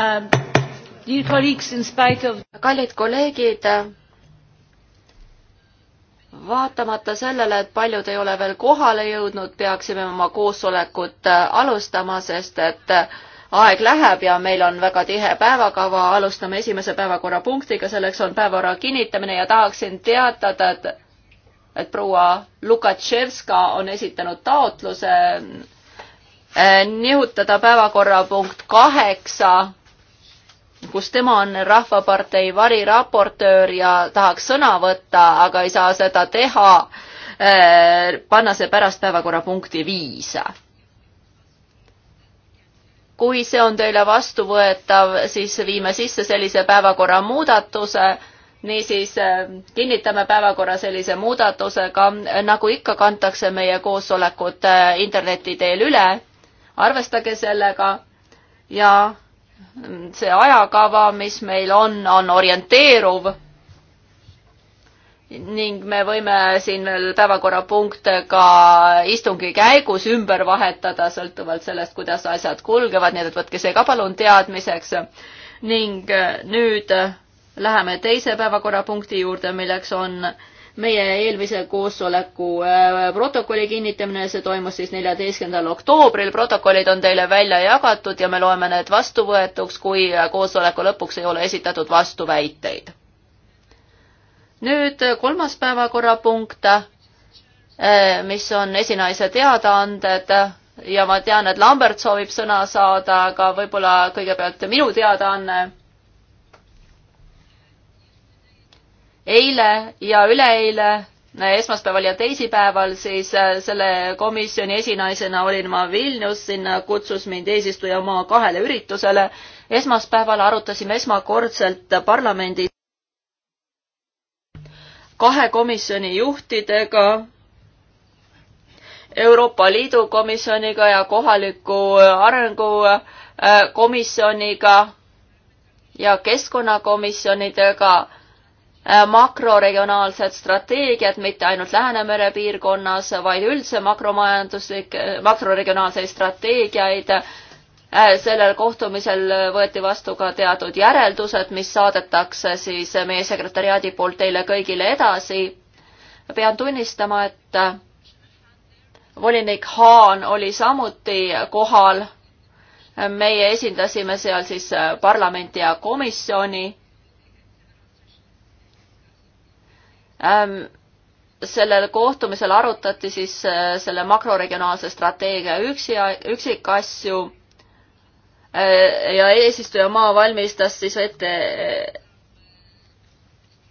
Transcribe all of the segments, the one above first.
Um, kallid kolleegid, vaatamata sellele, et paljud ei ole veel kohale jõudnud, peaksime oma koosolekut äh, alustama, sest et äh, aeg läheb ja meil on väga tihe päevakava. alustame esimese päevakorrapunktiga, selleks on päevakorra kinnitamine ja tahaksin teatada, et et proua Lukatševska on esitanud taotluse äh, nihutada päevakorrapunkt kaheksa kus tema on Rahvapartei variraportöör ja tahaks sõna võtta, aga ei saa seda teha, eh, panna see pärast päevakorrapunkti viis. kui see on teile vastuvõetav, siis viime sisse sellise päevakorra muudatuse, niisiis eh, kinnitame päevakorra sellise muudatusega, nagu ikka kantakse meie koosolekud eh, interneti teel üle, arvestage sellega ja see ajakava, mis meil on, on orienteeruv. ning me võime siin veel päevakorrapunkte ka istungi käigus ümber vahetada, sõltuvalt sellest, kuidas asjad kulgevad, nii et võtke see ka palun teadmiseks. ning nüüd läheme teise päevakorrapunkti juurde, milleks on meie eelmise koosoleku äh, protokolli kinnitamine, see toimus siis neljateistkümnendal oktoobril, protokollid on teile välja jagatud ja me loeme need vastuvõetuks, kui äh, koosoleku lõpuks ei ole esitatud vastuväiteid. nüüd äh, kolmas päevakorrapunkt, mis on esinaise teadaanded ja ma tean, et Lambert soovib sõna saada, aga võib-olla kõigepealt minu teadaanne eile ja üleeile, esmaspäeval ja teisipäeval, siis äh, selle komisjoni esinaisena olin ma Vilnius, sinna kutsus mind eesistuja maa kahele üritusele. esmaspäeval arutasime esmakordselt parlamendi kahe komisjoni juhtidega Euroopa Liidu komisjoniga ja kohaliku äh, arengukomisjoniga äh, ja keskkonnakomisjonidega Äh, makroregionaalsed strateegiad mitte ainult Läänemere piirkonnas, vaid üldse makromajanduslik, äh, makroregionaalseid strateegiaid. Äh, sellel kohtumisel võeti vastu ka teatud järeldused, mis saadetakse siis meie sekretäriaadi poolt teile kõigile edasi. pean tunnistama, et volinik Haan oli samuti kohal meie esindasime seal siis parlamenti ja komisjoni Ähm, sellel kohtumisel arutati siis äh, selle makroregionaalse strateegia üksi, üksikasju äh, ja eesistujamaa valmistas siis ette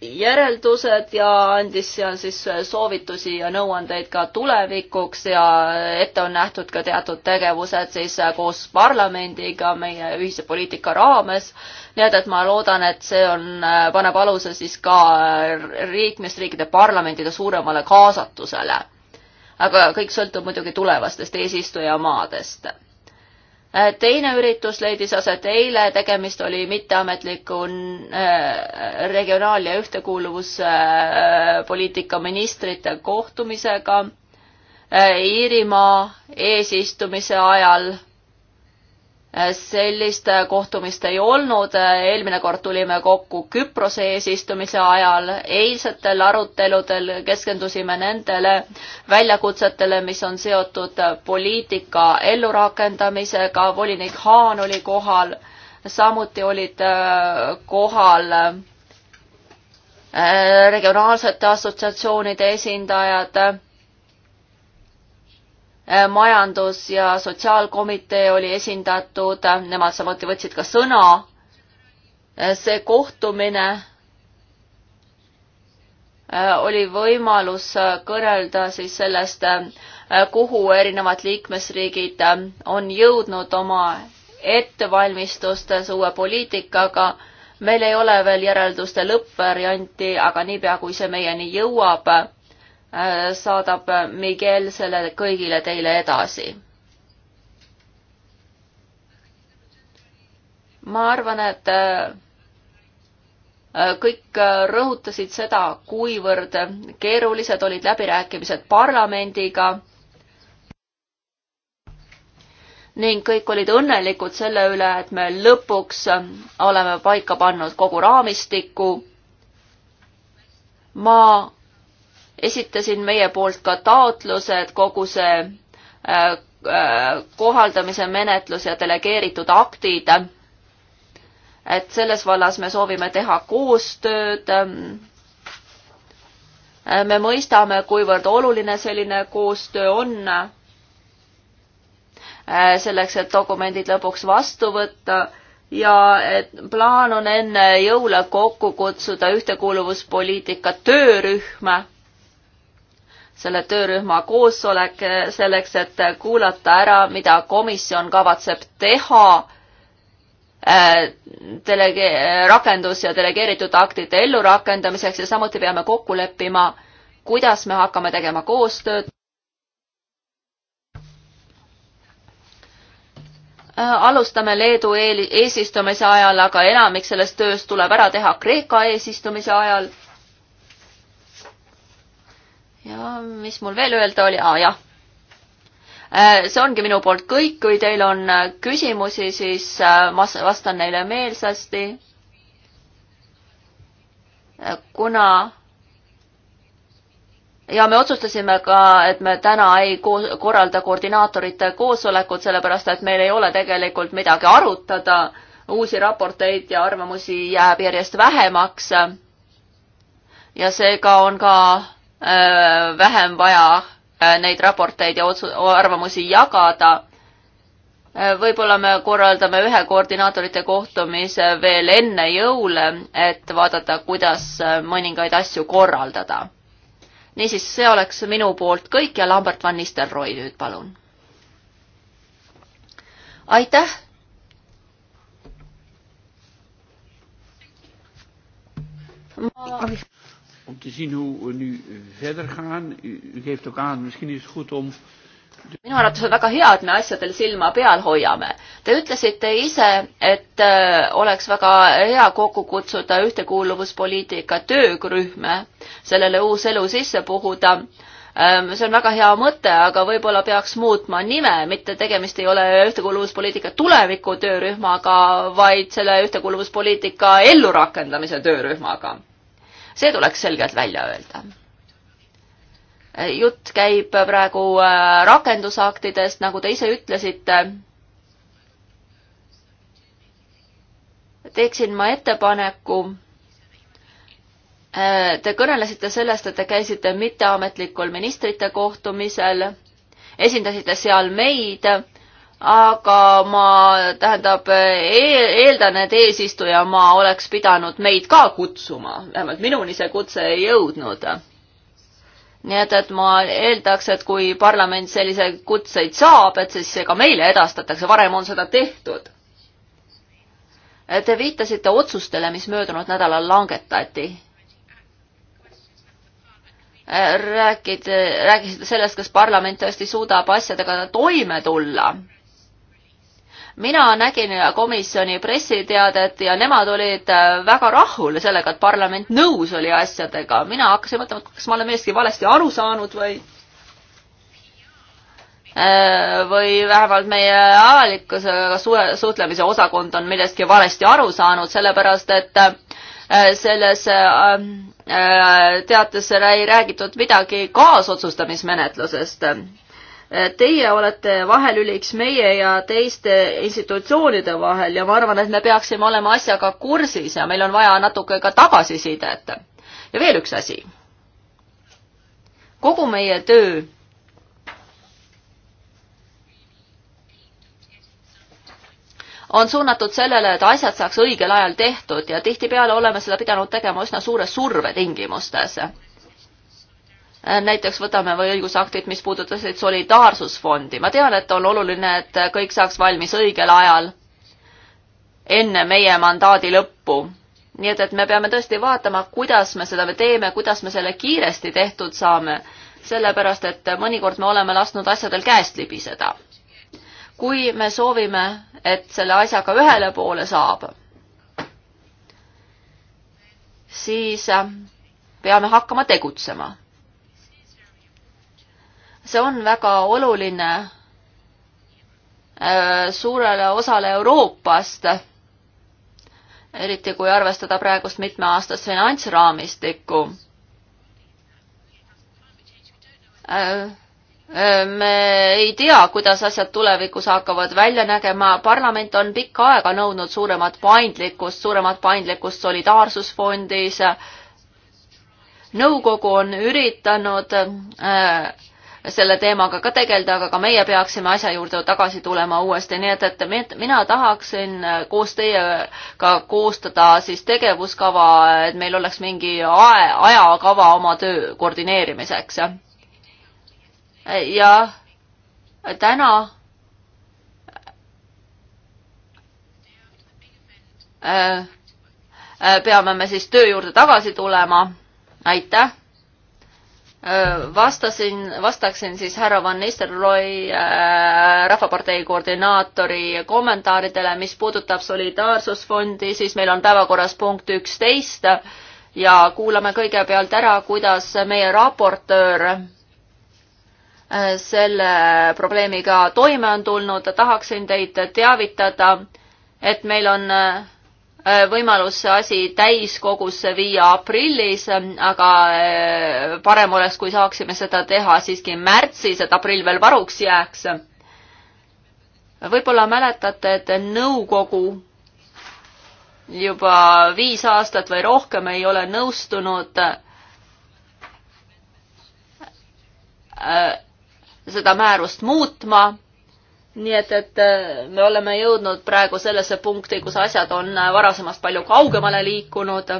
järeldused ja andis seal siis soovitusi ja nõuandeid ka tulevikuks ja ette on nähtud ka teatud tegevused siis koos parlamendiga meie ühise poliitika raames. nii et, et ma loodan, et see on, paneb aluse siis ka liikmesriikide parlamentide suuremale kaasatusele. aga kõik sõltub muidugi tulevastest eesistujamaadest teine üritus leidis aset eile, tegemist oli mitteametliku äh, regionaal- ja ühtekuuluvuspoliitika ministrite kohtumisega äh, Iirimaa eesistumise ajal Äh, sellist äh, kohtumist ei olnud, äh, eelmine kord tulime kokku Küprose eesistumise ajal, eilsetel aruteludel keskendusime nendele väljakutsetele, mis on seotud poliitika ellurakendamisega, volinik Haan oli kohal, samuti olid kohal regionaalsete assotsiatsioonide esindajad Äh, majandus- ja sotsiaalkomitee oli esindatud, nemad samuti võtsid ka sõna. Äh, see kohtumine äh, oli võimalus kõnelda siis sellest, kuhu erinevad liikmesriigid on jõudnud oma ettevalmistustes uue poliitikaga. meil ei ole veel järelduste lõppvarianti, aga niipea, kui see meieni jõuab, Äh, saadab äh, Miguel selle kõigile teile edasi. ma arvan, et äh, kõik rõhutasid seda, kuivõrd keerulised olid läbirääkimised parlamendiga ning kõik olid õnnelikud selle üle, et me lõpuks oleme paika pannud kogu raamistiku. ma esitasin meie poolt ka taotluse, et kogu see äh, äh, kohaldamise menetlus ja delegeeritud aktid, et selles vallas me soovime teha koostööd. Äh, me mõistame, kuivõrd oluline selline koostöö on selleks, et dokumendid lõpuks vastu võtta ja et plaan on enne jõule kokku kutsuda ühtekuuluvuspoliitika töörühma selle töörühma koosolek selleks, et kuulata ära, mida komisjon kavatseb teha äh, delege-, rakendus- ja delegeeritud aktide ellurakendamiseks ja samuti peame kokku leppima, kuidas me hakkame tegema koostööd. Äh, alustame Leedu eesistumise ajal, aga enamik sellest tööst tuleb ära teha Kreeka eesistumise ajal ja mis mul veel öelda oli, aa ah, jah. Äh, see ongi minu poolt kõik, kui teil on äh, küsimusi, siis äh, ma vastan neile meelsasti. kuna ja me otsustasime ka, et me täna ei koos, korralda koordinaatorite koosolekut, sellepärast et meil ei ole tegelikult midagi arutada. uusi raporteid ja arvamusi jääb järjest vähemaks. ja seega on ka Äh, vähem vaja äh, neid raporteid ja otsu-, arvamusi jagada. Äh, võib-olla me korraldame ühe koordinaatorite kohtumise veel enne jõule, et vaadata, kuidas mõningaid asju korraldada. niisiis, see oleks minu poolt kõik ja Lambert van Nistelrooy nüüd palun. aitäh ma om te zien hoe we nu eh, verder gaan. U, u geeft ook aan, misschien is het goed om minu arvates on väga hea, et me asjadel silma peal hoiame. Te ütlesite ise, et eh, oleks väga hea kokku kutsuda ühtekuuluvuspoliitika töörühm, sellele uus elu sisse puhuda. Ehm, see on väga hea mõte, aga võib-olla peaks muutma nime, mitte tegemist ei ole ühtekuuluvuspoliitika tuleviku töörühmaga, vaid selle ühtekuuluvuspoliitika ellurakendamise töörühmaga see tuleks selgelt välja öelda jutt käib praegu äh, rakendusaktidest, nagu te ise ütlesite. teeksin ma ettepaneku. Äh, te kõnelesite sellest, et te käisite mitteametlikul ministrite kohtumisel, esindasite seal meid aga ma, tähendab, e-, eeldan, et eesistujamaa oleks pidanud meid ka kutsuma, vähemalt minuni see kutse ei jõudnud. nii et, et ma eeldaks, et kui parlament selliseid kutseid saab, et siis see ka meile edastatakse, varem on seda tehtud. E, te viitasite otsustele, mis möödunud nädalal langetati e, rääkid, rääkisite sellest, kas parlament tõesti suudab asjadega toime tulla mina nägin komisjoni pressiteadet ja nemad olid äh, väga rahul sellega, et parlament nõus oli asjadega. mina hakkasin mõtlema, et kas ma olen millestki valesti aru saanud või äh, või vähemalt meie avalikkusega suhtlemise osakond on millestki valesti aru saanud, sellepärast et äh, selles teates ei räägitud midagi kaasotsustamismenetlusest Teie olete vahelüliks meie ja teiste institutsioonide vahel ja ma arvan, et me peaksime olema asjaga kursis ja meil on vaja natuke ka tagasisidet. ja veel üks asi. kogu meie töö on suunatud sellele, et asjad saaks õigel ajal tehtud ja tihtipeale oleme seda pidanud tegema üsna suure surve tingimustes Äh, näiteks võtame või õigusaktid, mis puudutasid solidaarsusfondi. ma tean, et on oluline, et kõik saaks valmis õigel ajal, enne meie mandaadi lõppu. nii et, et me peame tõesti vaatama, kuidas me seda teeme, kuidas me selle kiiresti tehtud saame, sellepärast et mõnikord me oleme lasknud asjadel käest libiseda. kui me soovime, et selle asjaga ühele poole saab, siis äh, peame hakkama tegutsema see on väga oluline äh, suurele osale Euroopast, eriti kui arvestada praegust mitmeaastast finantsraamistikku. Äh, äh, me ei tea, kuidas asjad tulevikus hakkavad välja nägema, parlament on pikka aega nõudnud suuremat paindlikkust, suuremat paindlikkust solidaarsusfondis, nõukogu on üritanud äh, selle teemaga ka tegeleda, aga ka meie peaksime asja juurde tagasi tulema uuesti, nii et, et mina tahaksin äh, koos teiega koostada siis tegevuskava, et meil oleks mingi ae, ajakava oma töö koordineerimiseks. ja täna äh, äh, peame me siis töö juurde tagasi tulema. aitäh! vastasin, vastaksin siis härra Van Nistelrooy äh, Rahvapartei koordinaatori kommentaaridele, mis puudutab Solidaarsusfondi, siis meil on päevakorras punkt üksteist ja kuulame kõigepealt ära, kuidas meie raportöör äh, selle probleemiga toime on tulnud. tahaksin teid teavitada, et meil on äh, Äh, võimalus see asi täiskogusse viia aprillis, äh, aga äh, parem oleks, kui saaksime seda teha siiski märtsis, et aprill veel varuks jääks. võib-olla mäletate, et nõukogu juba viis aastat või rohkem ei ole nõustunud seda määrust muutma nii et, et äh, me oleme jõudnud praegu sellesse punkti, kus asjad on äh, varasemast palju kaugemale liikunud.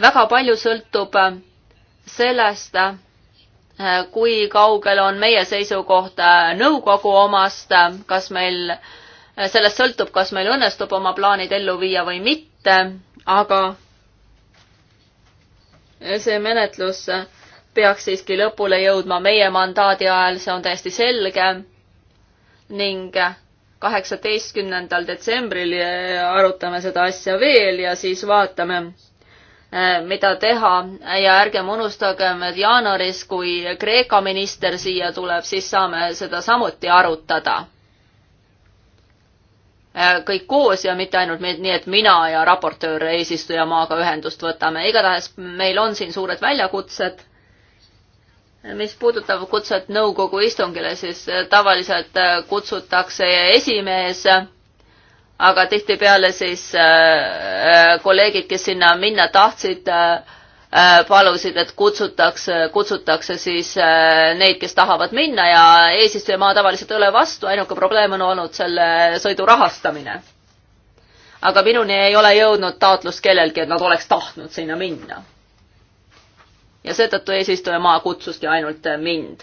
väga palju sõltub äh, sellest, kui kaugel on meie seisukoht nõukogu omast, kas meil, sellest sõltub, kas meil õnnestub oma plaanid ellu viia või mitte, aga see menetlus peaks siiski lõpule jõudma meie mandaadi ajal, see on täiesti selge ning kaheksateistkümnendal detsembril eh, arutame seda asja veel ja siis vaatame, eh, mida teha ja ärgem unustagem, et jaanuaris, kui Kreeka minister siia tuleb, siis saame seda samuti arutada. Eh, kõik koos ja mitte ainult me, nii, et mina ja raportöör eesistujamaaga ühendust võtame, igatahes meil on siin suured väljakutsed mis puudutab kutset nõukogu istungile, siis äh, tavaliselt äh, kutsutakse esimees, aga tihtipeale siis äh, kolleegid, kes sinna minna tahtsid, palusid, et kutsutakse, kutsutakse siis neid, kes tahavad minna ja eesistujamaa tavaliselt ei ole vastu, ainuke probleem on olnud selle sõidu rahastamine. aga minuni ei ole jõudnud taotlust kellelgi, et nad oleks tahtnud sinna minna ja seetõttu eesistujamaa kutsuski ainult mind.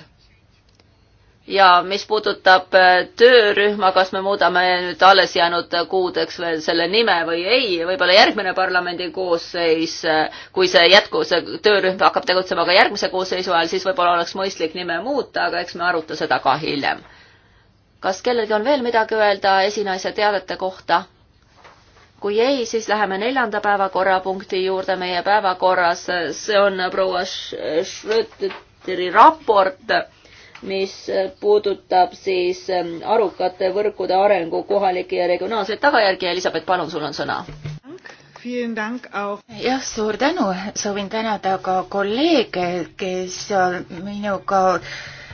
ja mis puudutab äh, töörühma, kas me muudame nüüd alles jäänud kuudeks veel selle nime või ei, võib-olla järgmine parlamendi koosseis, äh, kui see jätku, see töörühm hakkab tegutsema ka järgmise koosseisu ajal, siis võib-olla oleks mõistlik nime muuta, aga eks me aruta seda ka hiljem. kas kellelgi on veel midagi öelda esinaise teadete kohta? kui ei, siis läheme neljanda päevakorrapunkti juurde meie päevakorras. see on proua Schröteri raport, mis puudutab siis ähm, arukate võrkude arengu kohalikke ja regionaalseid tagajärgi. Elisabeth, palun, sul on sõna jah, suur tänu, soovin tänada ka kolleege, kes äh, minuga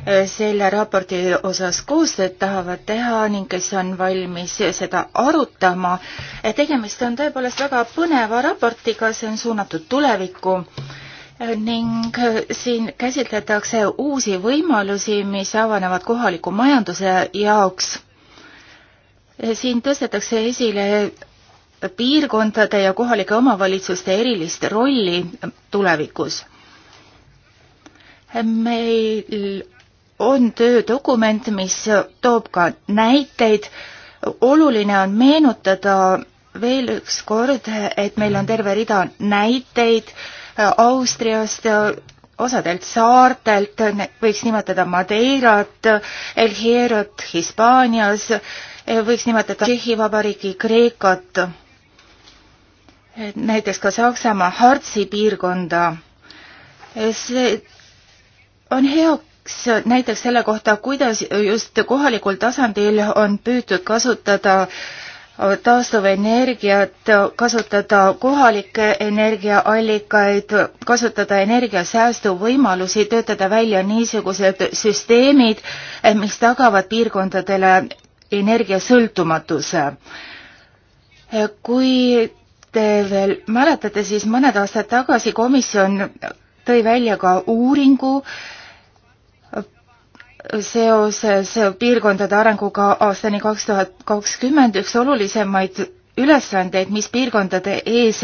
Äh, selle raporti osas koostööd tahavad teha ning kes on valmis seda arutama. Äh, tegemist on tõepoolest väga põneva raportiga, see on suunatud tulevikku äh, ning siin käsitletakse uusi võimalusi, mis avanevad kohaliku majanduse jaoks. siin tõstetakse esile piirkondade ja kohalike omavalitsuste erilist rolli tulevikus. meil on töödokument, mis toob ka näiteid. oluline on meenutada veel üks kord, et meil on terve rida näiteid Austriast, osadelt saartelt, võiks nimetada Madeirat, El Hierot Hispaanias, võiks nimetada Tšehhi Vabariigi Kreekat, näiteks ka Saksamaa Hartsi piirkonda. see on hea räägiks näiteks selle kohta, kuidas just kohalikul tasandil on püütud kasutada äh, taastuvenergiat, kasutada kohalikke energiaallikaid, kasutada energiasäästu võimalusi, töötada välja niisugused süsteemid, eh, mis tagavad piirkondadele energiasõltumatuse. Eh, kui te veel mäletate, siis mõned aastad tagasi komisjon tõi välja ka uuringu äh, seoses piirkondade arenguga aastani kaks tuhat kakskümmend üks olulisemaid ülesandeid, mis piirkondade ees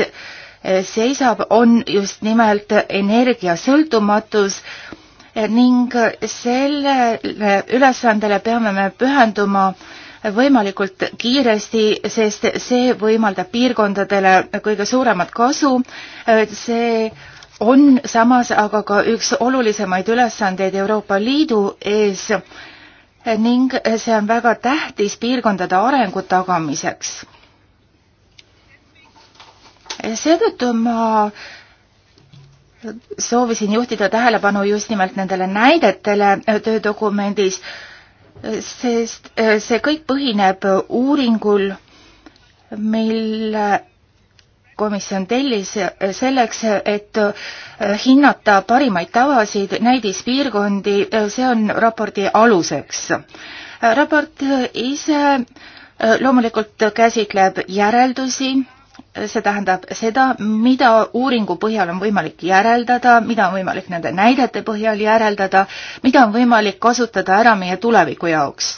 seisab, on just nimelt energiasõltumatus ning sellele ülesandele peame me pühenduma võimalikult kiiresti, sest see võimaldab piirkondadele kõige suuremat kasu. see on samas aga ka üks olulisemaid ülesandeid Euroopa Liidu ees ning see on väga tähtis piirkondade arengu tagamiseks. seetõttu ma soovisin juhtida tähelepanu just nimelt nendele näidetele töödokumendis, sest see kõik põhineb uuringul, mille komisjon tellis selleks, et äh, hinnata parimaid tavasid näidispiirkondi, see on raporti aluseks. raport ise äh, loomulikult käsitleb järeldusi, see tähendab seda, mida uuringu põhjal on võimalik järeldada, mida on võimalik nende näidete põhjal järeldada, mida on võimalik kasutada ära meie tuleviku jaoks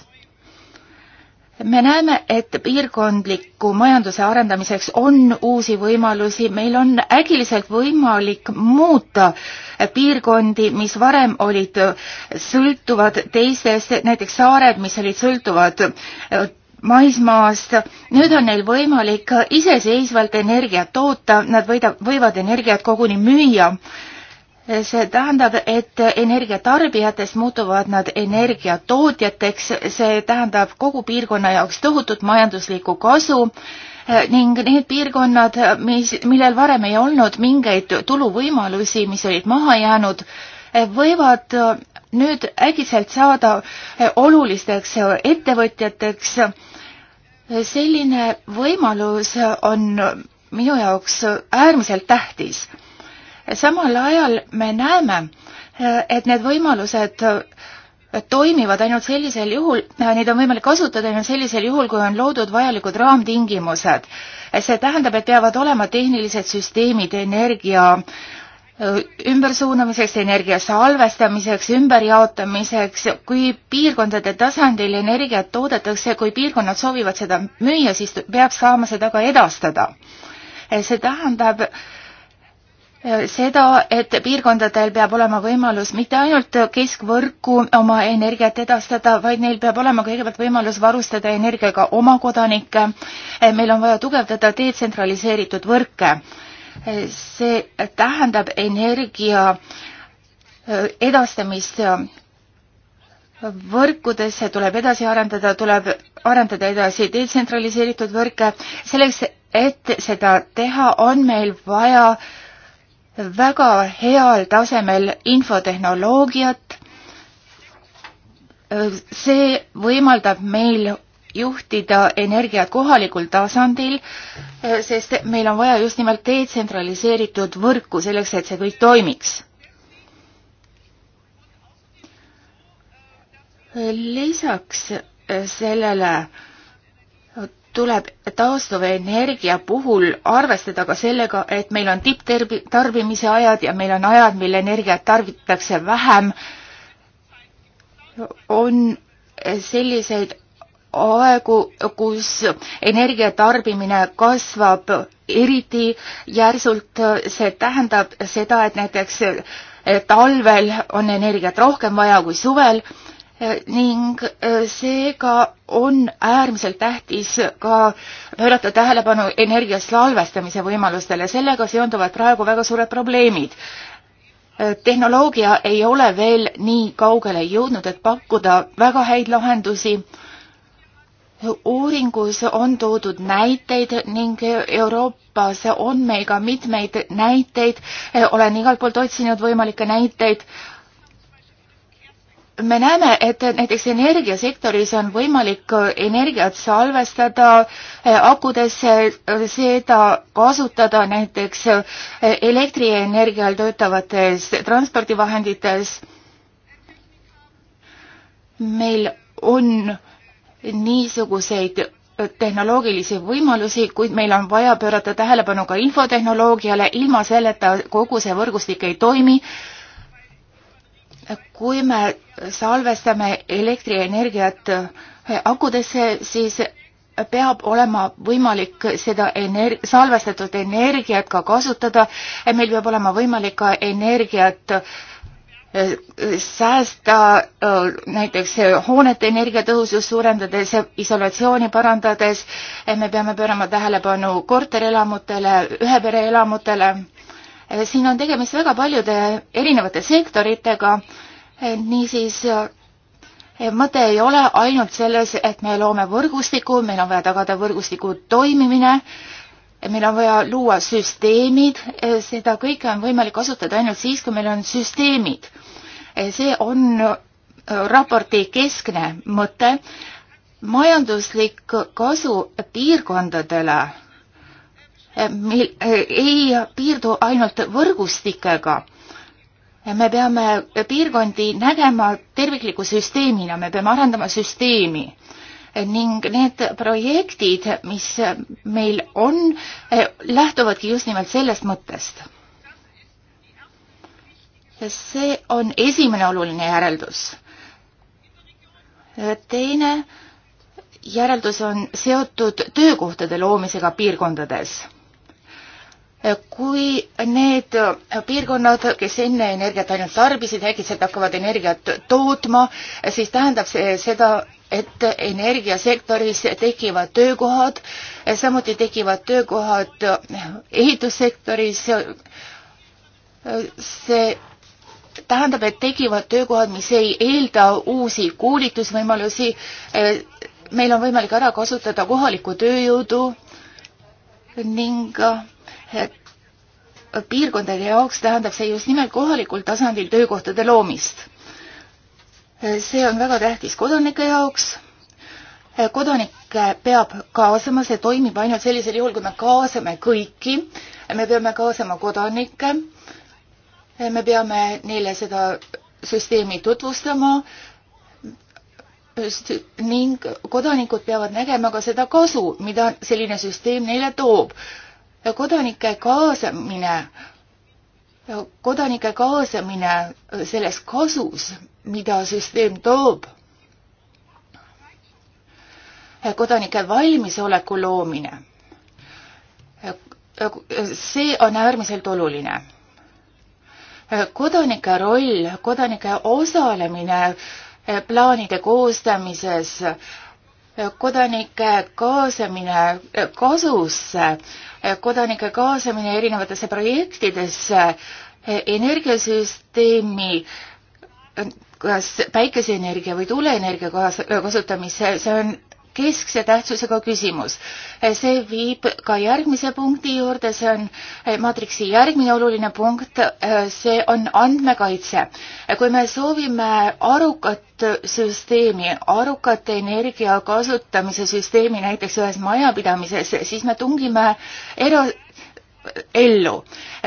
me näeme, et piirkondliku majanduse arendamiseks on uusi võimalusi, meil on äkiliselt võimalik muuta piirkondi, mis varem olid sõltuvad teistest, näiteks saared, mis olid sõltuvad maismaast, nüüd on neil võimalik iseseisvalt energiat toota, nad võida-, võivad energiat koguni müüa see tähendab, et energiatarbijatest muutuvad nad energiatootjateks, see tähendab kogu piirkonna jaoks tohutut majanduslikku kasu ning need piirkonnad, mis, millel varem ei olnud mingeid tuluvõimalusi, mis olid maha jäänud, võivad nüüd äkitselt saada olulisteks ettevõtjateks. selline võimalus on minu jaoks äärmiselt tähtis samal ajal me näeme, et need võimalused toimivad ainult sellisel juhul, neid on võimalik kasutada ainult sellisel juhul, kui on loodud vajalikud raamtingimused. see tähendab, et peavad olema tehnilised süsteemid energia ümbersuunamiseks, energia salvestamiseks, ümberjaotamiseks, kui piirkondade tasandil energiat toodetakse, kui piirkonnad soovivad seda müüa, siis peab saama seda ka edastada. see tähendab, Äh, seda, et piirkondadel peab olema võimalus mitte ainult keskvõrku oma energiat edastada, vaid neil peab olema kõigepealt võimalus varustada energiaga oma kodanikke. Äh, meil on vaja tugevdada detsentraliseeritud võrke. Äh, see tähendab energia edastamist võrkudesse, tuleb edasi arendada, tuleb arendada edasi detsentraliseeritud võrke. selleks, et seda teha, on meil vaja äh, väga heal tasemel infotehnoloogiat. see võimaldab meil juhtida energiat kohalikul tasandil, sest meil on vaja just nimelt detsentraliseeritud võrku selleks, et see kõik toimiks. lisaks sellele äh, tuleb taastuvenergia puhul arvestada ka sellega, et meil on tipptarbimise ajad ja meil on ajad, mil energiat tarvitakse vähem. on selliseid aegu, kus energia tarbimine kasvab eriti järsult, see tähendab seda, et näiteks talvel on energiat rohkem vaja kui suvel ning äh, seega on äärmiselt tähtis ka pöörata tähelepanu energia salvestamise võimalustele. sellega seonduvad praegu väga suured probleemid. Äh, tehnoloogia ei ole veel nii kaugele jõudnud, et pakkuda väga häid lahendusi. uuringus on toodud näiteid ning Euroopas on meil ka mitmeid näiteid. Äh, olen igalt poolt otsinud võimalikke näiteid me näeme, et näiteks energiasektoris on võimalik energiat salvestada eh, akudesse, eh, seda kasutada näiteks eh, elektrienergial töötavates transpordivahendites. meil on niisuguseid tehnoloogilisi võimalusi, kuid meil on vaja pöörata tähelepanu ka infotehnoloogiale, ilma selleta kogu see võrgustik ei toimi kui me salvestame elektrienergiat eh, akudesse, siis peab olema võimalik seda ener-, salvestatud energiat ka kasutada, meil peab olema võimalik ka energiat eh, säästa eh, näiteks hoonete energiatõhusust suurendades, isolatsiooni parandades, me peame pöörama tähelepanu korterelamutele, ühe pere elamutele Eh, siin on tegemist väga paljude erinevate sektoritega, eh, niisiis eh, mõte ei ole ainult selles, et me loome võrgustiku, meil on vaja tagada võrgustiku toimimine, meil on vaja luua süsteemid, seda kõike on võimalik kasutada ainult siis, kui meil on süsteemid. see on raporti keskne mõte, majanduslik kasu piirkondadele meil eh, ei piirdu ainult võrgustikega. me peame piirkondi nägema tervikliku süsteemina, me peame arendama süsteemi ning need projektid, mis meil on, eh, lähtuvadki just nimelt sellest mõttest. see on esimene oluline järeldus. teine järeldus on seotud töökohtade loomisega piirkondades kui need piirkonnad, kes enne energiat ainult tarbisid, äkitselt hakkavad energiat tootma, siis tähendab see seda, et energiasektoris tekivad töökohad, samuti tekivad töökohad ehitussektoris. see tähendab, et tekivad töökohad, mis ei eelda uusi koolitusvõimalusi. meil on võimalik ära kasutada kohalikku tööjõudu ning piirkondade jaoks tähendab see just nimelt kohalikul tasandil töökohtade loomist. see on väga tähtis kodanike jaoks. kodanikke peab kaasama, see toimib ainult sellisel juhul, kui me kaasame kõiki. me peame kaasama kodanikke. me peame neile seda süsteemi tutvustama ning kodanikud peavad nägema ka seda kasu, mida selline süsteem neile toob kodanike kaasamine, kodanike kaasamine selles kasus, mida süsteem toob, kodanike valmisoleku loomine, see on äärmiselt oluline. kodanike roll, kodanike osalemine plaanide koostamises, kodanike kaasamine kasusse, kodanike kaasamine erinevatesse projektidesse, energiasüsteemi, kas päikeseenergia või tuuleenergia kasutamisse, see on keskse tähtsusega küsimus. see viib ka järgmise punkti juurde, see on maatriksi järgmine oluline punkt, see on andmekaitse. kui me soovime arukat süsteemi, arukat energia kasutamise süsteemi näiteks ühes majapidamises, siis me tungime era-, ellu.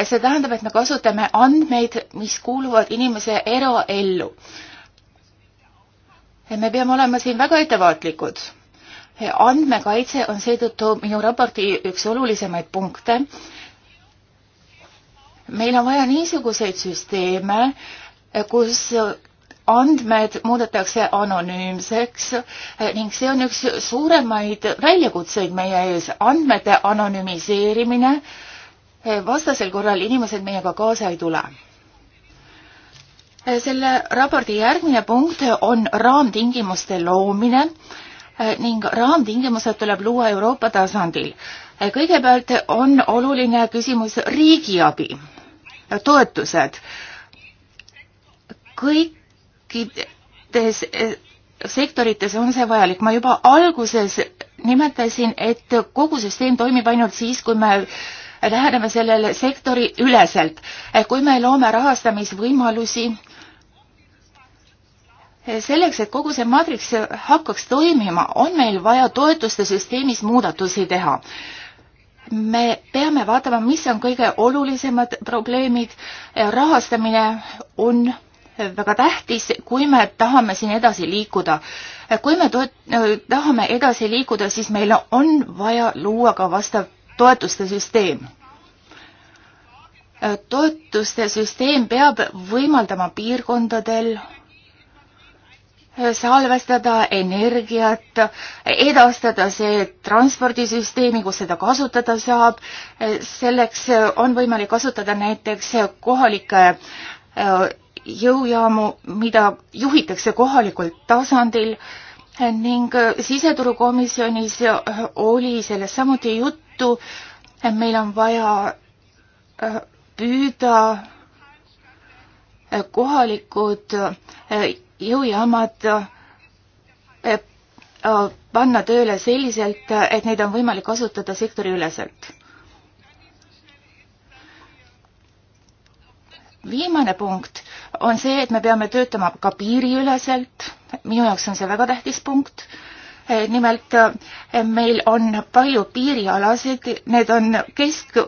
see tähendab, et me kasutame andmeid, mis kuuluvad inimese eraellu. me peame olema siin väga ettevaatlikud andmekaitse on seetõttu minu raporti üks olulisemaid punkte. meil on vaja niisuguseid süsteeme, kus andmed muudetakse anonüümseks ning see on üks suuremaid väljakutseid meie ees, andmete anonüümiseerimine. vastasel korral inimesed meiega kaasa ei tule selle raporti järgmine punkt on raamtingimuste loomine Äh, ning raamtingimused tuleb luua Euroopa tasandil. Äh, kõigepealt on oluline küsimus riigiabi, äh, toetused. kõikides sektorites on see vajalik, ma juba alguses nimetasin, et kogu süsteem toimib ainult siis, kui me läheneme sellele sektori üleselt. kui me loome rahastamisvõimalusi Eh, selleks, et kogu see maatriks hakkaks toimima, on meil vaja toetuste süsteemis muudatusi teha. me peame vaatama, mis on kõige olulisemad probleemid, eh, rahastamine on väga tähtis, kui me tahame siin edasi liikuda. Eh, kui me toet-, tahame edasi liikuda, siis meil on vaja luua ka vastav toetuste süsteem toetuste süsteem peab võimaldama piirkondadel salvestada energiat, edastada see transpordisüsteemi, kus seda kasutada saab. selleks on võimalik kasutada näiteks kohalikke äh, jõujaamu, mida juhitakse kohalikul tasandil ning siseturukomisjonis oli sellest samuti juttu. meil on vaja äh, püüda äh, kohalikud jõujaamad äh, panna tööle selliselt, et neid on võimalik kasutada sektoriüleselt. viimane punkt on see, et me peame töötama ka piiriüleselt, minu jaoks on see väga tähtis punkt, nimelt meil on palju piirialasid, need on kesk,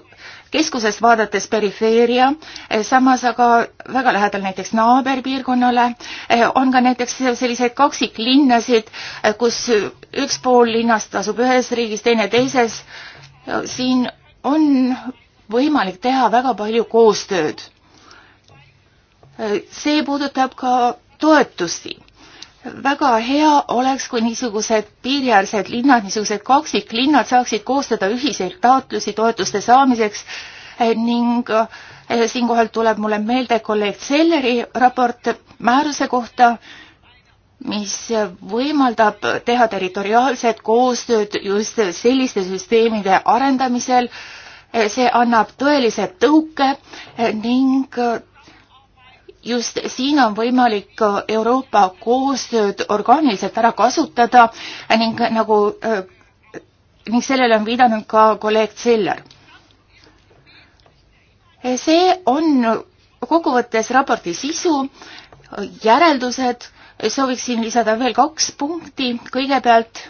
keskusest vaadates perifeeria, eh, samas aga väga lähedal näiteks naaberpiirkonnale eh, on ka näiteks selliseid kaksiklinnasid, eh, kus üks pool linnast asub ühes riigis, teine teises. siin on võimalik teha väga palju koostööd. see puudutab ka toetusi väga hea oleks, kui niisugused piiriäärsed linnad, niisugused kaksiklinnad saaksid koostada ühiseid taotlusi toetuste saamiseks eh, ning eh, siinkohal tuleb mulle meelde kolleeg Selleri raport määruse kohta, mis võimaldab teha territoriaalset koostööd just selliste süsteemide arendamisel. Eh, see annab tõelise tõuke ning just siin on võimalik äh, Euroopa koostööd orgaaniliselt ära kasutada ning nagu äh, ning sellele on viidanud ka kolleeg Ziller. see on kokkuvõttes raporti sisu, järeldused, sooviksin lisada veel kaks punkti, kõigepealt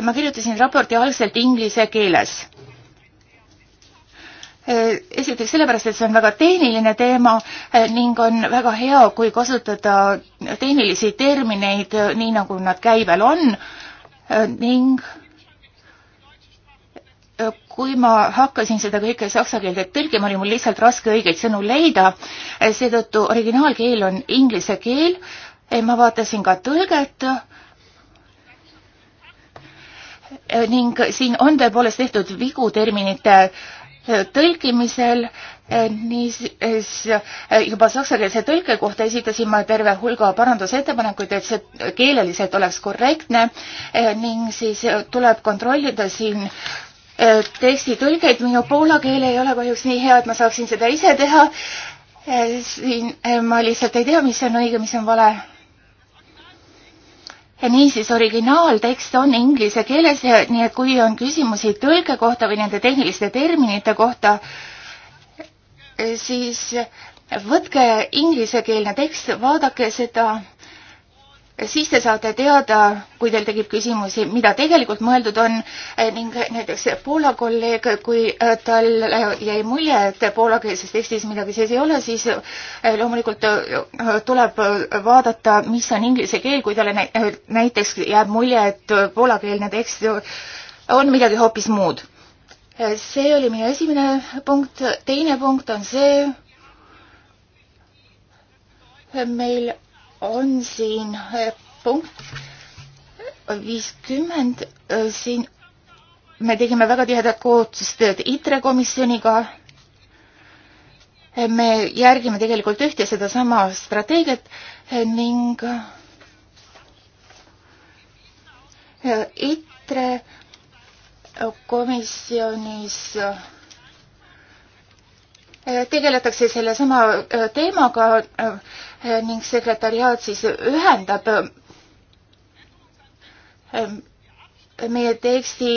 ma kirjutasin raporti algselt inglise keeles Eh, esiteks sellepärast, et see on väga tehniline teema eh, ning on väga hea, kui kasutada tehnilisi termineid eh, nii, nagu nad käibel on ning kui ma hakkasin seda kõike saksa keelde tõlkima, oli mul lihtsalt raske õigeid sõnu leida, seetõttu originaalkeel on inglise keel, ma vaatasin ka tõlget ning siin on tõepoolest tehtud vigu terminite äh, tõlkimisel, eh, niisiis eh, juba saksakeelse tõlke kohta esitasin ma terve hulga parandusettepanekuid, et see keeleliselt oleks korrektne eh, ning siis tuleb kontrollida siin tekstitõlgeid, minu poola keel ei ole kahjuks nii hea, et ma saaksin seda ise teha. siin ma lihtsalt ei tea, mis on õige, mis on vale niisiis, originaaltekst on inglise keeles ja nii, et kui on küsimusi tõlke kohta või nende tehniliste terminite kohta, siis võtke inglisekeelne tekst, vaadake seda siis te saate teada, kui teil tekib küsimusi, mida tegelikult mõeldud on ning näiteks Poola kolleeg, kui äh, tal jäi mulje, et poolakeelses tekstis midagi sees ei ole, siis äh, loomulikult äh, tuleb vaadata, mis on inglise keel, kui talle näiteks jääb mulje, et poolakeelne tekst on midagi hoopis muud. see oli minu esimene punkt, teine punkt on see, meil on siin eh, punkt viiskümmend, eh, siin me tegime väga tihedat koostööd ITRE komisjoniga. Eh, me järgime tegelikult ühte sedasama strateegiat ning ITRE komisjonis Äh, tegeletakse sellesama äh, teemaga äh, ning sekretariaat siis ühendab meie teksti,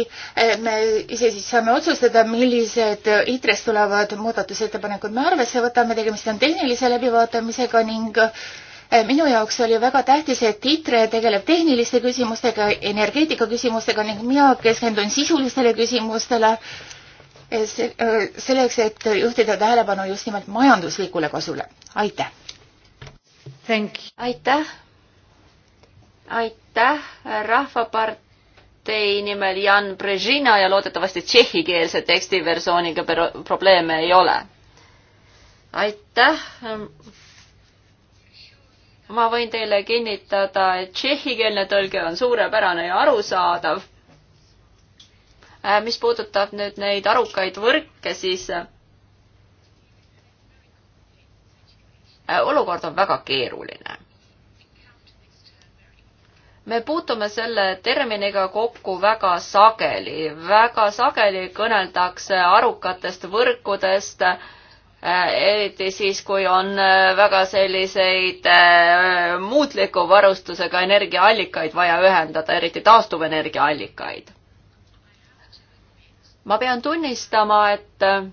me ise siis saame otsustada, millised ITRE-st tulevad muudatusettepanekud me arvesse võtame, tegemist on tehnilise läbivaatamisega ning minu jaoks oli väga tähtis, et ITRE tegeleb tehniliste küsimustega, energeetika küsimustega ning mina keskendun sisulistele küsimustele äh, selleks, et juhtida tähelepanu just nimelt majanduslikule kasule. aitäh! aitäh! aitäh Rahvapartei nimel Jan Brežina ja loodetavasti tšehhikeelse tekstiversiooniga probleeme ei ole. aitäh! ma võin teile kinnitada, et tšehhikeelne tõlge on suurepärane ja arusaadav Äh, mis puudutab nüüd neid arukaid võrke, siis äh, olukord on väga keeruline. me puutume selle terminiga kokku väga sageli, väga sageli kõneldakse arukatest võrkudest, äh, eriti siis, kui on väga selliseid muutliku varustusega energiaallikaid vaja ühendada, eriti taastuvenergiaallikaid ma pean tunnistama, et äh,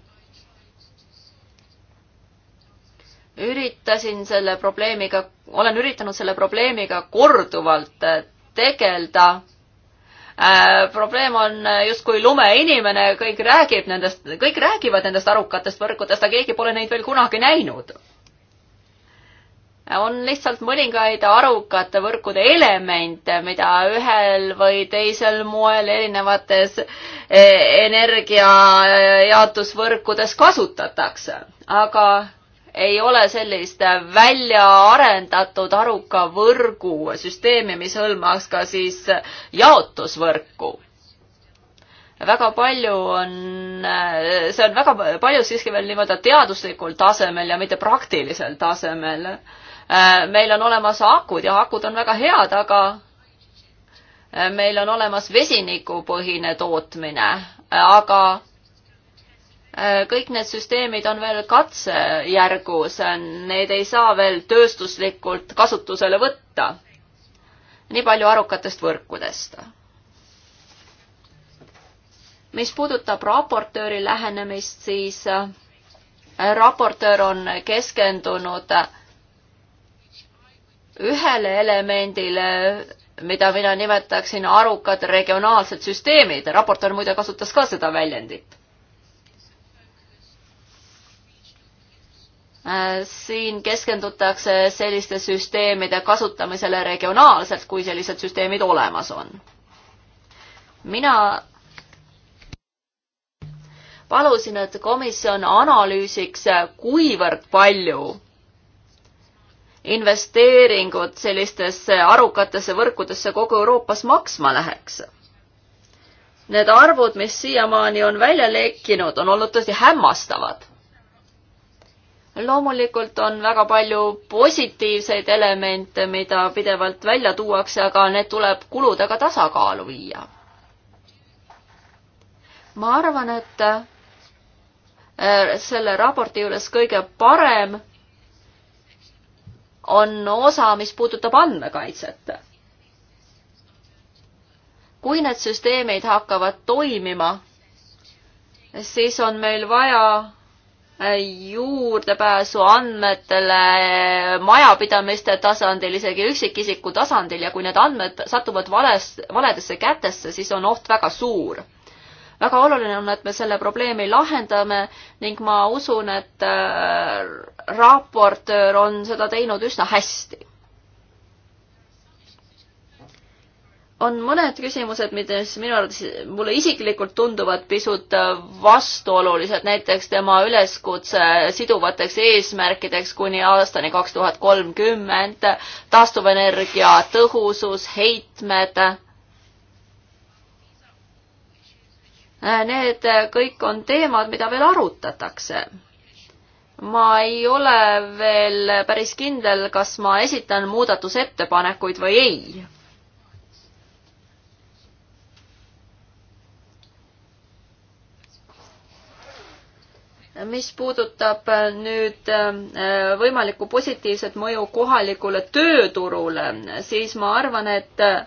üritasin selle probleemiga, olen üritanud selle probleemiga korduvalt äh, tegeleda äh, probleem on justkui lumeinimene, kõik räägib nendest, kõik räägivad nendest arukatest võrkudest, aga keegi pole neid veel kunagi näinud on lihtsalt mõningaid arukate võrkude elemente, mida ühel või teisel moel erinevates eh, energiajaotusvõrkudes kasutatakse, aga ei ole sellist välja arendatud aruka võrgu süsteemi, mis hõlmaks ka siis jaotusvõrku väga palju on, see on väga palju siiski veel nii-öelda teaduslikul tasemel ja mitte praktilisel tasemel. Äh, meil on olemas akud ja akud on väga head, aga äh, meil on olemas vesinikupõhine tootmine, äh, aga kõik need süsteemid on veel katsejärgus, neid ei saa veel tööstuslikult kasutusele võtta. nii palju arukatest võrkudest. mis puudutab raportööri lähenemist, siis raportöör on keskendunud äh, ühele elemendile, mida mina nimetaksin arukad regionaalsed süsteemid, raportöör muide kasutas ka seda väljendit. siin keskendutakse selliste süsteemide kasutamisele regionaalselt, kui sellised süsteemid olemas on. mina palusin, et komisjon analüüsiks, kuivõrd palju investeeringud sellistesse arukatesse võrkudesse kogu Euroopas maksma läheks. Need arvud, mis siiamaani on välja lekkinud, on olnud tõesti hämmastavad. loomulikult on väga palju positiivseid elemente, mida pidevalt välja tuuakse, aga need tuleb kuludega tasakaalu viia. ma arvan, et äh, selle raporti juures kõige parem on osa, mis puudutab andmekaitset. kui need süsteemid hakkavad toimima, siis on meil vaja eh, juurdepääsu andmetele majapidamiste tasandil, isegi üksikisiku tasandil ja kui need andmed satuvad vales, valedesse kätesse, siis on oht väga suur väga oluline on, et me selle probleemi lahendame ning ma usun, et äh, raportöör on seda teinud üsna hästi. on mõned küsimused, mis minu arvates mulle isiklikult tunduvad pisut vastuolulised, näiteks tema üleskutse siduvateks eesmärkideks kuni aastani kaks tuhat kolmkümmend, taastuvenergia tõhusus, heitmed Need kõik on teemad, mida veel arutatakse. ma ei ole veel päris kindel, kas ma esitan muudatusettepanekuid või ei. mis puudutab nüüd äh, võimalikku positiivset mõju kohalikule tööturule, siis ma arvan, et äh,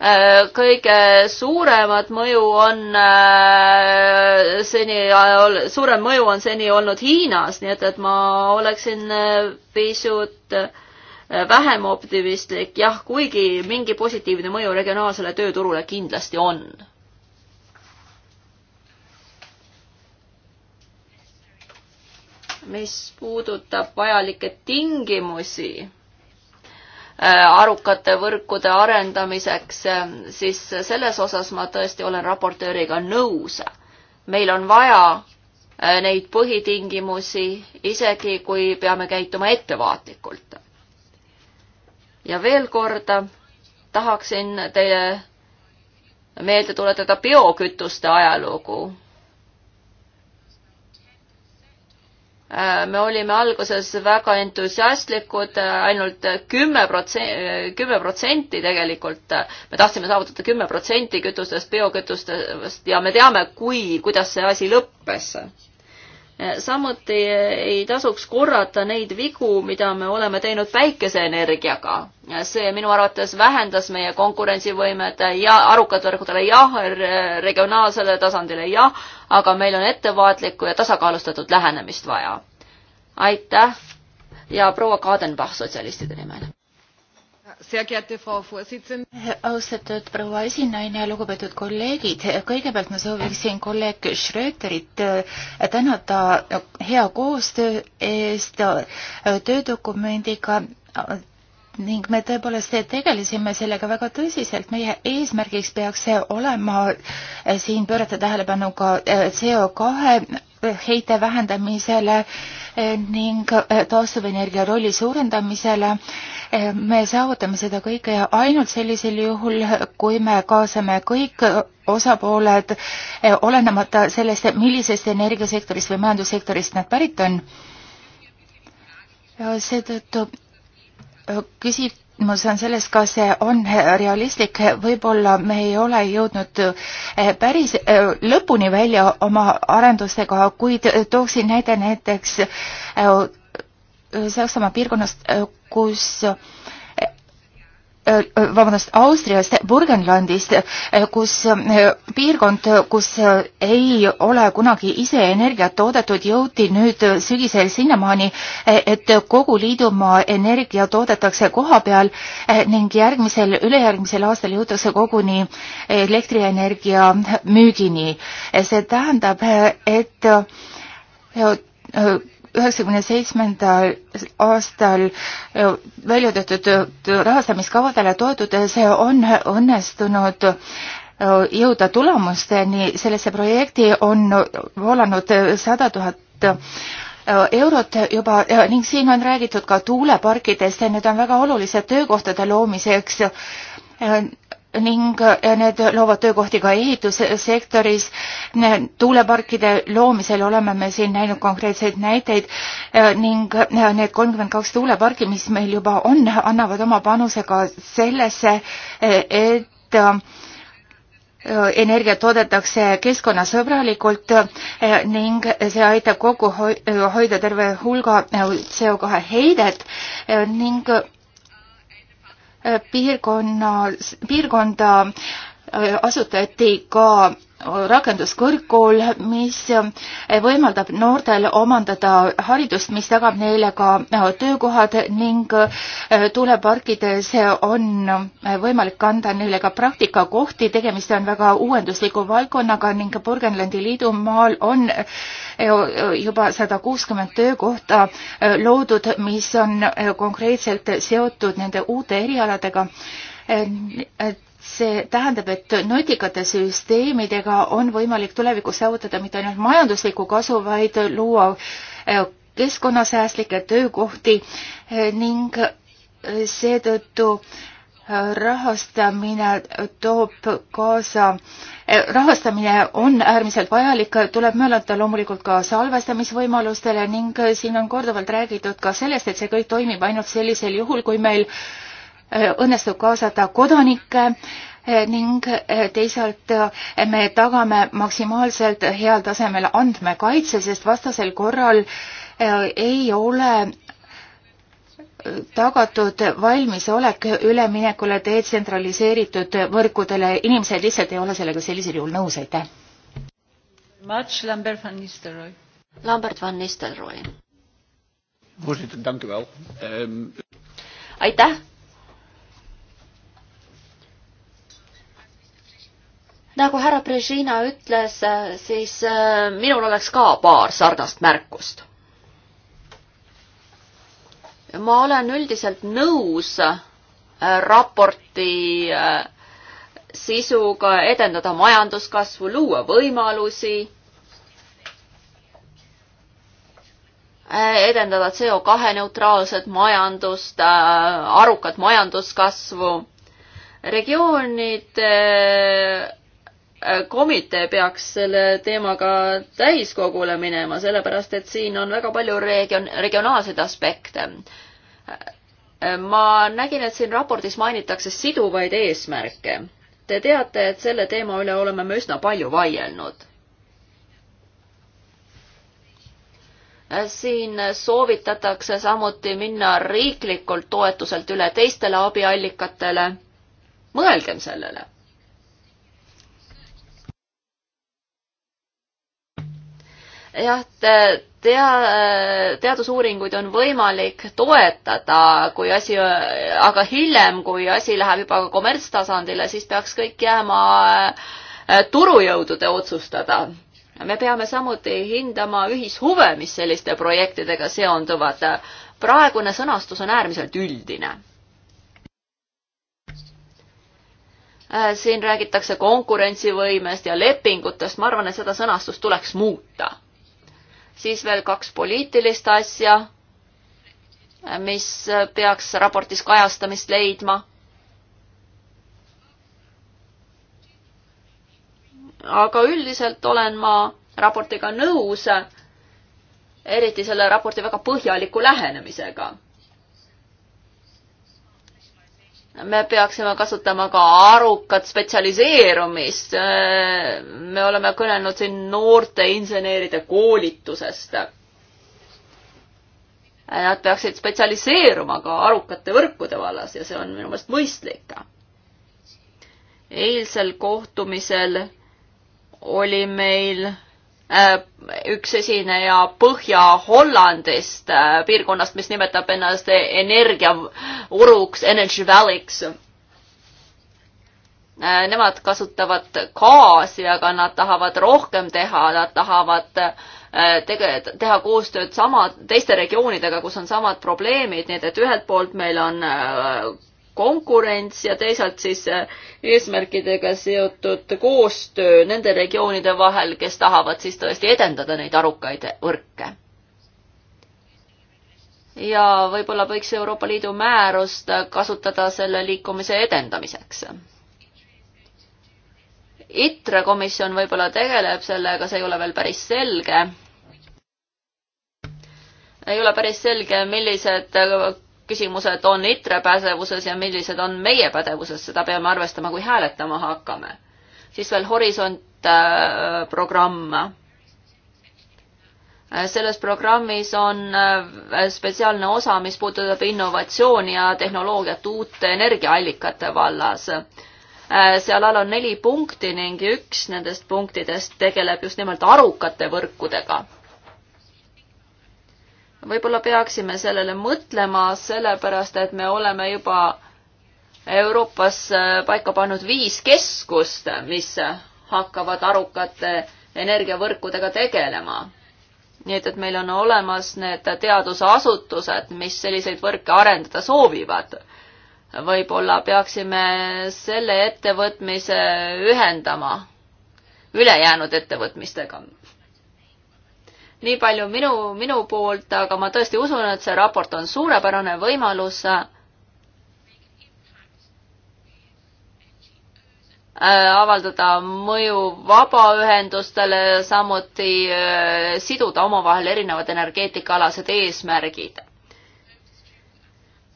Äh, kõige suuremat mõju on äh, seni, suurem mõju on seni olnud Hiinas, nii et, et ma oleksin äh, pisut vähem optimistlik, jah, kuigi mingi positiivne mõju regionaalsele tööturule kindlasti on. mis puudutab vajalikke tingimusi Äh, arukate võrkude arendamiseks, äh, siis selles osas ma tõesti olen raportööriga nõus. meil on vaja äh, neid põhitingimusi, isegi kui peame käituma ettevaatlikult. ja veel kord tahaksin teile meelde tuletada biokütuste ajalugu Äh, me olime alguses väga entusiastlikud ainult, äh, ainult kümme protsenti, äh, kümme protsenti tegelikult, me tahtsime saavutada kümme protsenti kütustest, biokütustest ja me teame, kui, kuidas see asi lõppes. samuti ei tasuks korrata neid vigu, mida me oleme teinud päikeseenergiaga. see minu arvates vähendas meie konkurentsivõimet ja arukatele võrkudele jah, regionaalsele tasandile jah aga meil on ettevaatlikku ja tasakaalustatud lähenemist vaja. aitäh ja proua Kadenbach sotsialistide nimel. austatud proua esinaine, lugupeetud kolleegid, kõigepealt ma sooviksin kolleeg Schröterit äh, tänada hea koostöö eest äh, töödokumendiga ning me tõepoolest tegelesime sellega väga tõsiselt. meie eesmärgiks peaks see olema eh, siin pöörata tähelepanu ka eh, CO2 heite vähendamisele eh, ning taastuvenergia rolli suurendamisele. me saavutame seda kõike ainult sellisel juhul, kui me kaasame kõik osapooled, olenemata sellest, millisest energiasektorist või majandussektorist nad pärit on. seetõttu küsimus on selles, kas see on realistlik, võib-olla me ei ole jõudnud eh, päris eh, lõpuni välja oma arendustega, kuid tooksin näide näiteks eh, Saksamaa piirkonnast, kus Äh, äh, vabandust, Austriast, Burgenlandist, äh, kus piirkond, kus ei ole kunagi ise energiat toodetud, jõuti nüüd sügisel sinnamaani, et kogu liidumaa energia toodetakse koha peal ning järgmisel, ülejärgmisel aastal jõutakse koguni elektrienergia müügini. see tähendab, et üheksakümne seitsmendal aastal äh, välja töötatud äh, rahastamiskavadele toetudes äh, on õnnestunud jõuda tulemusteni, sellesse projekti on voolanud sada tuhat eurot juba ning siin on räägitud ka tuuleparkidest ja need on väga olulised töökohtade loomiseks ning eh, need loovad töökohti ka ehitussektoris. tuuleparkide loomisel oleme me siin näinud konkreetseid näiteid eh, ning eh, need kolmkümmend kaks tuuleparki, mis meil juba on, annavad oma panuse ka sellesse, et energiat toodetakse keskkonnasõbralikult ning see aitab kokku hoida terve hulga CO2 heidet ning Äh, piirkonnas, piirkonda äh, asutati ka äh, rakenduskõrgkool, mis võimaldab noortel omandada haridust, mis tagab neile ka töökohad ning tuuleparkides on võimalik anda neile ka praktikakohti, tegemist on väga uuendusliku valdkonnaga ning Burgenlandi liidumaal on juba sada kuuskümmend töökohta e, loodud, mis on e, konkreetselt seotud nende uute erialadega. E, see tähendab, et nutikate süsteemidega on võimalik tulevikus saavutada mitte ainult majanduslikku kasu, vaid luua keskkonnasäästlikke töökohti ning seetõttu rahastamine toob kaasa, rahastamine on äärmiselt vajalik, tuleb möönata loomulikult ka salvestamisvõimalustele ning siin on korduvalt räägitud ka sellest, et see kõik toimib ainult sellisel juhul, kui meil eh, õnnestub kaasata kodanikke eh, ning eh, teisalt me tagame maksimaalselt heal tasemel andmekaitse, sest vastasel korral ei ole tagatud valmisolek üleminekule detsentraliseeritud võrkudele, inimesed lihtsalt ei ole sellega sellisel juhul nõus, aitäh. Lambert van Nistelrooy. Lambert van Nistelrooy. voorzitter, dank u wel um.... aitäh. nagu härra Brežina ütles, eh, siis eh, minul oleks ka paar sarnast märkust ma olen üldiselt nõus äh, raporti äh, sisuga edendada majanduskasvu, luua võimalusi, äh, edendada CO2 neutraalset majandust, arukat majanduskasvu regioonide komitee peaks selle teemaga täiskogule minema, sellepärast et siin on väga palju region, regionaalseid aspekte. ma nägin, et siin raportis mainitakse siduvaid eesmärke. Te teate, et selle teema üle oleme me üsna palju vaielnud. siin soovitatakse samuti minna riiklikult toetuselt üle teistele abiallikatele. mõelgem sellele jah, tea-, teadusuuringuid on võimalik toetada, kui asi, aga hiljem, kui asi läheb juba kommertstasandile, siis peaks kõik jääma äh, turujõudude otsustada. me peame samuti hindama ühishuve, mis selliste projektidega seonduvad. praegune sõnastus on äärmiselt üldine äh, siin räägitakse konkurentsivõimest ja lepingutest, ma arvan, et seda sõnastust tuleks muuta siis veel kaks poliitilist asja, mis peaks raportis kajastamist leidma. aga üldiselt olen ma raportiga nõus, eriti selle raporti väga põhjaliku lähenemisega me peaksime kasutama ka arukat spetsialiseerumist. me oleme kõnelnud siin noorte inseneride koolitusest. Nad peaksid spetsialiseeruma ka arukate võrkude vallas ja see on minu meelest mõistlik. eilsel kohtumisel oli meil Äh, üks esineja Põhja-Hollandist, äh, piirkonnast, mis nimetab ennast energiauruks, Energy Valley'ks. Äh, nemad kasutavad gaasi, aga nad tahavad rohkem teha, nad tahavad tege-, teha koostööd sama, teiste regioonidega, kus on samad probleemid, nii et, et ühelt poolt meil on konkurents ja teisalt siis äh, eesmärkidega seotud koostöö nende regioonide vahel, kes tahavad siis tõesti edendada neid arukaid võrke. ja võib-olla võiks Euroopa Liidu määrust kasutada selle liikumise edendamiseks ITRE komisjon võib-olla tegeleb sellega, see ei ole veel päris selge. ei ole päris selge, millised küsimused on ITRE pädevuses ja millised on meie pädevuses, seda peame arvestama, kui hääletama hakkame. siis veel Horisont äh, programm. Äh, selles programmis on äh, spetsiaalne osa, mis puudutab innovatsiooni ja tehnoloogiat uute energiaallikate vallas äh, seal all on neli punkti ning üks nendest punktidest tegeleb just nimelt arukate võrkudega võib-olla peaksime sellele mõtlema, sellepärast et me oleme juba Euroopas äh, paika pannud viis keskust, mis hakkavad arukate energiavõrkudega tegelema. nii et, et meil on olemas need teadusasutused, mis selliseid võrke arendada soovivad. võib-olla peaksime selle ettevõtmise ühendama ülejäänud ettevõtmistega nii palju minu, minu poolt, aga ma tõesti usun, et see raport on suurepärane võimalus äh, avaldada mõju vabaühendustele, samuti äh, siduda omavahel erinevad energeetikaalased eesmärgid.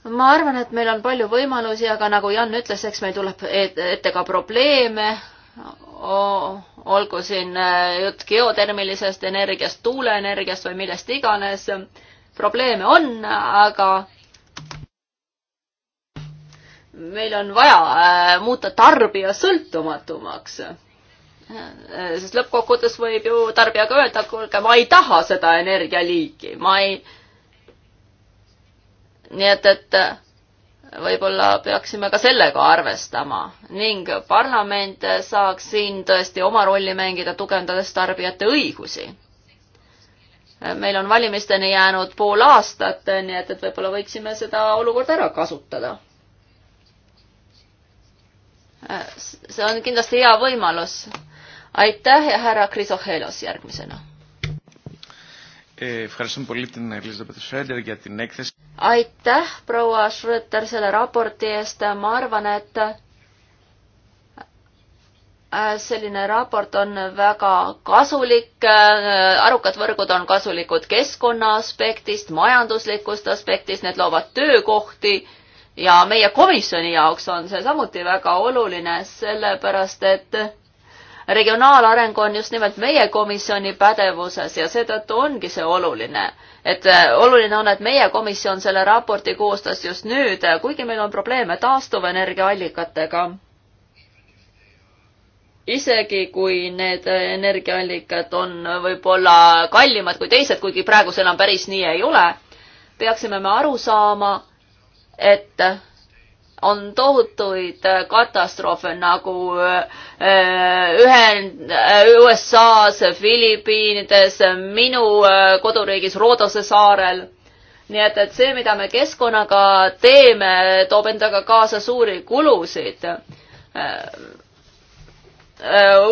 ma arvan, et meil on palju võimalusi, aga nagu Jan ütles, eks meil tuleb ette ka probleeme oh olgu siin äh, jutt geotermilisest energiast, tuuleenergiast või millest iganes, probleeme on, aga meil on vaja äh, muuta tarbija sõltumatumaks. Äh, sest lõppkokkuvõttes võib ju tarbija ka öelda, kuulge, ma ei taha seda energialiiki, ma ei. nii et, et võib-olla peaksime ka sellega arvestama ning parlament saaks siin tõesti oma rolli mängida, tugevdades tarbijate õigusi. meil on valimisteni jäänud pool aastat, nii et, et võib-olla võiksime seda olukorda ära kasutada. see on kindlasti hea võimalus. aitäh ja härra Krisohelos järgmisena Ευχαριστούμε πολύ την Ελίζα Πετροφέντερ για την έκθεση. Aitäh, proua Schröter, selle raporti eest. ma arvan, et äh, selline raport on väga kasulik. Äh, arukad võrgud on kasulikud keskkonna aspektist, majanduslikust aspektist, need loovad töökohti ja meie komisjoni jaoks on see samuti väga oluline, sellepärast et regionaalareng on just nimelt meie komisjoni pädevuses ja seetõttu ongi see oluline. et äh, oluline on, et meie komisjon selle raporti koostas just nüüd, äh, kuigi meil on probleeme taastuvenergiaallikatega. isegi kui need äh, energiaallikad on võib-olla kallimad kui teised, kuigi praegusel enam päris nii ei ole, peaksime me aru saama, et on tohutuid äh, katastroofe nagu äh, ühend-, äh, USA-s, Filipiinides, minu koduriigis Rodose saarel. nii et, et see, mida me keskkonnaga teeme, toob endaga kaasa suuri kulusid.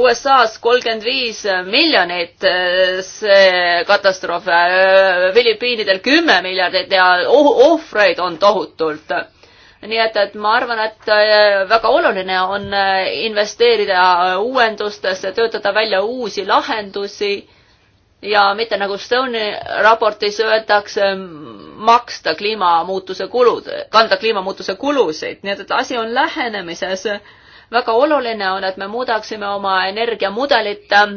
USA-s kolmkümmend viis miljonit see katastroof, Filipiinidel kümme miljardit ja ohvreid on tohutult nii et, et ma arvan, et äh, väga oluline on äh, investeerida äh, uuendustesse, töötada välja uusi lahendusi ja mitte nagu Stone'i raportis öeldakse, maksta kliimamuutuse kulud, kanda kliimamuutuse kulusid, nii et, et asi on lähenemises. väga oluline on, et me muudaksime oma energiamudelit ähm,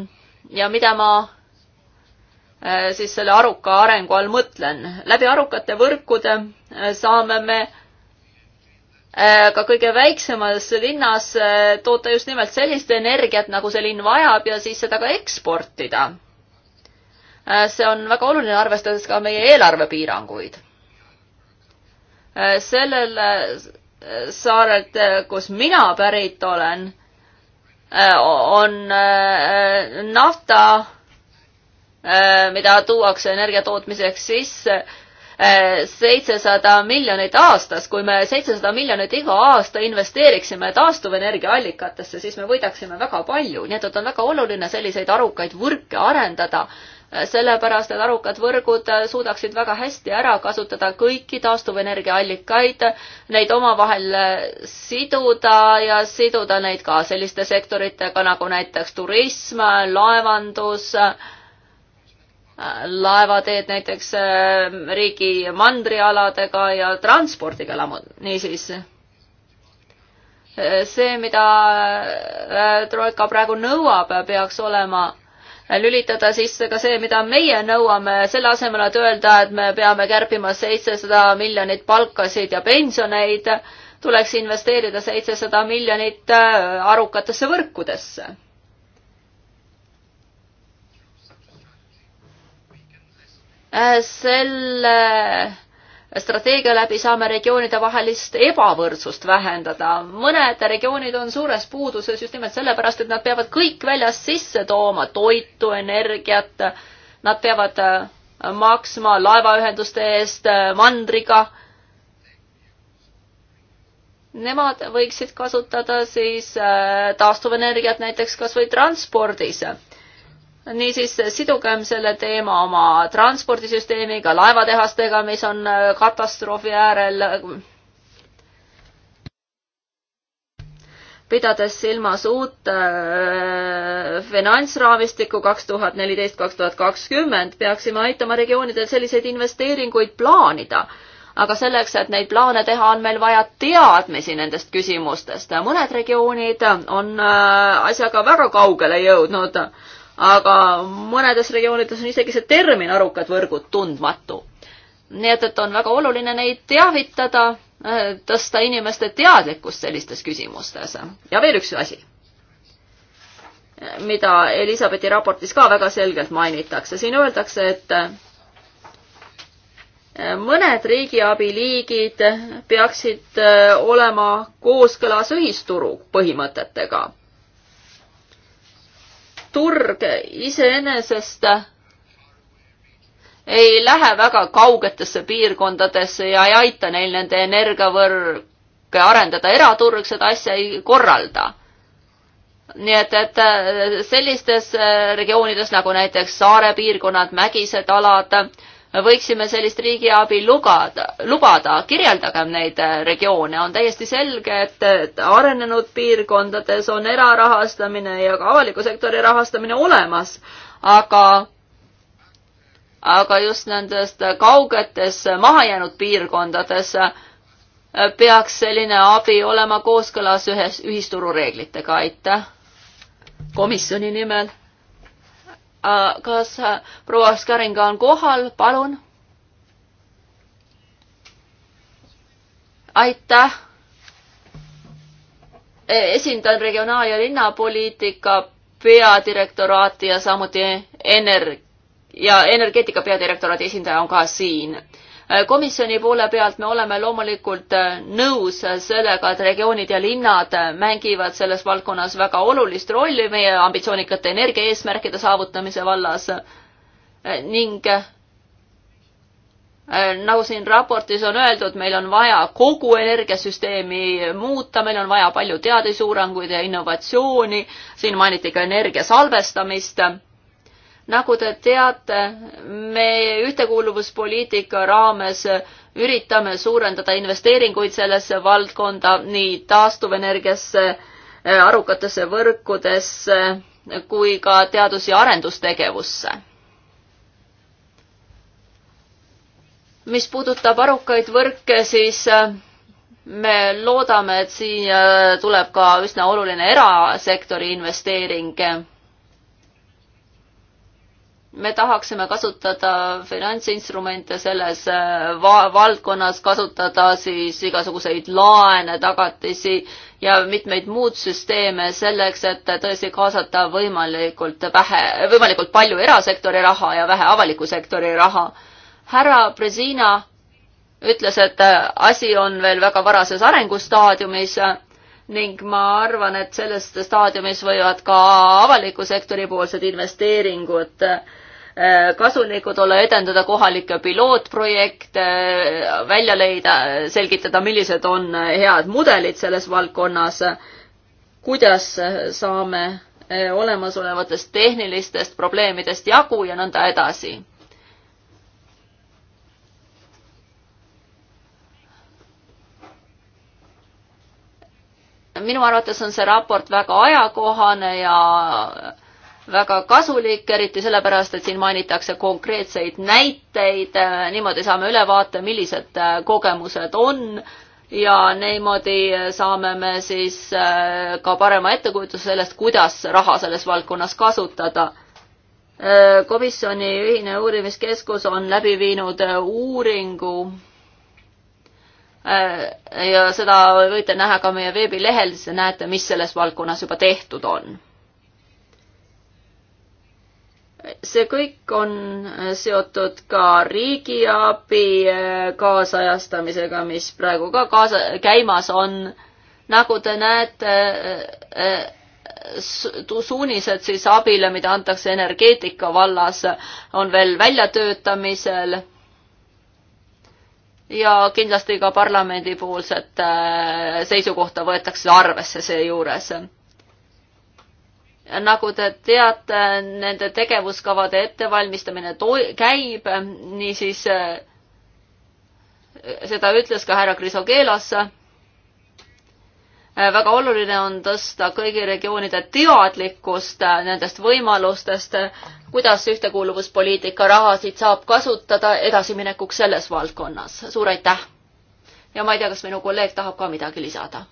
ja mida ma siis selle aruka arengu all mõtlen. läbi arukate võrkude saame me Äh, ka kõige väiksemas linnas äh, toota just nimelt sellist energiat, nagu see linn vajab ja siis seda ka eksportida. Äh, see on väga oluline, arvestades ka meie eelarvepiiranguid. sellel saarelt, kus mina pärit olen, on nafta, mida tuuakse energia tootmiseks sisse seitsesada miljonit aastas, kui me seitsesada miljonit iga aasta investeeriksime taastuvenergiaallikatesse, siis me võidaksime väga palju, nii et, et on väga oluline selliseid arukaid võrke arendada, sellepärast et arukad võrgud suudaksid väga hästi ära kasutada kõiki taastuvenergiaallikaid, neid omavahel siduda ja siduda neid ka selliste sektoritega nagu näiteks turism, laevandus äh,, laevateed näiteks äh, riigi mandrialadega ja transpordiga lammut-, niisiis äh, see, mida äh, Troika praegu nõuab, peaks olema lülitada sisse ka see, mida meie nõuame, selle asemel, et öelda, et me peame kärpima seitsesada miljonit palkasid ja pensioneid, tuleks investeerida seitsesada miljonit arukatesse võrkudesse Äh, selle strateegia läbi saame regioonide vahelist ebavõrdsust vähendada. mõned regioonid on suures puuduses just nimelt sellepärast, et nad peavad kõik väljast sisse tooma, toitu, energiat, nad peavad äh, maksma laevaühenduste eest äh, mandriga. Nemad võiksid kasutada siis taastuvenergiat näiteks kas või transpordis niisiis sidugem selle teema oma transpordisüsteemiga, laevatehastega, mis on äh, katastroofi äärel. pidades silmas uut äh, finantsraamistikku kaks tuhat neliteist, kaks tuhat kakskümmend, peaksime aitama regioonidel selliseid investeeringuid plaanida aga selleks, et neid plaane teha, on meil vaja teadmisi nendest küsimustest. mõned regioonid on äh, asjaga väga kaugele jõudnud aga mõnedes regioonides on isegi see termin arukad võrgud tundmatu. nii et, et on väga oluline neid teavitada, äh, tõsta inimeste teadlikkust sellistes küsimustes. ja veel üks asi, mida Elizabethi raportis ka väga selgelt mainitakse. siin öeldakse, et äh, mõned riigiabi liigid peaksid äh, olema kooskõlas ühisturu põhimõtetega turg iseenesest ei lähe väga kaugetesse piirkondadesse ja ei aita neil nende energiavõrke arendada, eraturg seda asja ei korralda. nii et, et äh, sellistes äh, regioonides nagu näiteks saare piirkonnad, mägised alad, me võiksime sellist riigiabi lugada, lubada, kirjeldagem neid äh, regioone, on täiesti selge, et arenenud piirkondades on erarahastamine ja ka avaliku sektori rahastamine olemas, aga aga just nendest kaugetes mahajäänud piirkondades äh, peaks selline abi olema kooskõlas ühes, ühisturu reeglitega, aitäh komisjoni nimel Äh, kas äh, proua Skaringa on kohal, palun? aitäh. E, esindan regionaal- ja linnapoliitika peadirektoraati ja samuti ener- ja energeetika peadirektoraadi esindaja on ka siin Äh, komisjoni poole pealt me oleme loomulikult äh, nõus sellega, et regioonid ja linnad äh, mängivad selles valdkonnas väga olulist rolli meie ambitsioonikate energiaeesmärkide saavutamise vallas ning nagu siin raportis on öeldud, meil on vaja kogu energiasüsteemi muuta, meil on vaja palju teadusuuranguid ja innovatsiooni, siin mainiti ka energia salvestamist nagu te teate, me ühtekuuluvuspoliitika raames üritame suurendada investeeringuid sellesse valdkonda nii taastuvenergiasse, eh, arukatesse võrkudesse kui ka teadus- ja arendustegevusse. mis puudutab arukaid võrke, siis eh, me loodame, et siia eh, tuleb ka üsna oluline erasektori investeering me tahaksime kasutada finantsinstrumente selles äh, va valdkonnas, kasutada siis igasuguseid laene, tagatisi ja mitmeid muud süsteeme selleks, et tõesti kaasata võimalikult vähe, võimalikult palju erasektori raha ja vähe avaliku sektori raha. härra Brezina ütles, et äh, asi on veel väga varases arengustaadiumis ning ma arvan, et selles staadiumis võivad ka avaliku sektori poolsed investeeringud äh, Äh, kasulikud olla, edendada kohalikke pilootprojekte, äh, välja leida, selgitada, millised on äh, head mudelid selles valdkonnas, kuidas saame olemasolevatest tehnilistest probleemidest jagu ja nõnda edasi minu arvates on see raport väga ajakohane ja väga kasulik, eriti sellepärast, et siin mainitakse konkreetseid näiteid, niimoodi saame ülevaate, millised äh, kogemused on ja niimoodi saame me siis äh, ka parema ettekujutuse sellest, kuidas raha selles valdkonnas kasutada äh, komisjoni ühine uurimiskeskus on läbi viinud uuringu ja seda võite näha ka meie veebilehel, siis näete, mis selles valdkonnas juba tehtud on see kõik on äh, seotud ka riigiabi äh, kaasajastamisega, mis praegu ka kaasa, käimas on. nagu te näete, äh, suunised siis abile, mida antakse energeetika vallas, on veel väljatöötamisel. ja kindlasti ka parlamendipoolset seisukohta võetakse arvesse seejuures nagu te teate, nende tegevuskavade ettevalmistamine käib, niisiis äh, seda ütles ka härra Krisokeelas. Äh, väga oluline on tõsta kõigi regioonide teadlikkust äh, nendest võimalustest, kuidas ühtekuuluvuspoliitika rahasid saab kasutada edasiminekuks selles valdkonnas. suur aitäh! ja ma ei tea, kas minu kolleeg tahab ka midagi lisada.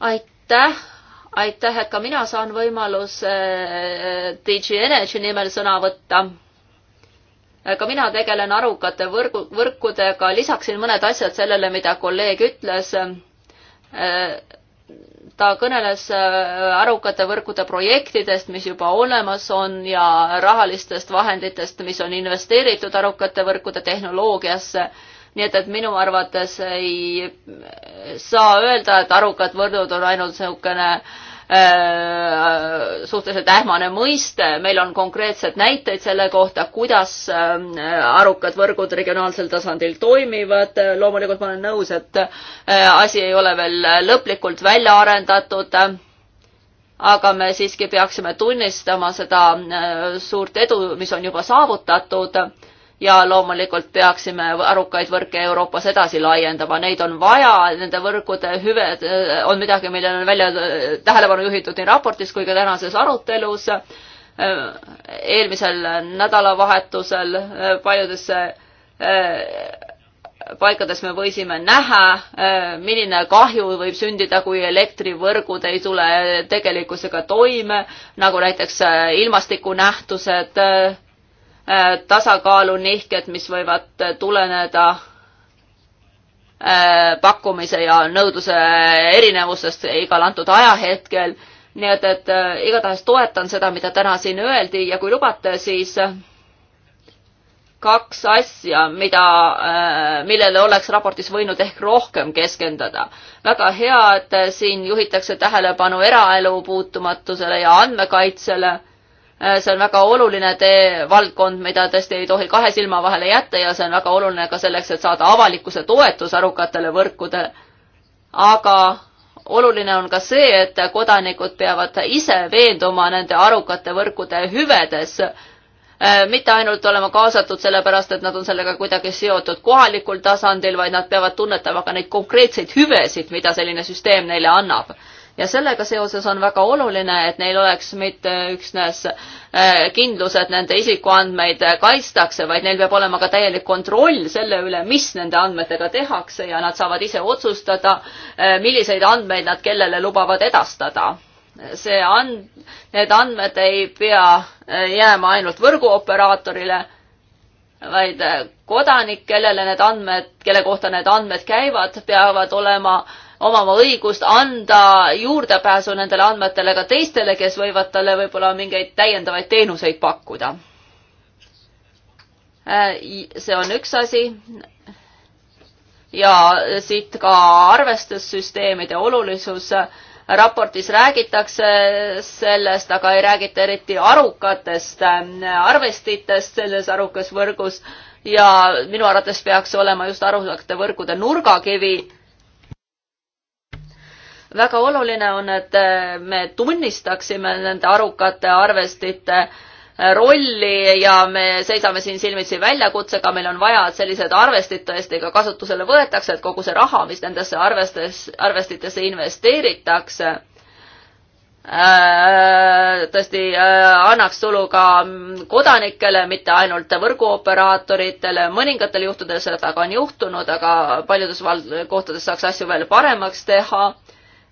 aitäh! aitäh, et ka mina saan võimaluse äh, DG Energy nimel sõna võtta. Äh, ka mina tegelen arukate võrgu, võrkudega, lisaksin mõned asjad sellele, mida kolleeg ütles. Äh, ta kõneles arukate võrkude projektidest, mis juba olemas on ja rahalistest vahenditest, mis on investeeritud arukate võrkude tehnoloogiasse nii et, et minu arvates ei saa öelda, et arukad võrdud on ainult niisugune äh, suhteliselt ähmane mõiste, meil on konkreetsed näiteid selle kohta, kuidas äh, arukad võrgud regionaalsel tasandil toimivad. loomulikult ma olen nõus, et äh, asi ei ole veel lõplikult välja arendatud aga me siiski peaksime tunnistama seda äh, suurt edu, mis on juba saavutatud ja loomulikult peaksime arukaid võrke Euroopas edasi laiendama, neid on vaja, nende võrkude hüved äh, on midagi, millele on välja äh, tähelepanu juhitud nii raportis kui ka tänases arutelus. Äh, eelmisel nädalavahetusel paljudes paikades me võisime näha, milline kahju võib sündida, kui elektrivõrgud ei tule tegelikkusega toime, nagu näiteks ilmastikunähtused Äh, tasakaalunihked, mis võivad äh, tuleneda äh, pakkumise ja nõudluse erinevustest igal antud ajahetkel. nii et, et igatahes toetan seda, mida täna siin öeldi ja kui lubate, siis kaks asja, mida, millele oleks raportis võinud ehk rohkem keskenduda. väga hea, et siin juhitakse tähelepanu eraelu puutumatusele ja andmekaitsele Äh, see on väga oluline tee, valdkond, mida tõesti ei tohi kahe silma vahele jätta ja see on väga oluline ka selleks, et saada avalikkuse toetus arukatele võrkudele. aga oluline on ka see, et kodanikud peavad ise veenduma nende arukate võrkude hüvedes, äh, mitte ainult olema kaasatud sellepärast, et nad on sellega kuidagi seotud kohalikul tasandil, vaid nad peavad tunnetama ka neid konkreetseid hüvesid, mida selline süsteem neile annab ja sellega seoses on väga oluline, et neil oleks mitte üksnes äh, kindlus, et nende isikuandmeid äh, kaitstakse, vaid neil peab olema ka täielik kontroll selle üle, mis nende andmetega tehakse ja nad saavad ise otsustada, äh, milliseid andmeid nad kellele lubavad edastada see and-, need andmed ei pea jääma ainult võrguoperaatorile, vaid kodanik, kellele need andmed, kelle kohta need andmed käivad, peavad olema äh, omama õigust anda juurdepääsu nendele andmetele ka teistele, kes võivad talle võib-olla mingeid täiendavaid teenuseid pakkuda. Äh, see on üks asi. ja siit ka arvestussüsteemide olulisus raportis räägitakse sellest, aga ei räägita eriti arukatest äh, arvestitest selles arukas võrgus ja minu arvates peaks olema just arukate võrgude nurgakivi väga oluline on, et äh, me tunnistaksime nende arukate arvestite äh, rolli ja me seisame siin silmitsi väljakutsega, meil on vaja, et sellised arvestid tõesti ka kasutusele võetakse, et kogu see raha, mis nendesse arvestes, arvestitesse investeeritakse, äh, tõesti annaks tulu ka kodanikele, mitte ainult võrguoperaatoritele, mõningatel juhtudel seda ka on juhtunud, aga paljudes kohtades saaks asju veel paremaks teha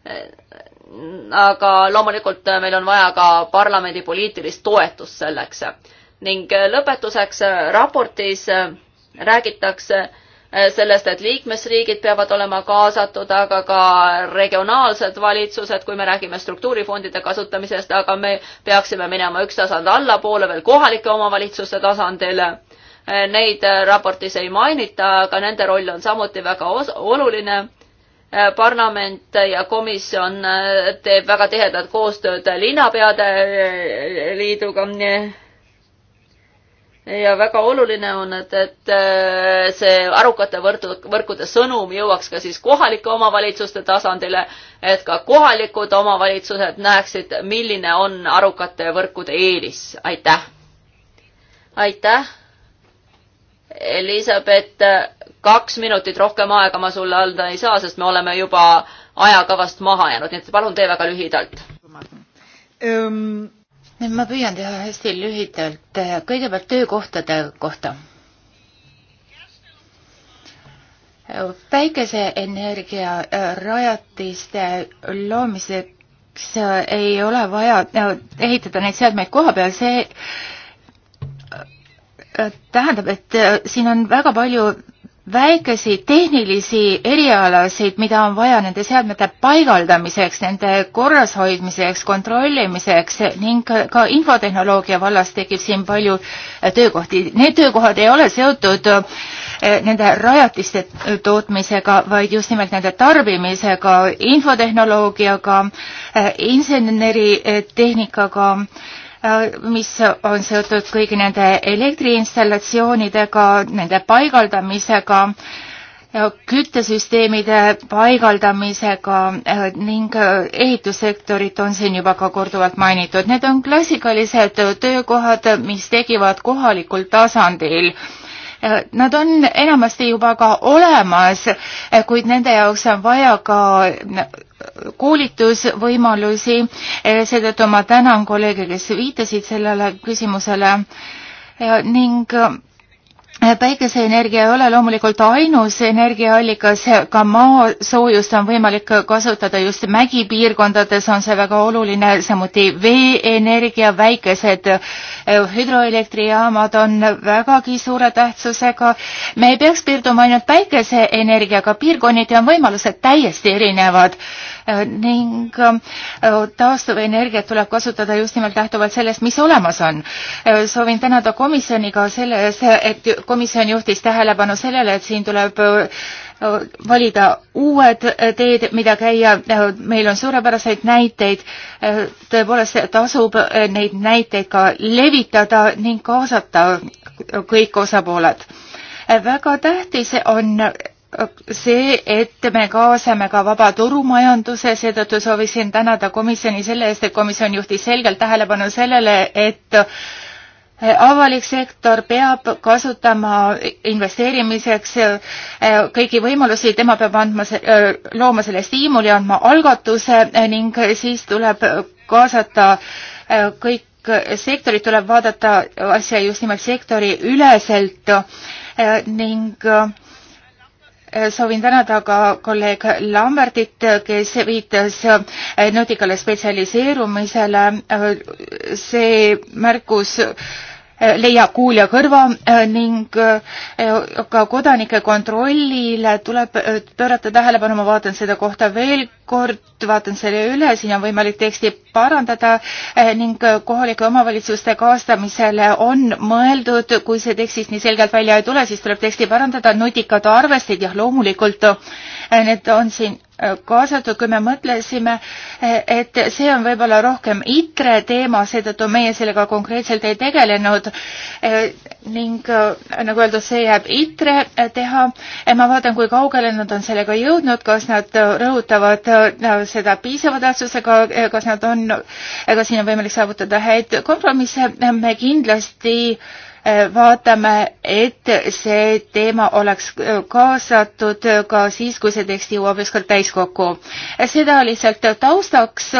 aga loomulikult meil on vaja ka parlamendi poliitilist toetust selleks. ning lõpetuseks raportis räägitakse sellest, et liikmesriigid peavad olema kaasatud, aga ka regionaalsed valitsused, kui me räägime struktuurifondide kasutamisest, aga me peaksime minema üks tasand allapoole veel kohalike omavalitsuste tasandile neid raportis ei mainita, aga nende roll on samuti väga oluline. Äh, parlament ja komisjon äh, teeb väga tihedat koostööd linnapeade äh, liiduga. ja väga oluline on, et, et see arukate võrdu, võrkude sõnum jõuaks ka siis kohalike omavalitsuste tasandile, et ka kohalikud omavalitsused näeksid, milline on arukate võrkude eelis. aitäh! aitäh! Elizabeth, kaks minutit rohkem aega ma sulle anda ei saa, sest me oleme juba ajakavast maha jäänud, nii et palun tee väga lühidalt. Ehm, ma püüan teha hästi lühidalt. kõigepealt töökohtade kohta. päikeseenergia äh, rajatiste loomiseks äh, ei ole vaja äh, ehitada neid seadmeid koha peal, see Äh, tähendab, et äh, siin on väga palju väikesi tehnilisi erialasid, mida on vaja nende seadmete paigaldamiseks, nende korrashoidmiseks, kontrollimiseks ning ka infotehnoloogia vallas tekib siin palju äh, töökohti. Need töökohad ei ole seotud nende rajatiste tootmisega, vaid just nimelt nende tarbimisega, infotehnoloogiaga, inseneritehnikaga Äh, mis on seotud kõigi nende elektriinstallatsioonidega, nende paigaldamisega, äh, küttesüsteemide paigaldamisega äh, ning ehitussektorit on siin juba ka korduvalt mainitud. Need on klassikalised töökohad, mis tekivad kohalikul tasandil Äh, nad on enamasti juba ka olemas, äh, kuid nende jaoks on vaja ka äh, koolitusvõimalusi, seetõttu ma tänan kolleege, kes viitasid sellele küsimusele ning päikeseenergia ei ole loomulikult ainus energiaallikas, ka maasoojust on võimalik kasutada just mägipiirkondades on see väga oluline, samuti veeenergia, väikesed äh, hüdroelektrijaamad on vägagi suure tähtsusega. me ei peaks piirduma ainult päikeseenergiaga, piirkonniti on võimalused täiesti erinevad äh, ning äh, taastuvenergiat tuleb kasutada just nimelt lähtuvalt sellest, mis olemas on. soovin tänada komisjoni ka selle eest, et komisjon juhtis tähelepanu sellele, et siin tuleb äh, äh, valida uued äh, teed, mida käia. meil on suurepäraseid näiteid. tõepoolest tasub neid näiteid ka levitada ning kaasata kõik osapooled. väga tähtis on see, et me kaasame ka vaba turumajanduse, seetõttu sooviksin tänada komisjoni selle eest, et komisjon juhtis selgelt tähelepanu sellele, et avalik sektor peab kasutama investeerimiseks äh, kõiki võimalusi, tema peab andma, äh, looma selle stiimuli, andma algatuse äh, ning siis tuleb kaasata kõik sektorid, tuleb vaadata asja just nimelt sektoriüleselt ning soovin tänada ka kolleeg Lambertit, kes viitas nutikale spetsialiseerumisele. see märkus Äh, leia kuulja kõrva äh, ning äh, ka kodanike kontrollile tuleb pöörata tähelepanu, ma vaatan seda kohta veel kord, vaatan selle üle, siin on võimalik teksti parandada ning kohalike omavalitsuste kaastamisele on mõeldud, kui see tekstist nii selgelt välja ei tule, siis tuleb teksti parandada, nutikad arvestid, jah, loomulikult need on siin kaasatud, kui me mõtlesime, et see on võib-olla rohkem ITRE teema, seetõttu meie sellega konkreetselt ei tegelenud ning nagu öeldud, see jääb ITRE teha. ma vaatan, kui kaugele nad on sellega jõudnud, kas nad rõhutavad seda piisava tähtsusega, kas nad on, kas siin on võimalik saavutada häid kompromisse, me kindlasti Äh, vaatame, et see teema oleks äh, kaasatud ka siis, kui see tekst jõuab ükskord täiskokku. Äh, seda lihtsalt taustaks.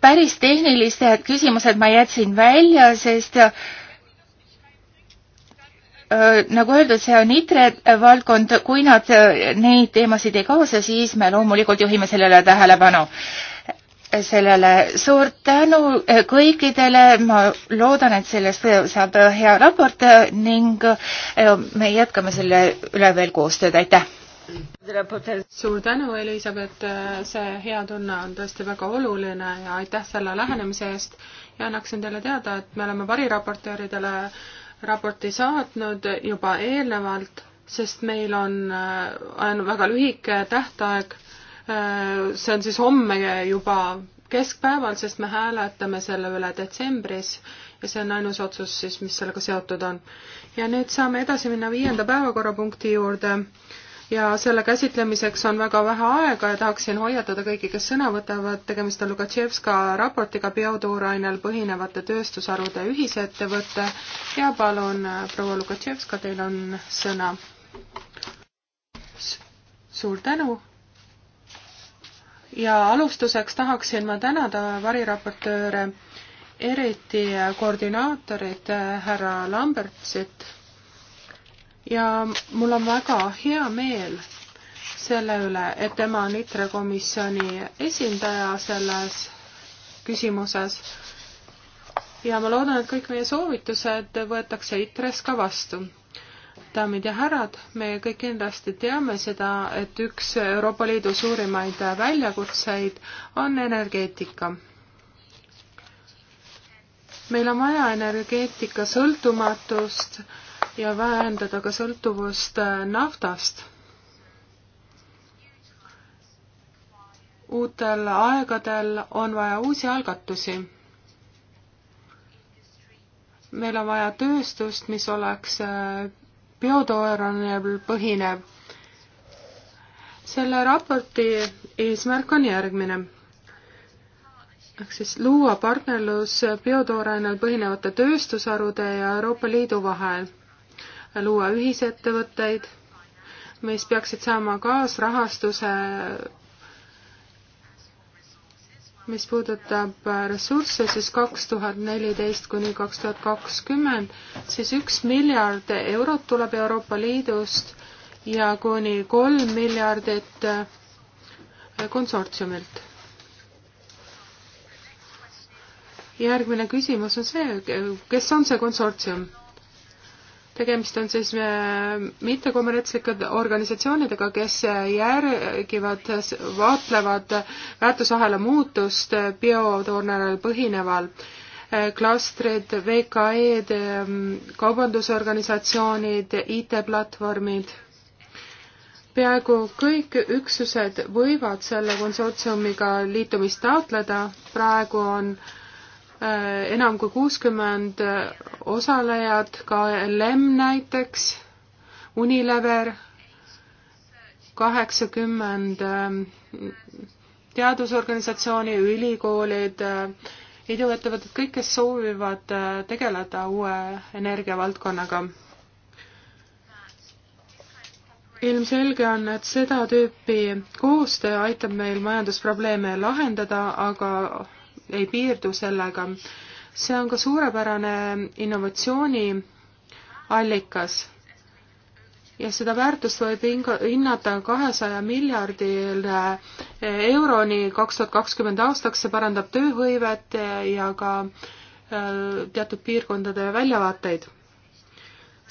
päris tehnilised küsimused ma jätsin välja, sest nagu öeldud, see on ITRE valdkond, kui nad neid teemasid ei kaasa, siis me loomulikult juhime sellele tähelepanu sellele suur tänu eh, kõikidele, ma loodan, et sellest saab eh, hea raport eh, ning me jätkame selle üle veel koostööd, aitäh! suur tänu, Elizabeth, see hea tunne on tõesti väga oluline ja aitäh selle lähenemise eest ja annaksin teile teada, et me oleme variraportööridele raporti saatnud juba eelnevalt, sest meil on, on väga lühike tähtaeg Äh, see on siis homme juba keskpäeval, sest me hääletame selle üle detsembris ja see on ainus otsus siis, mis sellega seotud on. ja nüüd saame edasi minna viienda päevakorrapunkti juurde ja selle käsitlemiseks on väga vähe aega ja tahaksin hoiatada kõiki, kes sõna võtavad, tegemist on Lukatševska raportiga biotoorainel põhinevate tööstusharude ühisettevõte ja palun, proua Lukatševska, teil on sõna. suur tänu ja alustuseks tahaksin ma tänada variraportööre, eriti koordinaatorit härra Lambertsit. ja mul on väga hea meel selle üle, et tema on ITRE komisjoni esindaja selles küsimuses. ja ma loodan, et kõik meie soovitused võetakse ITRE-s ka vastu daamid ja härrad, me kõik kindlasti teame seda, et üks Euroopa Liidu suurimaid väljakutseid on energeetika. meil on vaja energeetika sõltumatust ja vähendada ka sõltuvust naftast. uutel aegadel on vaja uusi algatusi meil on vaja tööstust, mis oleks biotooranel põhinev. selle raporti eesmärk on järgmine ehk siis luua partnerlus biotoorainel põhinevate tööstusharude ja Euroopa Liidu vahel, luua ühisettevõtteid, mis peaksid saama kaasrahastuse mis puudutab äh, ressursse, siis kaks tuhat neliteist kuni kaks tuhat kakskümmend, siis üks miljard eurot tuleb Euroopa Liidust ja kuni kolm miljardit äh, konsortsiumilt. järgmine küsimus on see, kes on see konsortsium? tegemist on siis äh, mittekommertslike organisatsioonidega, kes järgivad, vaatlevad väärtusahela muutust biotoornel põhineval. Äh, klastrid, VKE-d, ähm, kaubandusorganisatsioonid, IT-platvormid. peaaegu kõik üksused võivad selle konsortsiumiga liitumist taotleda, praegu on äh, Äh, enam kui kuuskümmend osalejat, ka LM näiteks, Unilever, kaheksakümmend äh, teadusorganisatsiooni, ülikoolid, äh, iduettevõtted, kõik, kes soovivad tegeleda uue energiavaldkonnaga. ilmselge on, et seda tüüpi koostöö aitab meil majandusprobleeme lahendada, aga ei piirdu sellega. see on ka suurepärane innovatsiooniallikas ja seda väärtust võib hinnata kahesaja miljardile euroni kaks tuhat kakskümmend aastaks, see parandab tööhõivet ja ka äh, teatud piirkondade väljavaateid.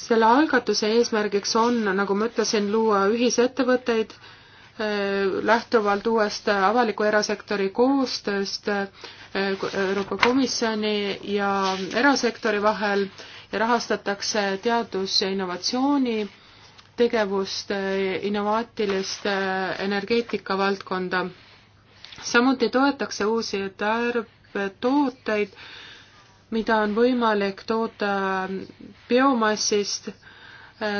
selle algatuse eesmärgiks on, nagu ma ütlesin, luua ühisettevõtteid, Äh, lähtuvalt uuest avaliku erasektori koostööst äh, Euroopa Komisjoni ja erasektori vahel ja rahastatakse teadus- ja innovatsiooni tegevust, äh, innovaatilist energeetika valdkonda. samuti toetakse uusi tarbetooteid, mida on võimalik toota biomassist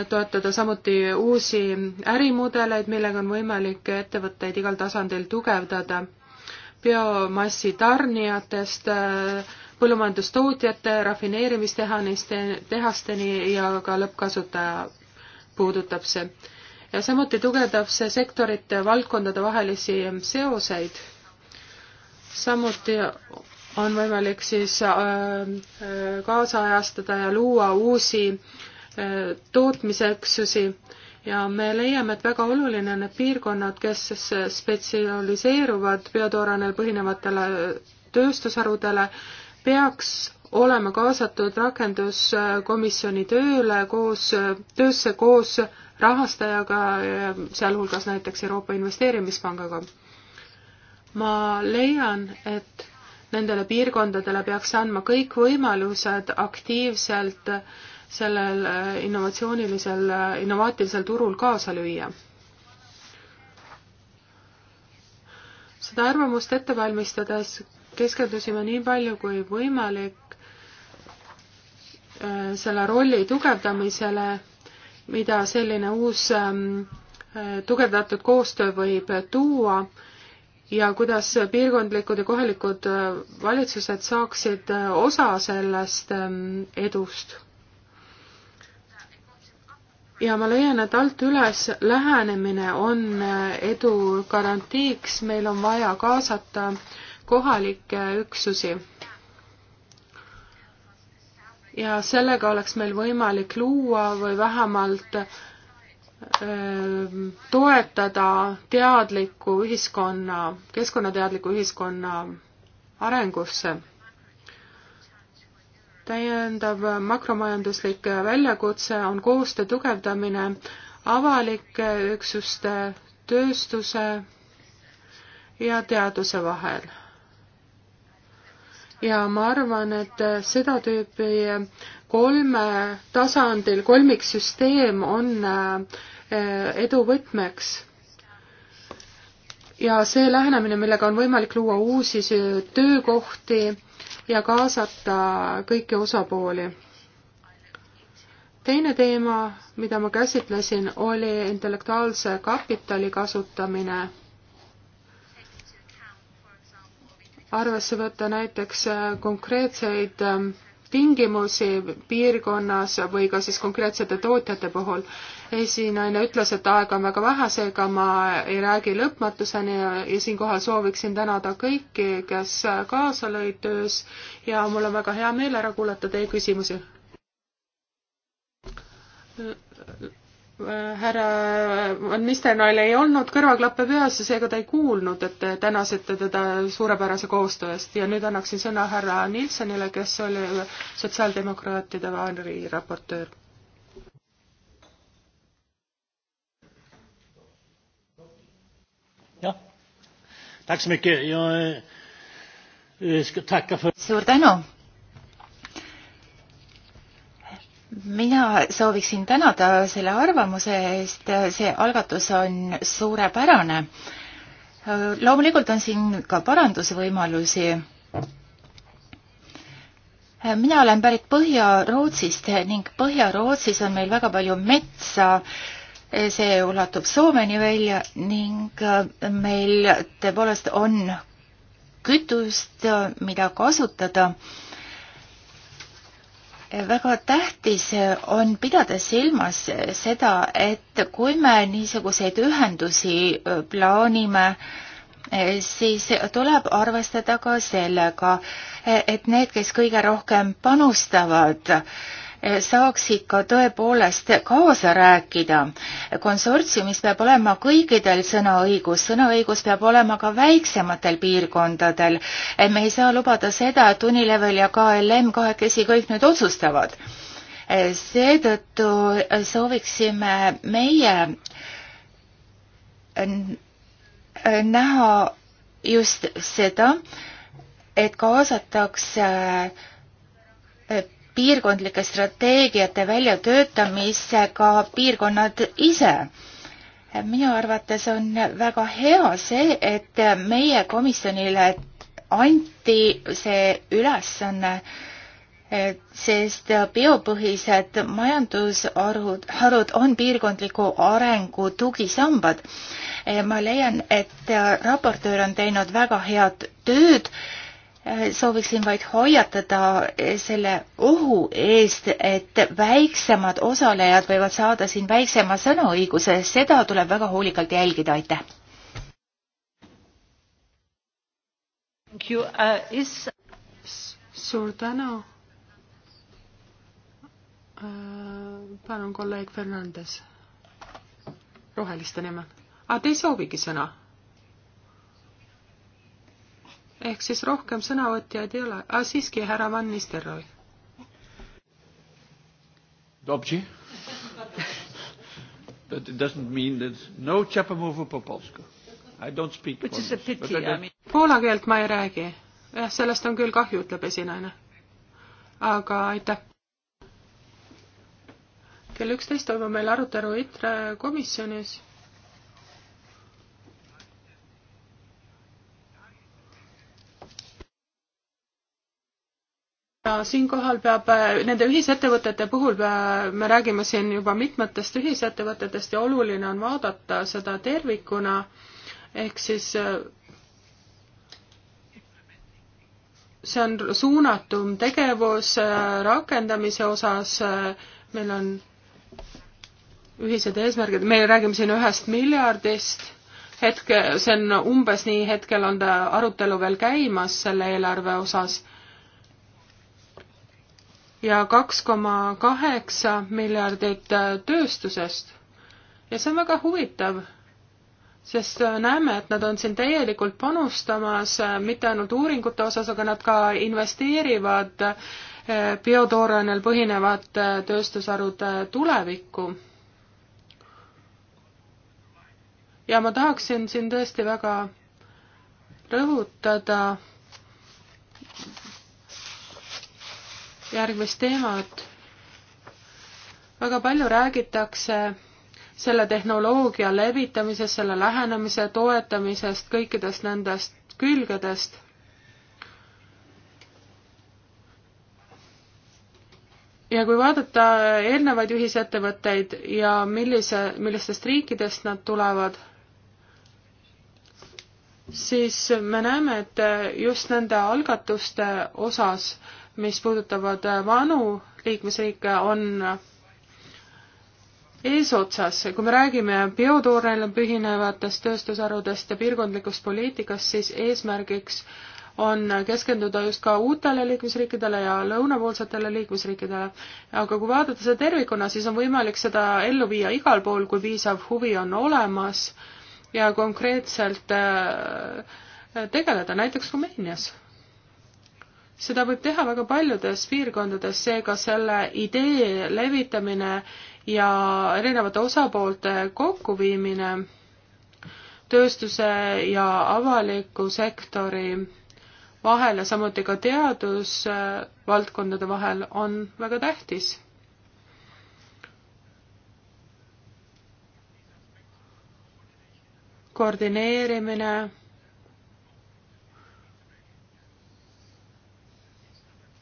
toetada samuti uusi ärimudeleid, millega on võimalik ettevõtteid igal tasandil tugevdada. biomassi tarnijatest põllumajandustootjate, rafineerimistehaniste, tehasteni ja ka lõppkasutaja puudutab see. ja samuti tugevdab see sektorite, valdkondade vahelisi seoseid. samuti on võimalik siis äh, äh, kaasajastada ja luua uusi äh, tootmisüksusi ja me leiame, et väga oluline on need piirkonnad, kes spetsialiseeruvad biotooranel põhinevatele tööstusharudele, peaks olema kaasatud rakenduskomisjoni tööle koos, töösse koos rahastajaga, sealhulgas näiteks Euroopa Investeerimispangaga. ma leian, et nendele piirkondadele peaks andma kõik võimalused aktiivselt äh, sellel äh, innovatsioonilisel, äh, innovaatilisel turul kaasa lüüa. seda arvamust ette valmistades keskendusime nii palju kui võimalik äh, selle rolli tugevdamisele, mida selline uus ähm, tugevdatud koostöö võib tuua ja kuidas piirkondlikud ja kohalikud valitsused saaksid osa sellest ähm, edust ja ma leian, et alt üles lähenemine on äh, edu garantiiks, meil on vaja kaasata kohalikke üksusi. ja sellega oleks meil võimalik luua või vähemalt öö, äh, toetada teadliku ühiskonna, keskkonnateadliku ühiskonna arengusse täiendav makromajanduslik väljakutse on koostöö tugevdamine avalike üksuste, tööstuse ja teaduse vahel. ja ma arvan, et seda tüüpi kolme tasandil kolmiksüsteem on eh, edu võtmeks ja see lähenemine, millega on võimalik luua uusi töökohti ja kaasata kõiki osapooli. teine teema, mida ma käsitlesin, oli intellektuaalse kapitali kasutamine. arvesse võtta näiteks konkreetseid ähm, tingimusi piirkonnas või ka siis konkreetsete tootjate puhul esinaine ütles, et aega on väga vähe, seega ma ei räägi lõpmatuseni ja, ja siinkohal sooviksin tänada kõiki, kes kaasa lõid töös ja mul on väga hea meel ära kuulata teie küsimusi. härra Van Nistelrooil ei olnud kõrvaklappe peas ja seega ta ei kuulnud, et te tänasite teda suurepärase koostöö eest ja nüüd annaksin sõna härra Nilssonile, kes oli sotsiaaldemokraatide Vaanri raportöör Tack så mycket. Jag eh, eh, ska tacka för... Suur tänu. mina sooviksin tänada selle arvamuse eest, see algatus on suurepärane. loomulikult on siin ka parandusvõimalusi. mina olen pärit Põhja-Rootsist ning Põhja-Rootsis on meil väga palju metsa see ulatub Soomeni välja ning äh, meil tõepoolest on kütust, äh, mida kasutada. väga tähtis on pidada silmas seda, et kui me niisuguseid ühendusi äh, plaanime, siis tuleb arvestada ka sellega, et need, kes kõige rohkem panustavad, Eh, saaksid ka tõepoolest kaasa rääkida. konsortsiumis peab olema kõikidel sõnaõigus, sõnaõigus peab olema ka väiksematel piirkondadel. Eh, me ei saa lubada seda, et Unilevel ja KLM kahekesi kõik nüüd otsustavad. Eh, seetõttu sooviksime meie näha just seda, et kaasatakse piirkondlike strateegiate väljatöötamisega piirkonnad ise minu arvates on väga hea see, et meie komisjonile anti see ülesanne, sest biopõhised majandusharud, harud on piirkondliku arengu tugisambad. ma leian, et raportöör on teinud väga head tööd Äh, sooviksin vaid hoiatada äh, selle ohu eest, et väiksemad osalejad võivad saada siin väiksema sõnaõiguse, seda tuleb väga hoolikalt jälgida, aitäh. Uh, suur tänu. Uh, palun kolleeg Fernandes roheliste nimel. aa, ah, te ei soovigi sõna? ehk siis rohkem sõnavõtjaid ei ole. aga ah, siiski, härra Van Nistelrooy. Dobši? But it doesn't mean that no Chapamovu Popolsko. I don't speak Which is a pity, I mean. Poola keelt ma ei räägi. jah, sellest on küll kahju, ütleb esinaine. aga aitäh. kell üksteist toimub meil arutelu ITRE komisjonis ja siinkohal peab, nende ühisettevõtete puhul me räägime siin juba mitmetest ühisettevõtetest ja oluline on vaadata seda tervikuna, ehk siis see on suunatum tegevus äh, rakendamise osas, äh, meil on ühised eesmärgid, me räägime siin ühest miljardist, hetke, see on umbes nii, hetkel on ta arutelu veel käimas selle eelarve osas ja kaks koma kaheksa miljardit äh, tööstusest. ja see on väga huvitav, sest äh, näeme, et nad on siin täielikult panustamas äh, mitte ainult uuringute osas, aga nad ka investeerivad biotoorainel põhinevate tööstusharude tulevikku. ja ma tahaksin siin tõesti väga rõhutada järgmist teemat. väga palju räägitakse selle tehnoloogia levitamisest, selle lähenemise toetamisest, kõikidest nendest külgedest. ja kui vaadata eelnevaid ühisettevõtteid ja millise, millistest riikidest nad tulevad, siis me näeme, et just nende algatuste osas mis puudutavad äh, vanu liikmesriike, on eesotsas, kui me räägime biotoorel põhinevatest tööstusharudest ja piirkondlikust poliitikast, siis eesmärgiks on keskenduda just ka uutele liikmesriikidele ja lõunapoolsetele liikmesriikidele. aga kui vaadata seda tervikuna, siis on võimalik seda ellu viia igal pool, kui piisav huvi on olemas ja konkreetselt äh, tegeleda, näiteks Rumeenias seda võib teha väga paljudes piirkondades, seega selle idee levitamine ja erinevate osapoolte kokkuviimine tööstuse ja avaliku sektori vahel ja samuti ka teadusvaldkondade vahel on väga tähtis koordineerimine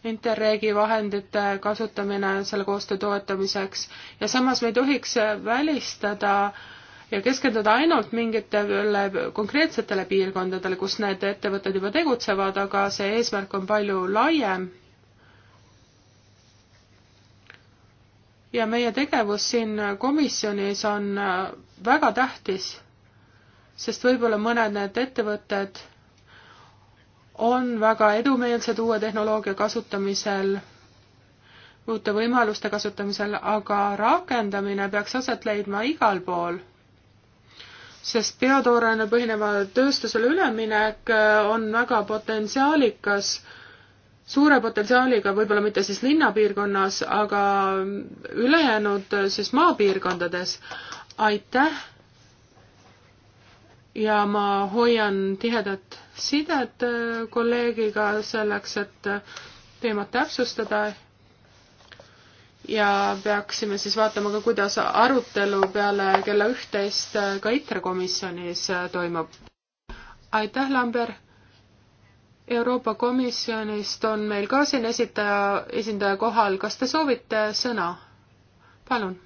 Interregi vahendite kasutamine selle koostöö toetamiseks ja samas me ei tohiks välistada ja keskenduda ainult mingitele konkreetsetele piirkondadele, kus need ettevõtted juba tegutsevad, aga see eesmärk on palju laiem. ja meie tegevus siin komisjonis on väga tähtis, sest võib-olla mõned need ettevõtted on väga edumeelsed uue tehnoloogia kasutamisel, uute võimaluste kasutamisel, aga rakendamine peaks aset leidma igal pool. sest biotooraine põhineva tööstusele üleminek äh, on väga potentsiaalikas, suure potentsiaaliga, võib-olla mitte siis linnapiirkonnas, aga ülejäänud äh, siis maapiirkondades. aitäh ja ma hoian tihedat sidet äh, kolleegiga selleks, et äh, teemat täpsustada. ja peaksime siis vaatama ka, kuidas arutelu peale kella üht-teist äh, ka ITRE komisjonis toimub. aitäh, Lamber! Euroopa Komisjonist on meil ka siin esitaja, esindaja kohal, kas te soovite sõna? palun.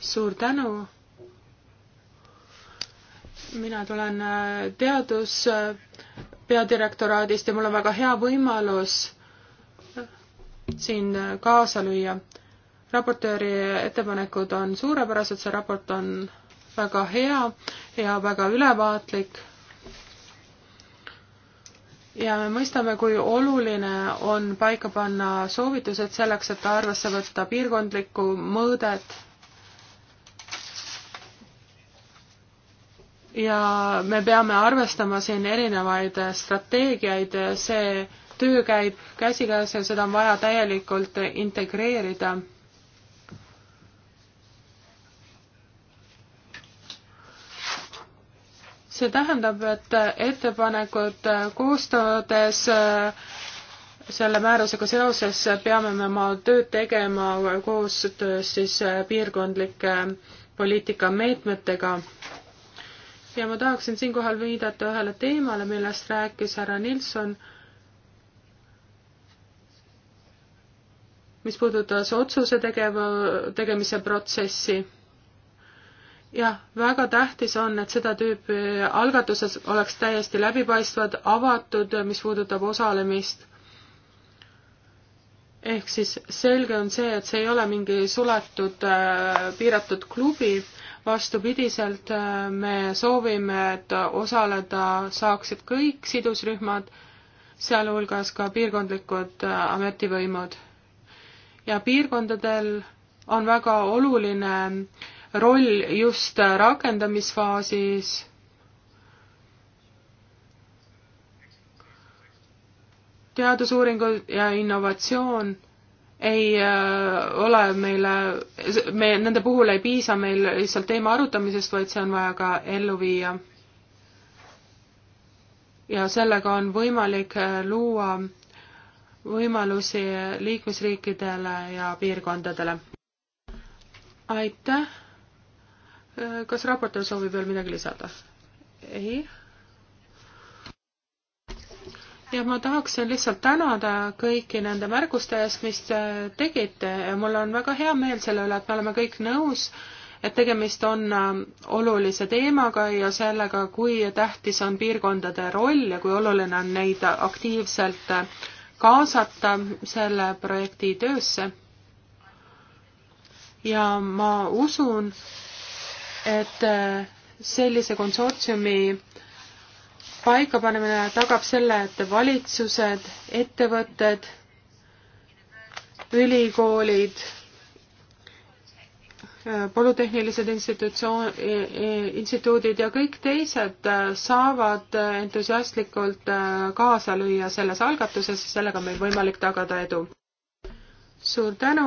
suur tänu mina tulen äh, teadus äh, peadirektoraadist ja mul on väga hea võimalus äh, siin kaasa lüüa. raportööri ettepanekud on suurepärased, see raport on väga hea ja väga ülevaatlik. ja me mõistame, kui oluline on paika panna soovitused selleks, et arvesse võtta piirkondlikku mõõdet ja me peame arvestama siin erinevaid strateegiaid, see töö käib käsikäes ja seda on vaja täielikult integreerida. see tähendab, et ettepanekud koostades selle määrusega seoses peame me oma tööd tegema koostöös siis piirkondlike poliitikameetmetega ja ma tahaksin siinkohal viidata ühele teemale, millest rääkis härra Nilsson, mis puudutas otsuse tegeva, tegemise protsessi. jah, väga tähtis on, et seda tüüpi algatuses oleks täiesti läbipaistvad, avatud, mis puudutab osalemist. ehk siis selge on see, et see ei ole mingi suletud, äh, piiratud klubi vastupidiselt äh, me soovime, et osaleda saaksid kõik sidusrühmad, sealhulgas ka piirkondlikud äh, ametivõimud. ja piirkondadel on väga oluline roll just rakendamisfaasis. teadusuuringud ja innovatsioon ei äh, ole meile, me, nende puhul ei piisa meil lihtsalt teema arutamisest, vaid see on vaja ka ellu viia. ja sellega on võimalik äh, luua võimalusi liikmesriikidele ja piirkondadele. aitäh! Äh, kas raportöör soovib veel midagi lisada? ei ja ma tahaksin lihtsalt tänada kõiki nende märguste eest, mis tegite ja mul on väga hea meel selle üle, et me oleme kõik nõus, et tegemist on ähm, olulise teemaga ja sellega, kui tähtis on piirkondade roll ja kui oluline on neid aktiivselt äh, kaasata selle projekti töösse. ja ma usun, et äh, sellise konsortsiumi paikapanemine tagab selle, et valitsused, ettevõtted, ülikoolid, polütehnilised institutsioon, instituudid ja kõik teised äh, saavad entusiastlikult äh, kaasa lüüa selles algatuses ja sellega on meil võimalik tagada edu. suur tänu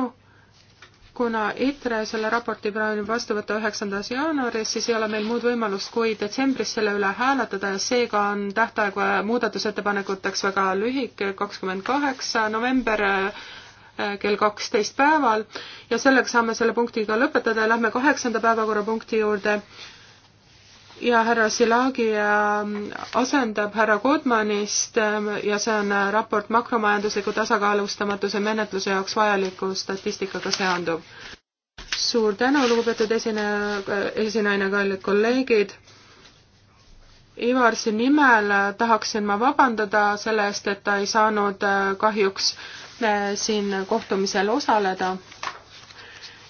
kuna ITRE selle raporti plaanib vastu võtta üheksandas jaanuaris, siis ei ole meil muud võimalust kui detsembris selle üle hääletada ja seega on tähtaeg muudatusettepanekuteks väga lühike, kakskümmend kaheksa november äh, kell kaksteist päeval ja sellega saame selle punktiga lõpetada ja lähme kaheksanda päevakorrapunkti juurde, ja härra Silagi ähm, asendab härra Kodmanist ähm, ja see on äh, raport makromajandusliku tasakaalustamatuse menetluse jaoks vajaliku statistikaga seanduv. suur tänu, lugupeetud esineja, äh, esinaine, kallid kolleegid. Ivarsi nimel äh, tahaksin ma vabandada selle eest, et ta ei saanud kahjuks siin kohtumisel osaleda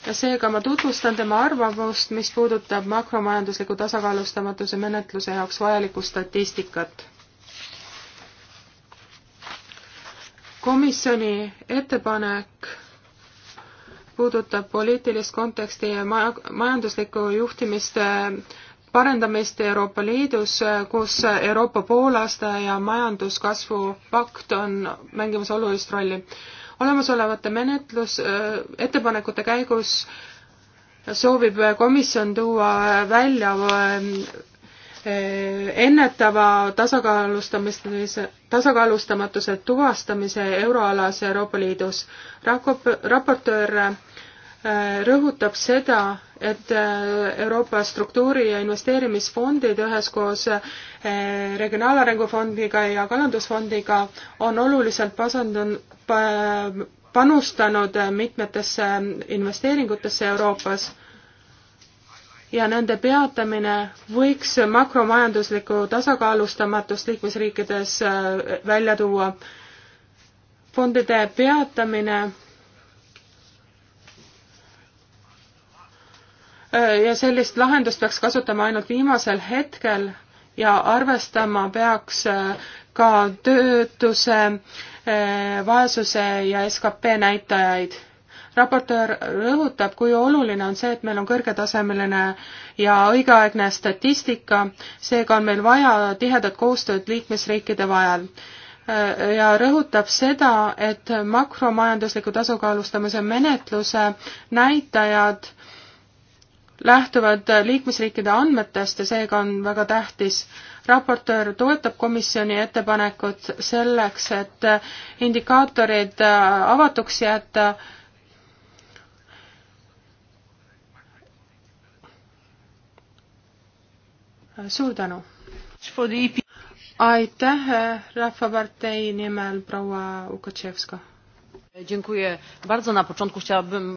ja seega ma tutvustan tema arvamust, mis puudutab makromajandusliku tasakaalustamatuse menetluse jaoks vajalikku statistikat. komisjoni ettepanek puudutab poliitilist konteksti ja ma majanduslikku juhtimist äh, parendamist Euroopa Liidus, äh, kus Euroopa poolaasta ja majanduskasvu pakt on mängimas olulist rolli olemasolevate menetlus, ettepanekute käigus soovib komisjon tuua välja ennetava tasakaalustamise, tasakaalustamatuse tuvastamise euroalas Euroopa Liidus. raportöör rõhutab seda, et äh, Euroopa struktuuri- ja investeerimisfondid üheskoos äh, Regionaalarengu Fondiga ja Kalandusfondiga on oluliselt pasandun-, panustanud äh, mitmetesse investeeringutesse Euroopas ja nende peatamine võiks makromajanduslikku tasakaalustamatust liikmesriikides välja tuua. fondide peatamine Äh, ja sellist lahendust peaks kasutama ainult viimasel hetkel ja arvestama peaks äh, ka töötuse, äh, vaesuse ja skp näitajaid. raportöör rõhutab, kui oluline on see, et meil on kõrgetasemeline ja õigeaegne statistika, seega on meil vaja tihedat koostööd liikmesriikide vahel ja rõhutab seda, et makromajandusliku tasakaalustamise menetluse näitajad lähtuvad liikmesriikide andmetest ja seega on väga tähtis. raportöör toetab komisjoni ettepanekut selleks, et indikaatorid avatuks jätta suur tänu! aitäh Rahvapartei nimel proua Ukatševska! Dziękuję bardzo. Na początku chciałabym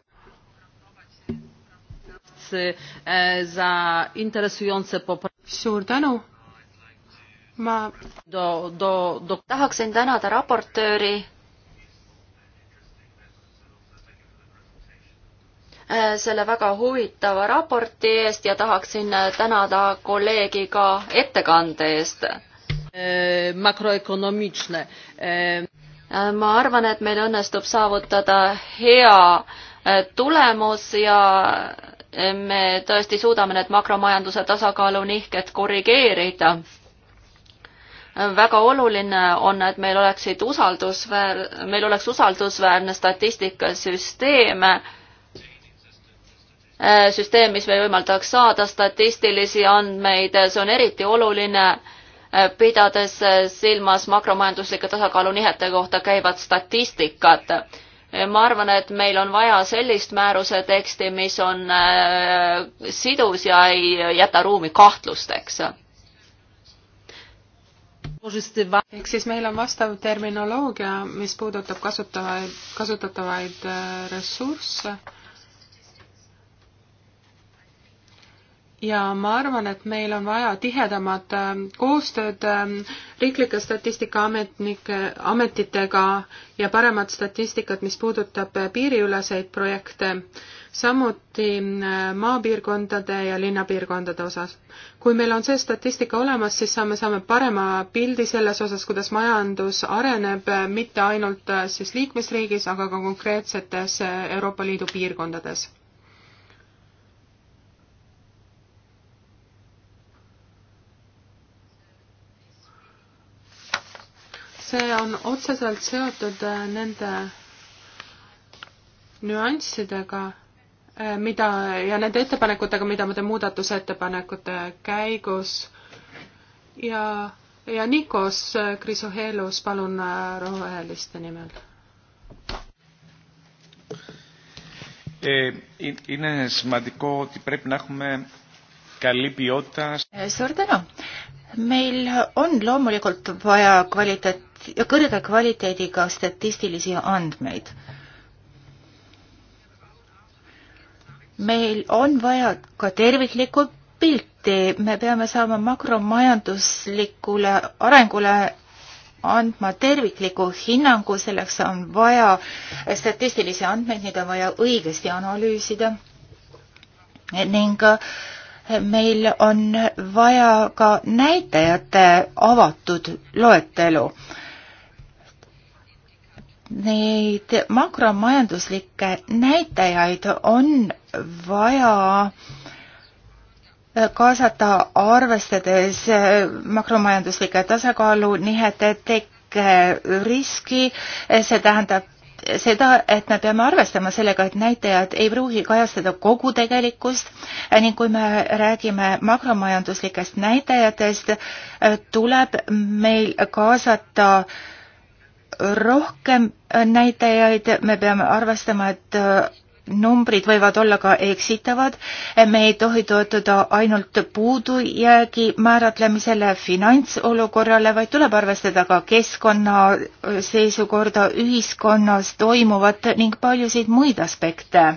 E, za interesujące poprawki. suur tänu. ma do, do, do... tahaksin tänada raportööri e, selle väga huvitava raporti eest ja tahaksin tänada kolleegi ka ettekande eest. E, makroökonoomiline. ma arvan, et meil õnnestub saavutada hea tulemus ja me tõesti suudame need makromajanduse tasakaalu nihked korrigeerida. väga oluline on, et meil oleksid usaldusväär-, meil oleks usaldusväärne statistikasüsteem, süsteem, mis meil võimaldaks saada statistilisi andmeid, see on eriti oluline, pidades silmas makromajanduslike tasakaalu nihete kohta käivat statistikat ma arvan, et meil on vaja sellist määruse teksti, mis on äh, sidus ja ei jäta ruumi kahtlusteks. ehk siis meil on vastav terminoloogia, mis puudutab kasutavaid, kasutatavaid äh, ressursse ja ma arvan, et meil on vaja tihedamat äh, koostööd äh, riiklike statistikaametnike, ametitega ja paremat statistikat, mis puudutab äh, piiriüleseid projekte, samuti maapiirkondade ja linnapiirkondade osas. kui meil on see statistika olemas, siis saame, saame parema pildi selles osas, kuidas majandus areneb, mitte ainult siis liikmesriigis, aga ka konkreetsetes Euroopa Liidu piirkondades see on otseselt seotud äh, nende nüanssidega, äh, mida ja nende ettepanekutega, mida ma teen muudatusettepanekute käigus ja, ja Nikos Krisohelus, äh, palun roheliste nimel. Είναι σημαντικό ότι πρέπει να έχουμε καλή ποιότητα. Suur tänu! meil on loomulikult vaja kvaliteet, kvaliteet, kõrge kvaliteediga statistilisi andmeid. meil on vaja ka terviklikku pilti, me peame saama makromajanduslikule arengule andma tervikliku hinnangu, selleks on vaja statistilisi andmeid, neid on vaja õigesti analüüsida ning eh, meil on vaja ka näitajate avatud loetelu Neid makromajanduslikke näitajaid on vaja kaasata arvestades makromajanduslike tasakaalu nihete tekke riski, see tähendab seda, et me peame arvestama sellega, et näitajad ei pruugi kajastada kogu tegelikkust ning kui me räägime makromajanduslikest näitajatest, tuleb meil kaasata äh, rohkem äh, näitajaid, me peame arvestama, et äh, numbrid võivad olla ka eksitavad, äh, me ei tohi toetuda ainult puudujäägi määratlemisele, finantsolukorrale, vaid tuleb arvestada ka keskkonna seisukorda, ühiskonnas toimuvat ning paljusid muid aspekte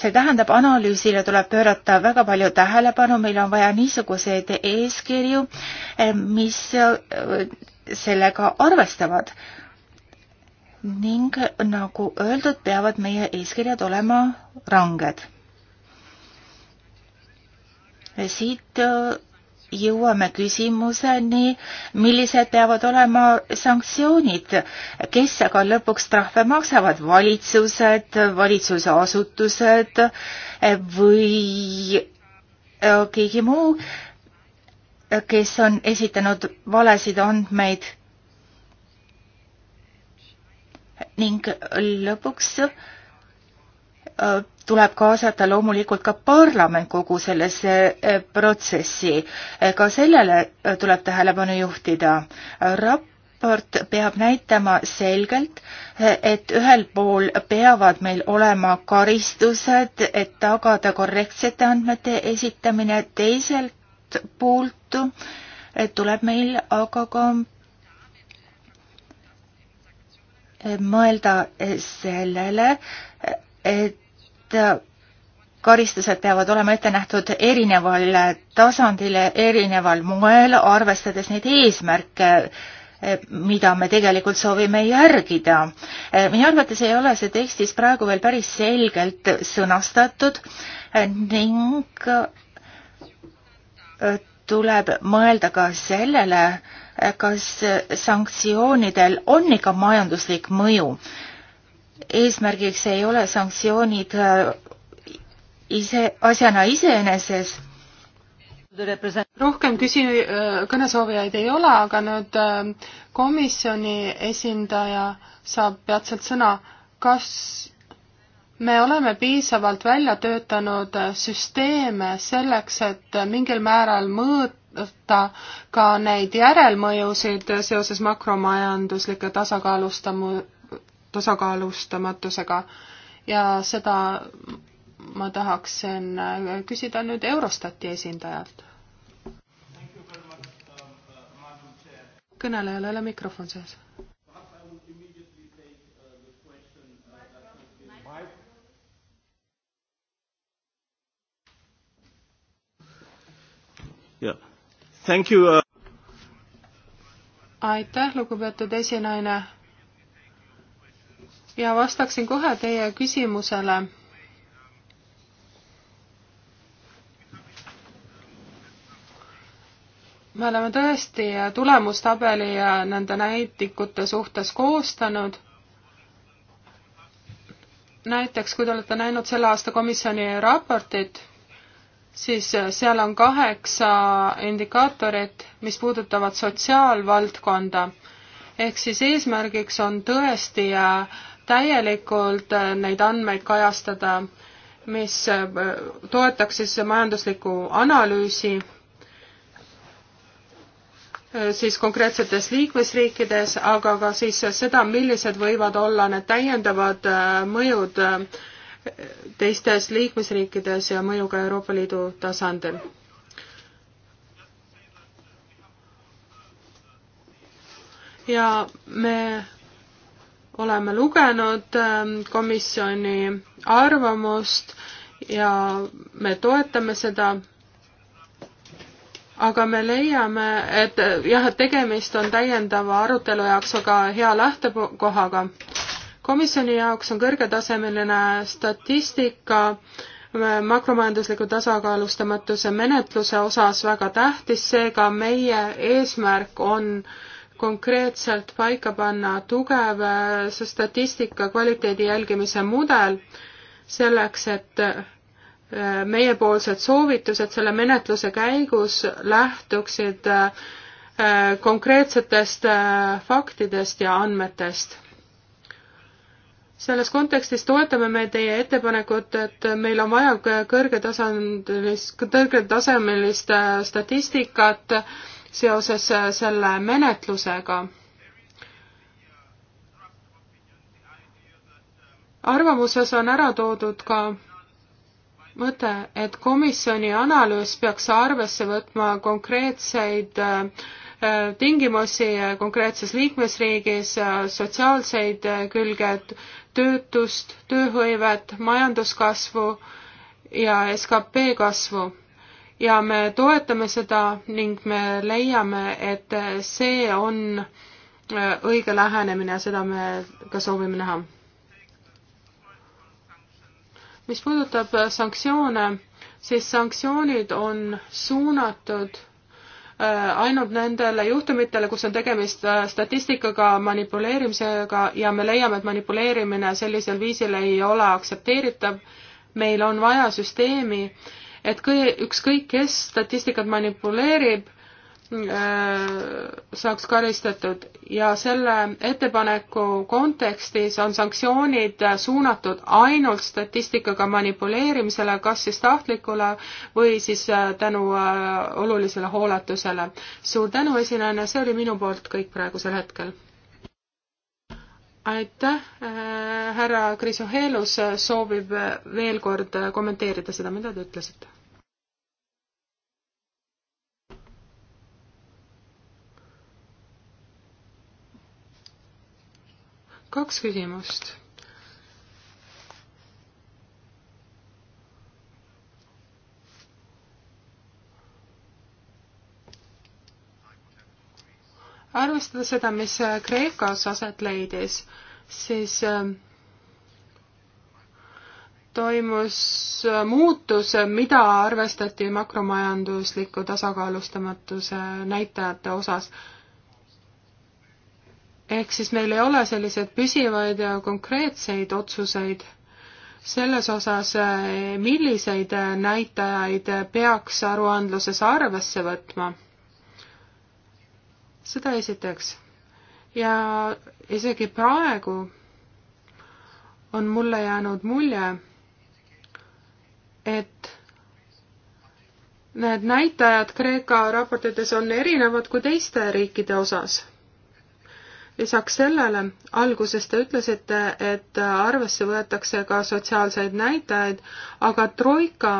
see tähendab, analüüsile tuleb pöörata väga palju tähelepanu, meil on vaja niisuguseid eeskirju, mis sellega arvestavad. ning nagu öeldud, peavad meie eeskirjad olema ranged. siit äh, jõuame küsimuseni, millised peavad olema sanktsioonid, kes aga lõpuks trahve maksavad, valitsused, valitsuse asutused või äh, keegi muu kes on esitanud valesid andmeid. ning lõpuks äh, tuleb kaasata loomulikult ka parlament kogu sellesse äh, protsessi. Äh, ka sellele tuleb tähelepanu juhtida. raport peab näitama selgelt, et ühel pool peavad meil olema karistused, et tagada korrektsete andmete esitamine, teiselt teisest poolt tuleb meil aga ka eh, mõelda eh, sellele, et karistused peavad olema ette nähtud erineval tasandil, erineval moel, arvestades neid eesmärke, eh, mida me tegelikult soovime järgida. minu arvates ei ole see tekstis praegu veel päris selgelt sõnastatud ning tuleb mõelda ka sellele, kas sanktsioonidel on ikka majanduslik mõju. eesmärgiks ei ole sanktsioonid äh, ise, asjana iseeneses. rohkem küsi-, äh, kõnesoovijaid ei ole, aga nüüd äh, komisjoni esindaja saab peatselt sõna. kas me oleme piisavalt välja töötanud süsteeme selleks, et mingil määral mõõta ka neid järelmõjusid seoses makromajanduslike tasakaalustamu-, tasakaalustamatusega. ja seda ma tahaksin küsida nüüd Eurostati esindajalt. kõnelejal ei ole mikrofon sees yeah.. Thank you uh.... aitäh, lugupeetud esinaine. ja vastaksin kohe teie küsimusele. me oleme tõesti tulemustabeli nende näitikute suhtes koostanud näiteks kui te olete näinud selle aasta komisjoni raportit, siis äh, seal on kaheksa indikaatorit, mis puudutavad sotsiaalvaldkonda. ehk siis eesmärgiks on tõesti äh, täielikult äh, neid andmeid kajastada, mis toetaks siis majanduslikku analüüsi siis konkreetsetes liikmesriikides, aga ka siis seda, millised võivad olla need täiendavad mõjud äh, teistes liikmesriikides ja mõjuga Euroopa Liidu tasandil. ja me oleme lugenud ähm, komisjoni arvamust ja me toetame seda aga me leiame, et äh, jah, et tegemist on täiendava arutelu jaoks väga hea lähtekohaga komisjoni jaoks on kõrgetasemeline statistika äh, makromajandusliku tasakaalustamatuse menetluse osas väga tähtis, seega meie eesmärk on konkreetselt paika panna tugev äh, statistika kvaliteedi jälgimise mudel selleks, et äh, meiepoolsed soovitused selle menetluse käigus lähtuksid konkreetsetest faktidest ja andmetest selles kontekstis toetame me teie ettepanekut, et meil on vaja kõrgetasandilist, kõrgetasemelist äh, statistikat seoses äh, selle menetlusega. arvamuses on ära toodud ka mõte, et komisjoni analüüs peaks arvesse võtma konkreetseid äh, äh tingimusi konkreetses liikmesriigis, sotsiaalseid külged, töötust, tööhõivet, majanduskasvu ja skp kasvu. ja me toetame seda ning me leiame, et see on äh, õige lähenemine ja seda me ka soovime näha. mis puudutab sanktsioone, siis sanktsioonid on suunatud Äh, ainult nendele juhtumitele, kus on tegemist äh, statistikaga manipuleerimisega ja me leiame, et manipuleerimine sellisel viisil ei ole aktsepteeritav. meil on vaja süsteemi, et kõi-, ükskõik, kes statistikat manipuleerib, Äh, saaks karistatud ja selle ettepaneku kontekstis on sanktsioonid suunatud ainult statistikaga manipuleerimisele, kas siis tahtlikule või siis äh, tänu äh, olulisele hooletusele. suur tänu, esinejana, see oli minu poolt kõik praegusel hetkel aitäh, härra Krisohelus soovib veel kord kommenteerida seda, mida te ütlesite. kaks küsimust. arvestades seda, mis äh, Kreekas aset leidis, siis ähm, toimus äh, muutus, äh, mida arvestati makromajandusliku tasakaalustamatuse näitajate osas ehk siis meil ei ole selliseid püsivaid ja konkreetseid otsuseid selles osas, milliseid näitajaid peaks aruandluses arvesse võtma. seda esiteks. ja isegi praegu on mulle jäänud mulje, et need näitajad Kreeka raportites on erinevad kui teiste riikide osas lisaks sellele, alguses te ütlesite, et arvesse võetakse ka sotsiaalseid näitajaid, aga Troika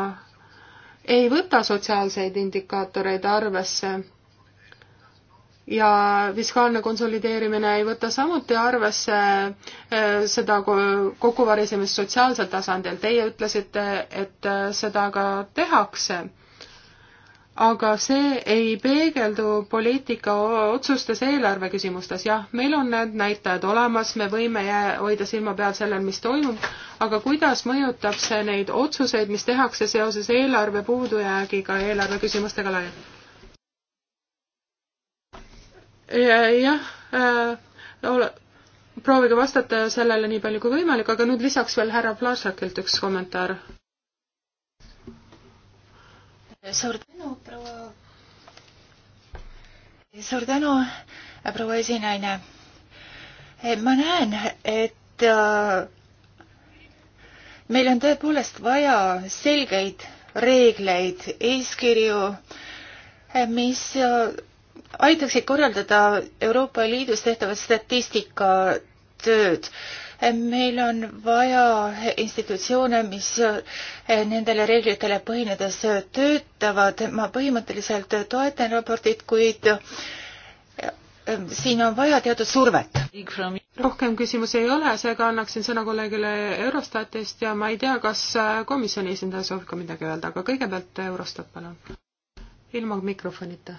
ei võta sotsiaalseid indikaatoreid arvesse. ja fiskaalne konsolideerimine ei võta samuti arvesse eh, seda kokkuvarisemist sotsiaalsel tasandil. Teie ütlesite, et eh, seda ka tehakse aga see ei peegeldu poliitika otsustes eelarve küsimustes, jah, meil on need näitajad olemas, me võime jää, hoida silma peal sellel, mis toimub, aga kuidas mõjutab see neid otsuseid, mis tehakse seoses eelarve puudujäägiga, eelarve küsimustega laiali? jah äh,, proovige vastata sellele nii palju kui võimalik, aga nüüd lisaks veel härra Plašakilt üks kommentaar suur tänu, proua. suur tänu, proua esinaine. ma näen, et äh, meil on tõepoolest vaja selgeid reegleid, eeskirju, äh, mis äh, aitaksid korraldada Euroopa Liidus tehtavat statistikatööd meil on vaja institutsioone, mis eh, nendele reeglitele põhinedes töötavad. ma põhimõtteliselt toetan raportit, kuid eh, siin on vaja teatud survet. rohkem küsimusi ei ole, seega annaksin sõna kolleegile Eurostatist ja ma ei tea, kas eh, komisjoni esindaja soovib ka midagi öelda, aga kõigepealt Eurostat, palun. ilma mikrofonita.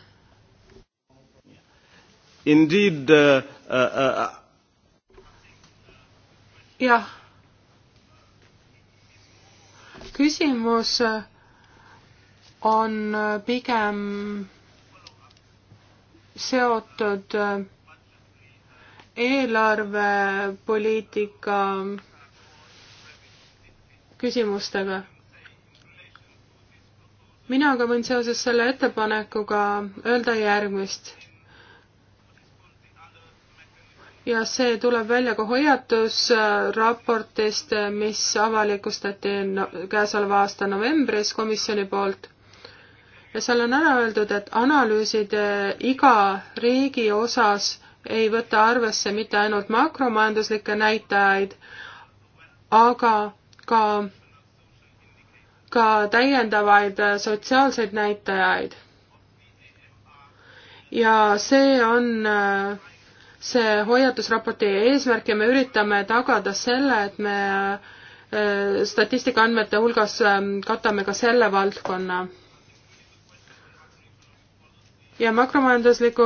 Indeed uh,. Uh, uh, jah. küsimus äh, on äh, pigem seotud äh, eelarvepoliitika küsimustega. mina aga võin seoses selle ettepanekuga öelda järgmist ja see tuleb välja ka hoiatusraportist, mis avalikustati käesoleva aasta novembris komisjoni poolt. ja seal on ära öeldud, et analüüsid eh, iga riigi osas ei võta arvesse mitte ainult makromajanduslikke näitajaid, aga ka, ka täiendavaid eh, sotsiaalseid näitajaid. ja see on äh, see hoiatusraporti eesmärk ja me üritame tagada selle, et me äh, statistikaandmete hulgas ähm, katame ka selle valdkonna. ja makromajandusliku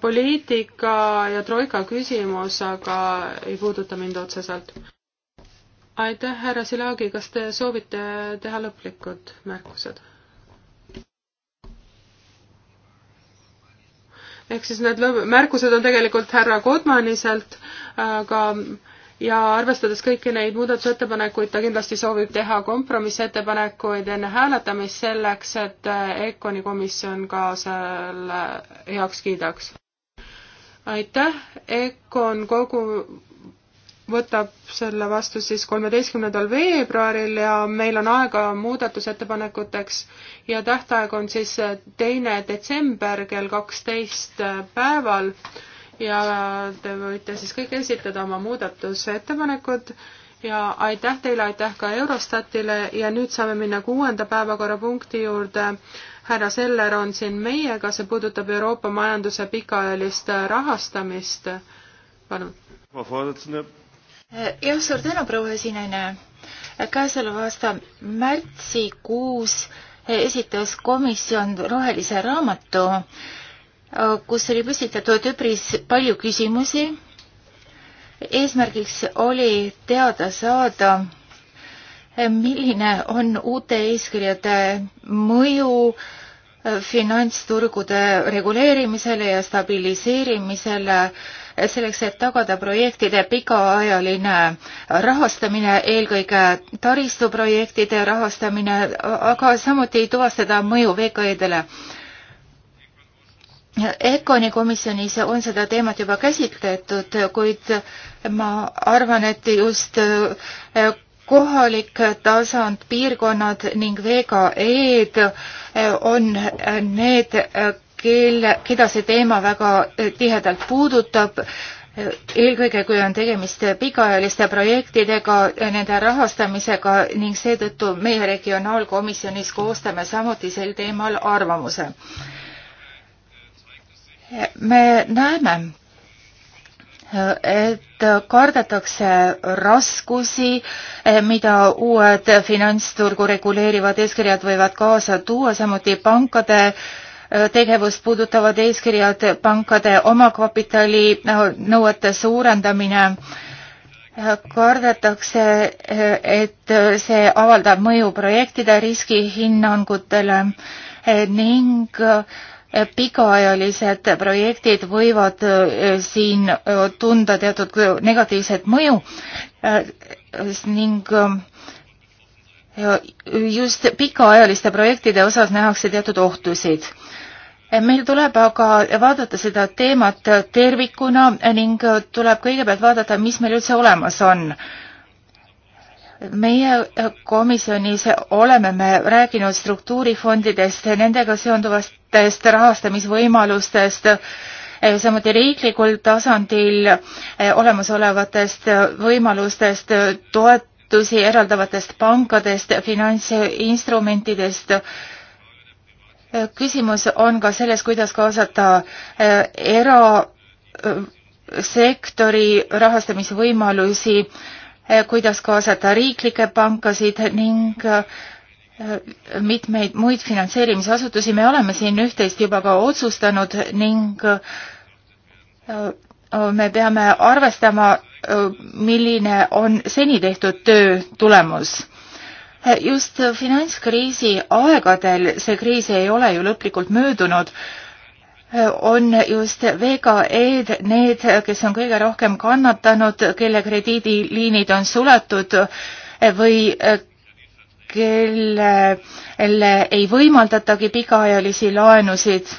poliitika ja troika küsimus aga ei puuduta mind otseselt. aitäh, härra Silagi, kas te soovite teha lõplikud märkused? ehk siis need märkused on tegelikult härra Kodmaniselt, aga ja arvestades kõiki neid muudatusettepanekuid, ta kindlasti soovib teha kompromissettepanekuid enne hääletamist selleks, et EKONi komisjon ka selle heaks kiidaks. aitäh, EKOn kogu võtab selle vastu siis kolmeteistkümnendal veebruaril ja meil on aega muudatusettepanekuteks ja tähtaeg on siis teine detsember kell kaksteist päeval ja te võite siis kõik esitada oma muudatusettepanekud ja aitäh teile, aitäh ka Eurostatile ja nüüd saame minna kuuenda päevakorrapunkti juurde. härra Seller on siin meiega, see puudutab Euroopa majanduse pikaajalist rahastamist. palun. Frau Vorsitzende, jah, suur tänu, proua esinaine. käesoleva aasta märtsikuus esitas komisjon rohelise raamatu, kus oli püstitatud üpris palju küsimusi. eesmärgiks oli teada saada, milline on uute eeskirjade mõju finantsturgude reguleerimisele ja stabiliseerimisele äh, selleks, et tagada projektide pikaajaline rahastamine, eelkõige taristuprojektide rahastamine, aga samuti tuvastada mõju VKE-dele. EKONi komisjonis on seda teemat juba käsitletud, kuid ma arvan, et just eh, kohalik tasand, piirkonnad ning VKE-d eh, on need, eh, kelle, keda see teema väga eh, tihedalt puudutab, eelkõige kui on tegemist pikaajaliste projektidega, eh, nende rahastamisega ning seetõttu meie regionaalkomisjonis koostame samuti sel teemal arvamuse. me näeme, eh, et kardetakse raskusi, mida uued finantsturgu reguleerivad eeskirjad võivad kaasa tuua, samuti pankade äh, tegevust puudutavad eeskirjad, pankade omakapitali nõuete suurendamine. kardetakse, et see avaldab mõju projektide riskihinnangutele ning pikaajalised projektid võivad siin tunda teatud negatiivset mõju ning just pikaajaliste projektide osas nähakse teatud ohtusid meil tuleb aga vaadata seda teemat tervikuna ning tuleb kõigepealt vaadata, mis meil üldse olemas on. meie komisjonis oleme me rääkinud struktuurifondidest, nendega seonduvatest rahastamisvõimalustest, samuti riiklikul tasandil olemasolevatest võimalustest toetusi eraldavatest pankadest, finantsinstrumentidest küsimus on ka selles, kuidas kaasata äh, erasektori äh, rahastamisvõimalusi, äh, kuidas kaasata riiklikke pankasid ning mitmeid muid finantseerimisasutusi. me oleme siin üht-teist juba ka otsustanud ning me peame arvestama, milline on seni tehtud töö tulemus just finantskriisi aegadel, see kriis ei ole ju lõplikult möödunud, on just VKE-d need, kes on kõige rohkem kannatanud, kelle krediidiliinid on suletud või kellele ei võimaldatagi pikaajalisi laenusid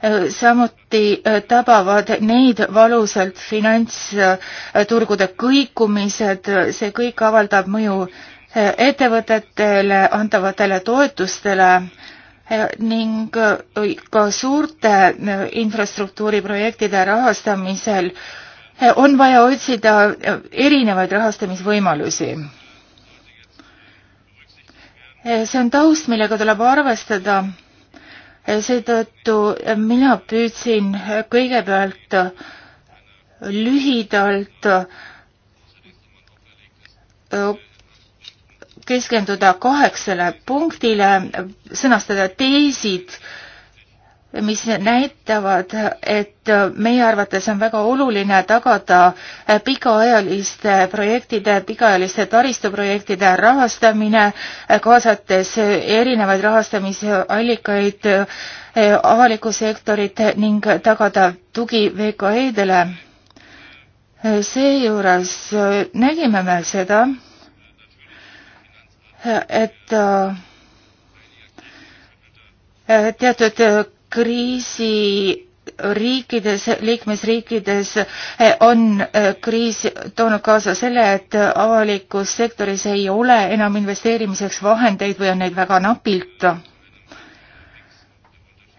Äh, samuti äh, tabavad neid valusalt finantsturgude kõikumised, see kõik avaldab mõju äh, ettevõtetele antavatele toetustele ning ka suurte infrastruktuuriprojektide rahastamisel on vaja otsida erinevaid rahastamisvõimalusi. see on taust, millega tuleb arvestada seetõttu mina püüdsin kõigepealt lühidalt keskenduda kaheksale punktile, sõnastada teesid mis näitavad, et meie arvates on väga oluline tagada pikaajaliste projektide, pikaajaliste taristuprojektide rahastamine, kaasates erinevaid rahastamisallikaid, eh, avalikku sektorit ning tagada tugi VKE-dele. Eh, seejuures eh, nägime me seda, et teatud kriisi riikides, liikmesriikides eh, on eh, kriis toonud kaasa selle, et avalikus sektoris ei ole enam investeerimiseks vahendeid või on neid väga napilt.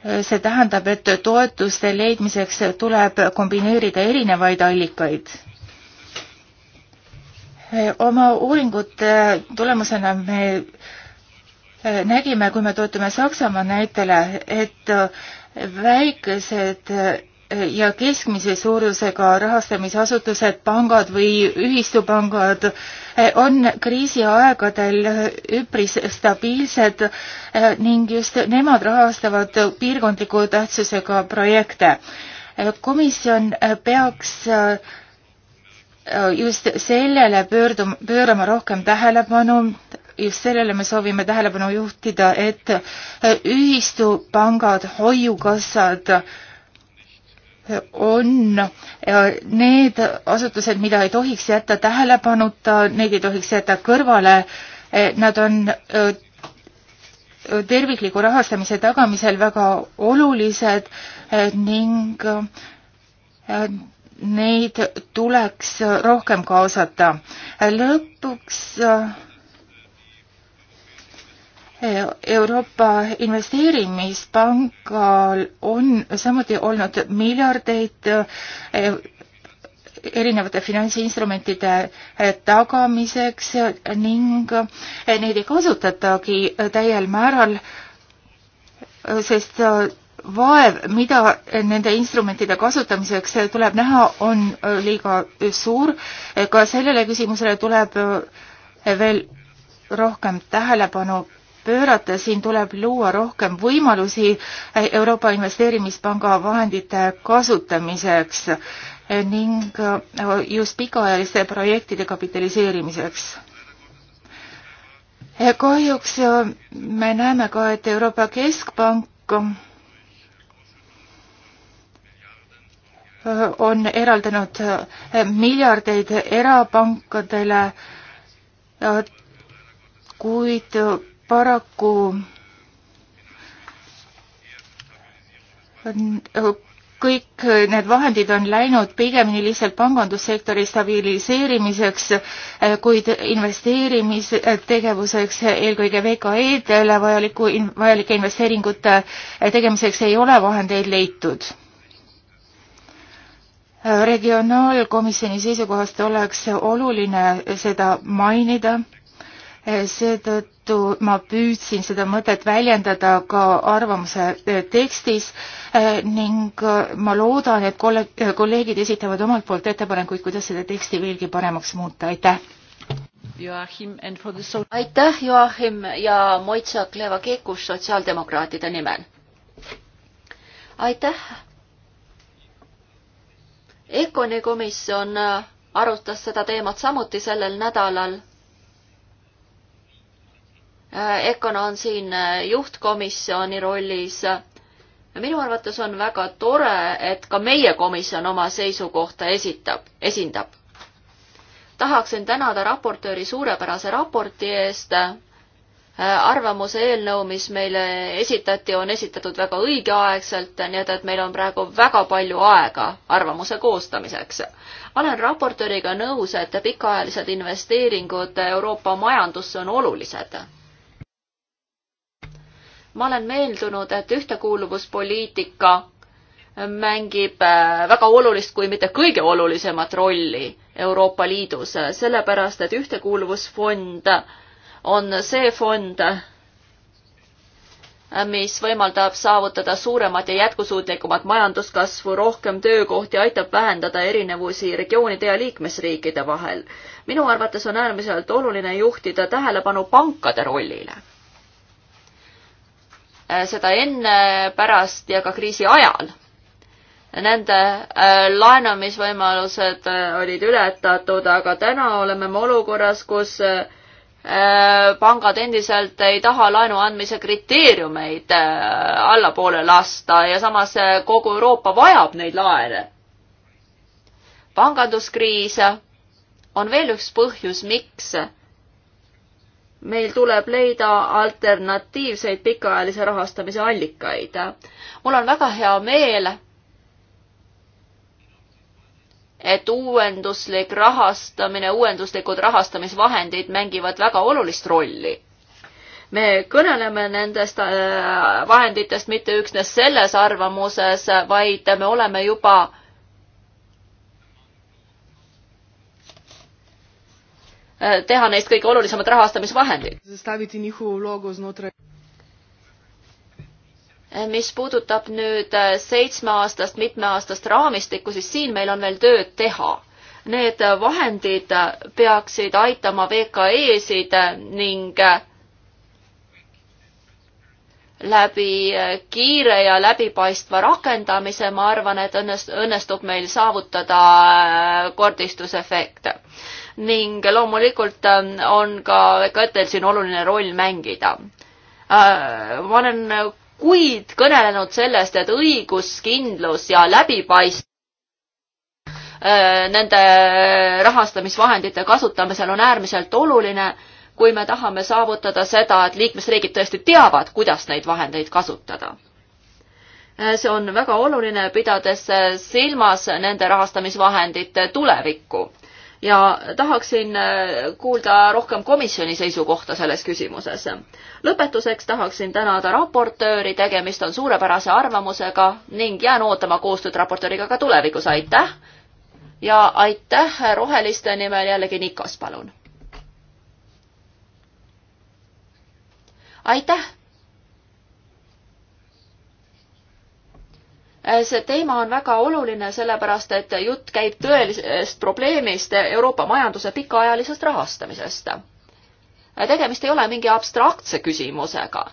Eh, see tähendab, et toetuste leidmiseks tuleb kombineerida erinevaid allikaid oma uuringute tulemusena me Äh, nägime, kui me toetume Saksamaa näitele, et äh, väikesed äh, ja keskmise suurusega rahastamisasutused, pangad või ühistupangad on kriisiaegadel üpris stabiilsed ning just nemad rahastavad piirkondliku tähtsusega projekte. komisjon peaks just sellele pöörduma, pöörama rohkem tähelepanu just sellele me soovime tähelepanu juhtida, et äh, ühistupangad, hoiukassad äh, on äh, need asutused, mida ei tohiks jätta tähelepanuta, neid ei tohiks jätta kõrvale. Nad on tervikliku rahastamise tagamisel väga olulised ning neid tuleks rohkem kaasata. lõpuks Euroopa Investeerimispangal on samuti olnud miljardeid eh, erinevate finantsinstrumentide eh, tagamiseks ning eh, neid ei kasutatagi täiel määral, sest vaev, mida nende instrumentide kasutamiseks tuleb näha, on liiga suur. ka sellele küsimusele tuleb veel rohkem tähelepanu pöörata, siin tuleb luua rohkem võimalusi Euroopa Investeerimispanga vahendite kasutamiseks ning just pikaajaliste projektide kapitaliseerimiseks. kahjuks me näeme ka, et Euroopa Keskpank on eraldanud miljardeid erapankadele, kuid paraku oh, kõik need vahendid on läinud pigemini lihtsalt pangandussektori stabiliseerimiseks, eh, kuid investeerimistegevuseks eelkõige VKE-dele vajaliku, vajalike investeeringute eh, tegemiseks ei ole vahendeid leitud. Eh, regionaalkomisjoni seisukohast oleks oluline seda mainida, seetõttu seetõttu ma püüdsin seda mõtet väljendada ka arvamuse äh, tekstis äh, ning äh, ma loodan, et kolleegid esitavad omalt poolt ettepanekuid, kuidas seda teksti veelgi paremaks muuta, aitäh! Joachim the... aitäh, Joachim ja Moitsa Kleva-Kekus sotsiaaldemokraatide nimel. aitäh. Econi komisjon arutas seda teemat samuti sellel nädalal Äh, Econ on siin äh, juhtkomisjoni rollis. minu arvates on väga tore, et ka meie komisjon oma seisukohta esitab, esindab. tahaksin tänada raportööri suurepärase raporti eest. Äh, arvamuse eelnõu, mis meile esitati, on esitatud väga õigeaegselt, nii et, et meil on praegu väga palju aega arvamuse koostamiseks olen raportööriga nõus, et pikaajalised investeeringud Euroopa majandusse on olulised ma olen meeldunud, et ühtekuuluvuspoliitika mängib äh, väga olulist, kui mitte kõige olulisemat rolli Euroopa Liidus, sellepärast et ühtekuuluvusfond on see fond, mis võimaldab saavutada suuremat ja jätkusuutlikumat majanduskasvu, rohkem töökohti, aitab vähendada erinevusi regioonide ja liikmesriikide vahel. minu arvates on äärmiselt oluline juhtida tähelepanu pankade rollile Äh, seda enne, pärast ja ka kriisi ajal. Nende äh, laenamisvõimalused äh, olid ületatud, aga täna oleme me olukorras, kus pangad endiselt ei taha laenu andmise kriteeriumeid allapoole lasta ja samas kogu Euroopa vajab neid laene. panganduskriis on veel üks põhjus, miks meil tuleb leida alternatiivseid pikaajalise rahastamise allikaid. mul on väga hea meel, et uuenduslik rahastamine, uuenduslikud rahastamisvahendid mängivad väga olulist rolli. me kõneleme nendest äh, vahenditest mitte üksnes selles arvamuses, vaid me oleme juba Äh, teha neist kõige olulisemad rahastamisvahendid. Äh, mis puudutab nüüd äh, seitsmeaastast, mitmeaastast raamistikku, siis siin meil on veel tööd teha need vahendid peaksid aitama VKE-sid ning läbi kiire ja läbipaistva rakendamise, ma arvan, et õnnest-, õnnestub meil saavutada kordistusefekt ning loomulikult äh, on ka EKA-tel siin oluline roll mängida. Äh, ma olen kuid kõnelenud sellest, et õiguskindlus ja läbipaistvus äh, nende rahastamisvahendite kasutamisel on äärmiselt oluline, kui me tahame saavutada seda, et liikmesriigid tõesti teavad, kuidas neid vahendeid kasutada. see on väga oluline, pidades silmas nende rahastamisvahendite tulevikku ja tahaksin äh, kuulda rohkem komisjoni seisukohta selles küsimuses. lõpetuseks tahaksin tänada raportööri, tegemist on suurepärase arvamusega ning jään ootama koostööd raportööriga ka tulevikus, aitäh! ja aitäh roheliste nimel jällegi Nikos, palun! aitäh! Äh, see teema on väga oluline, sellepärast et jutt käib tõelisest probleemist Euroopa majanduse pikaajalisest rahastamisest. Äh, tegemist ei ole mingi abstraktse küsimusega.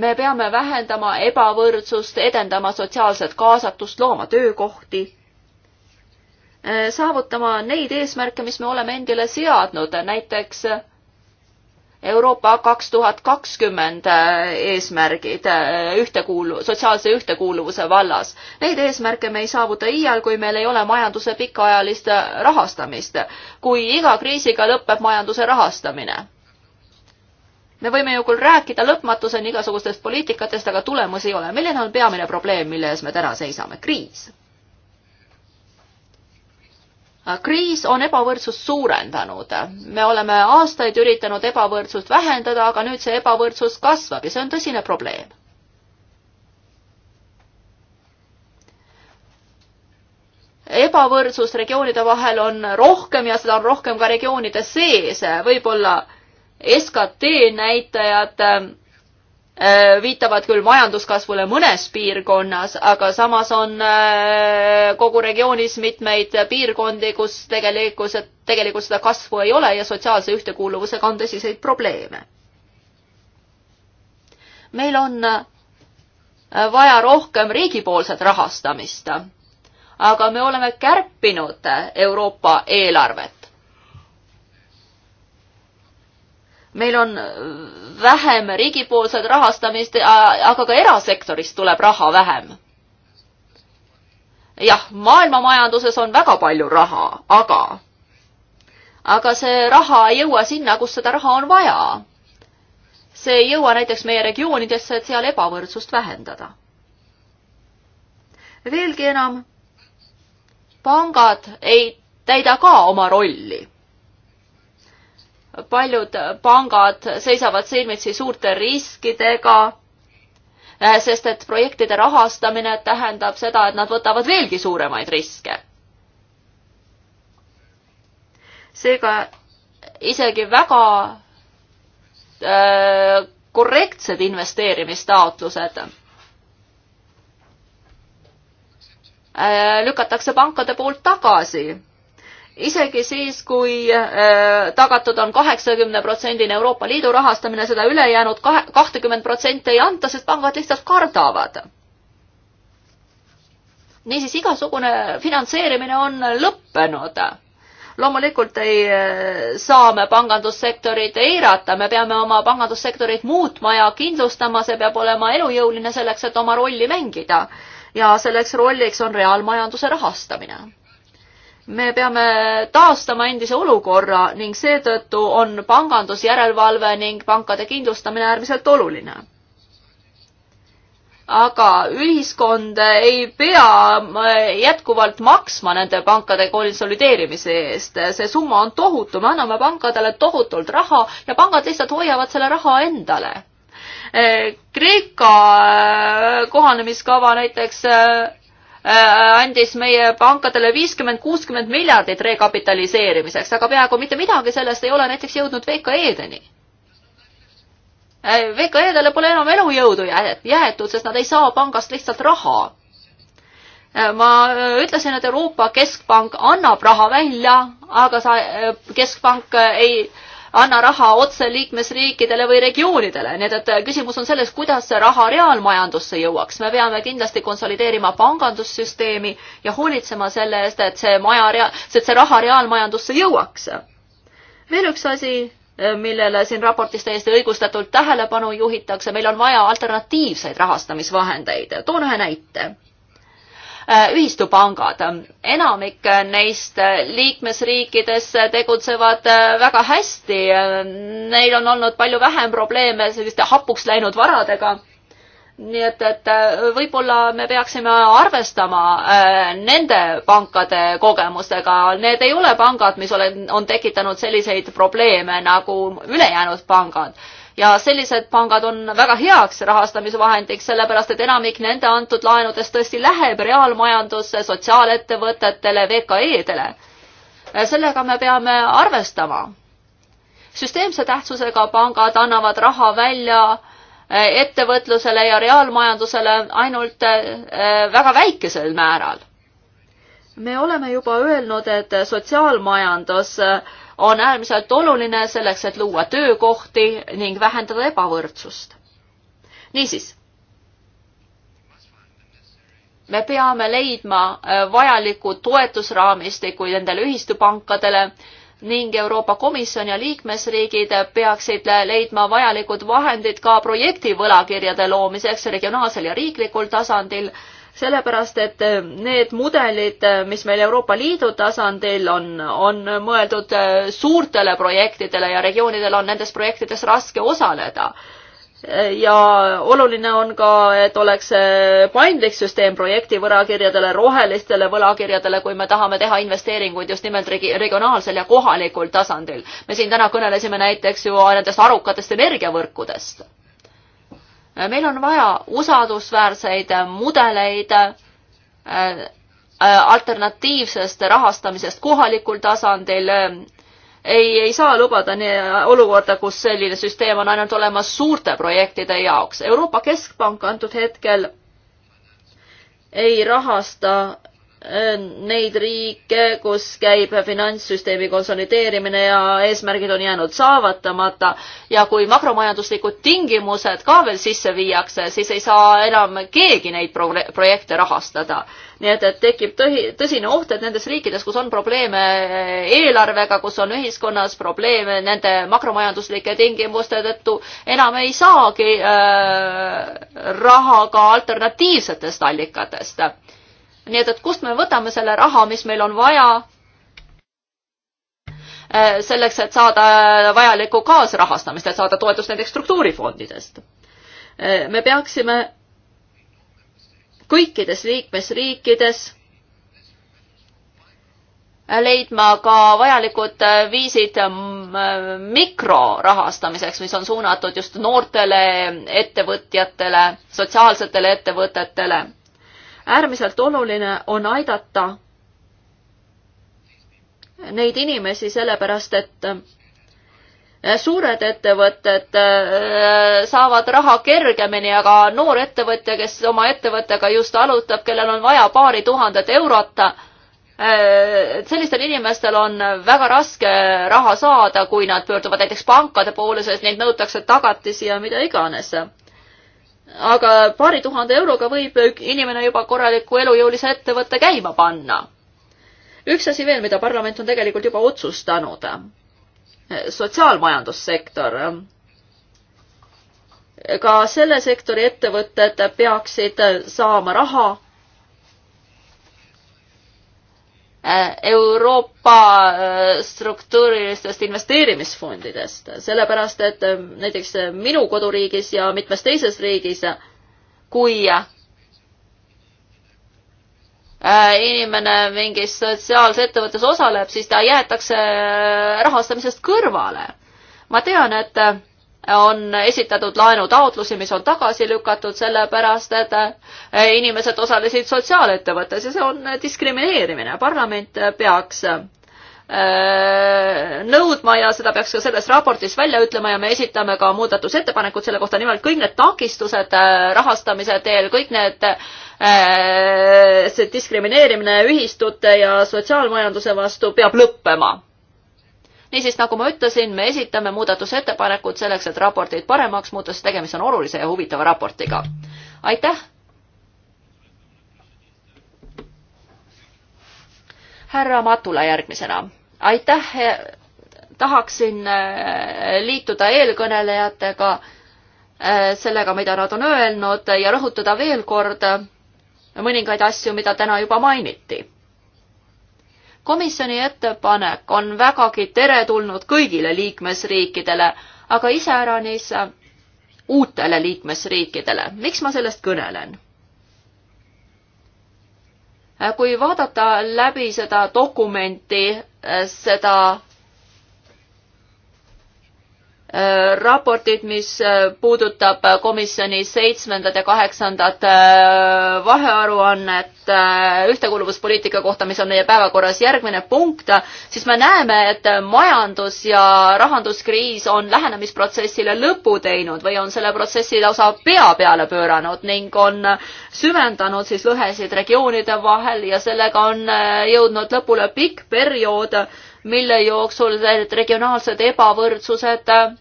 me peame vähendama ebavõrdsust, edendama sotsiaalset kaasatust, looma töökohti, äh, saavutama neid eesmärke, mis me oleme endile seadnud, näiteks Euroopa kaks tuhat kakskümmend äh, eesmärgid äh, ühtekuulu-, sotsiaalse ühtekuuluvuse vallas. Neid eesmärke me ei saavuta iial, kui meil ei ole majanduse pikaajalist äh, rahastamist, kui iga kriisiga lõpeb majanduse rahastamine. me võime ju küll rääkida lõpmatuseni igasugustest poliitikatest, aga tulemusi ei ole. milline on peamine probleem, mille ees me täna seisame? kriis Äh, kriis on ebavõrdsust suurendanud. me oleme aastaid üritanud ebavõrdsust vähendada, aga nüüd see ebavõrdsus kasvab ja see on tõsine probleem. ebavõrdsust regioonide vahel on rohkem ja seda on rohkem ka regioonide sees. võib-olla SKT näitajad Äh, viitavad küll majanduskasvule mõnes piirkonnas, aga samas on äh, kogu regioonis mitmeid piirkondi, kus tegelikkus, tegelikult seda kasvu ei ole ja sotsiaalse ühtekuuluvusega on tõsiseid probleeme. meil on äh, vaja rohkem riigipoolset rahastamist, aga me oleme kärpinud Euroopa eelarvet meil on vähem riigipoolset rahastamist, aga ka erasektorist tuleb raha vähem. jah, maailmamajanduses on väga palju raha, aga, aga see raha ei jõua sinna, kus seda raha on vaja. see ei jõua näiteks meie regioonidesse, et seal ebavõrdsust vähendada. veelgi enam, pangad ei täida ka oma rolli paljud pangad seisavad silmitsi suurte riskidega, eh, sest et projektide rahastamine tähendab seda, et nad võtavad veelgi suuremaid riske. seega isegi väga äh, korrektsed investeerimistaotlused äh, lükatakse pankade poolt tagasi isegi siis kui, kui äh, tagatud on kaheksakümneprotsendine Euroopa Liidu rahastamine, seda ülejäänud kahe, kahtekümmend protsenti ei anta, sest pangad lihtsalt kardavad. niisiis igasugune finantseerimine on lõppenud loomulikult ei äh, saa me pangandussektorit eirata, me peame oma pangandussektorit muutma ja kindlustama, see peab olema elujõuline selleks, et oma rolli mängida. ja selleks rolliks on reaalmajanduse rahastamine me peame taastama endise olukorra ning seetõttu on pangandusjärelevalve ning pankade kindlustamine äärmiselt oluline. aga ühiskond ei pea eh, jätkuvalt maksma nende pankade konsolideerimise eest, see summa on tohutu, me anname pankadele tohutult raha ja pangad lihtsalt hoiavad selle raha endale. Eh, Kreeka eh, kohanemiskava näiteks Äh, andis meie pankadele viiskümmend, kuuskümmend miljardit rekapitaliseerimiseks, aga peaaegu mitte midagi sellest ei ole näiteks jõudnud VKE-deni. Äh, VKE-dele pole enam elujõudu jäetud, sest nad ei saa pangast lihtsalt raha. Äh, ma ütlesin, et Euroopa Keskpank annab raha välja, aga sa, keskpank ei äh, anna raha otse liikmesriikidele või regioonidele, nii et, et küsimus on selles, kuidas see raha reaalmajandusse jõuaks. me peame kindlasti konsolideerima pangandussüsteemi ja hoolitsema selle eest, et see maja rea-, et see raha reaalmajandusse jõuaks. veel üks asi, millele siin raportis täiesti õigustatult tähelepanu juhitakse, meil on vaja alternatiivseid rahastamisvahendeid. toon ühe näite Äh, ühistupangad. enamik neist liikmesriikides tegutsevad äh, väga hästi. Neil on olnud palju vähem probleeme selliste hapuks läinud varadega nii et, et äh, võib-olla me peaksime arvestama nende pankade kogemustega, need ei ole pangad, mis ole, on tekitanud selliseid probleeme nagu ülejäänud pangad ja sellised pangad on väga heaks rahastamisvahendiks, sellepärast et enamik nende antud laenudest tõesti läheb reaalmajandusse, sotsiaalettevõtetele, VKE-dele. sellega me peame arvestama. süsteemse tähtsusega pangad annavad raha välja eh, ettevõtlusele ja reaalmajandusele ainult eh, väga väikesel määral me oleme juba öelnud, et sotsiaalmajandus eh, on äärmiselt oluline selleks, et luua töökohti ning vähendada ebavõrdsust. niisiis, me peame leidma äh, vajaliku toetusraamistiku nendele ühistupankadele ning Euroopa Komisjon ja liikmesriigid peaksid leidma vajalikud vahendid ka projektivõlakirjade loomiseks regionaalsel ja riiklikul tasandil sellepärast et äh, need mudelid, äh, mis meil Euroopa Liidu tasandil on, on mõeldud äh, suurtele projektidele ja regioonidel on nendes projektides raske osaleda. ja oluline on ka, et oleks paindlik süsteem projekti võlakirjadele, rohelistele võlakirjadele, kui me tahame teha investeeringuid just nimelt regi-, regionaalsel ja kohalikul tasandil. me siin täna kõnelesime näiteks ju nendest arukatest energiavõrkudest meil on vaja usaldusväärseid mudeleid äh, äh, alternatiivsest rahastamisest kohalikul tasandil. ei, ei saa lubada nii äh, olukorda, kus selline süsteem on ainult olemas suurte projektide jaoks. Euroopa Keskpank antud hetkel ei rahasta Äh, neid riike, kus käib finantssüsteemi konsolideerimine ja eesmärgid on jäänud saavutamata ja kui makromajanduslikud tingimused ka veel sisse viiakse, siis ei saa enam keegi neid pro projekte rahastada. nii et, et tekib tõhi, tõsine oht, et nendes riikides, kus on probleeme äh, eelarvega, kus on ühiskonnas probleeme nende makromajanduslike tingimuste tõttu, enam ei saagi äh, raha ka alternatiivsetest allikatest nii et, et kust me võtame selle raha, mis meil on vaja äh, selleks, et saada äh, vajalikku kaasrahastamist, et saada toetust näiteks struktuurifondidest. Äh, me peaksime kõikides liikmesriikides leidma ka vajalikud viisid mikrorahastamiseks, mis on suunatud just noortele ettevõtjatele, sotsiaalsetele ettevõtetele äärmiselt oluline on aidata neid inimesi, sellepärast et äh, suured ettevõtted äh, saavad raha kergemini, aga noor ettevõtja, kes oma ettevõttega just alutab, kellel on vaja paari tuhandet eurot, äh, sellistel inimestel on väga raske raha saada, kui nad pöörduvad näiteks pankade poole, sest neilt nõutakse tagatisi ja mida iganes aga paari tuhande euroga võib inimene juba korraliku elujõulise ettevõtte käima panna. üks asi veel, mida parlament on tegelikult juba otsustanud. sotsiaalmajandussektor. ka selle sektori ettevõtted peaksid saama raha Äh, Euroopa äh, struktuurilistest investeerimisfondidest, sellepärast et äh, näiteks minu koduriigis ja mitmes teises riigis, kui inimene mingis sotsiaalses ettevõttes osaleb, siis ta jäetakse rahastamisest kõrvale. ma tean, et on esitatud laenutaotlusi, mis on tagasi lükatud, sellepärast et eh, inimesed osalesid sotsiaalettevõttes ja see on diskrimineerimine. parlament peaks eh, nõudma ja seda peaks ka selles raportis välja ütlema ja me esitame ka muudatusettepanekud selle kohta, nimelt kõik need takistused eh, rahastamise teel, kõik need, see diskrimineerimine ühistute ja sotsiaalmajanduse vastu peab lõppema niisiis, nagu ma ütlesin, me esitame muudatusettepanekud selleks, et raporteid paremaks muuta, sest tegemist on olulise ja huvitava raportiga. aitäh! härra Matula järgmisena. aitäh, tahaksin äh, liituda eelkõnelejatega äh, sellega, mida nad on öelnud ja rõhutada veel kord mõningaid asju, mida täna juba mainiti komisjoni ettepanek on vägagi teretulnud kõigile liikmesriikidele, aga iseäranis uutele liikmesriikidele. miks ma sellest kõnelen? kui vaadata läbi seda dokumenti, seda raportit, mis äh, puudutab komisjoni seitsmendat ja kaheksandat äh, vahearuannet äh, ühtekuuluvuspoliitika kohta, mis on meie päevakorras järgmine punkt, siis me näeme, et majandus- ja rahanduskriis on lähenemisprotsessile lõpu teinud või on selle protsessi lausa pea peale pööranud ning on süvendanud siis lõhesid regioonide vahel ja sellega on jõudnud lõpule pikk periood, mille jooksul need regionaalsed ebavõrdsused äh,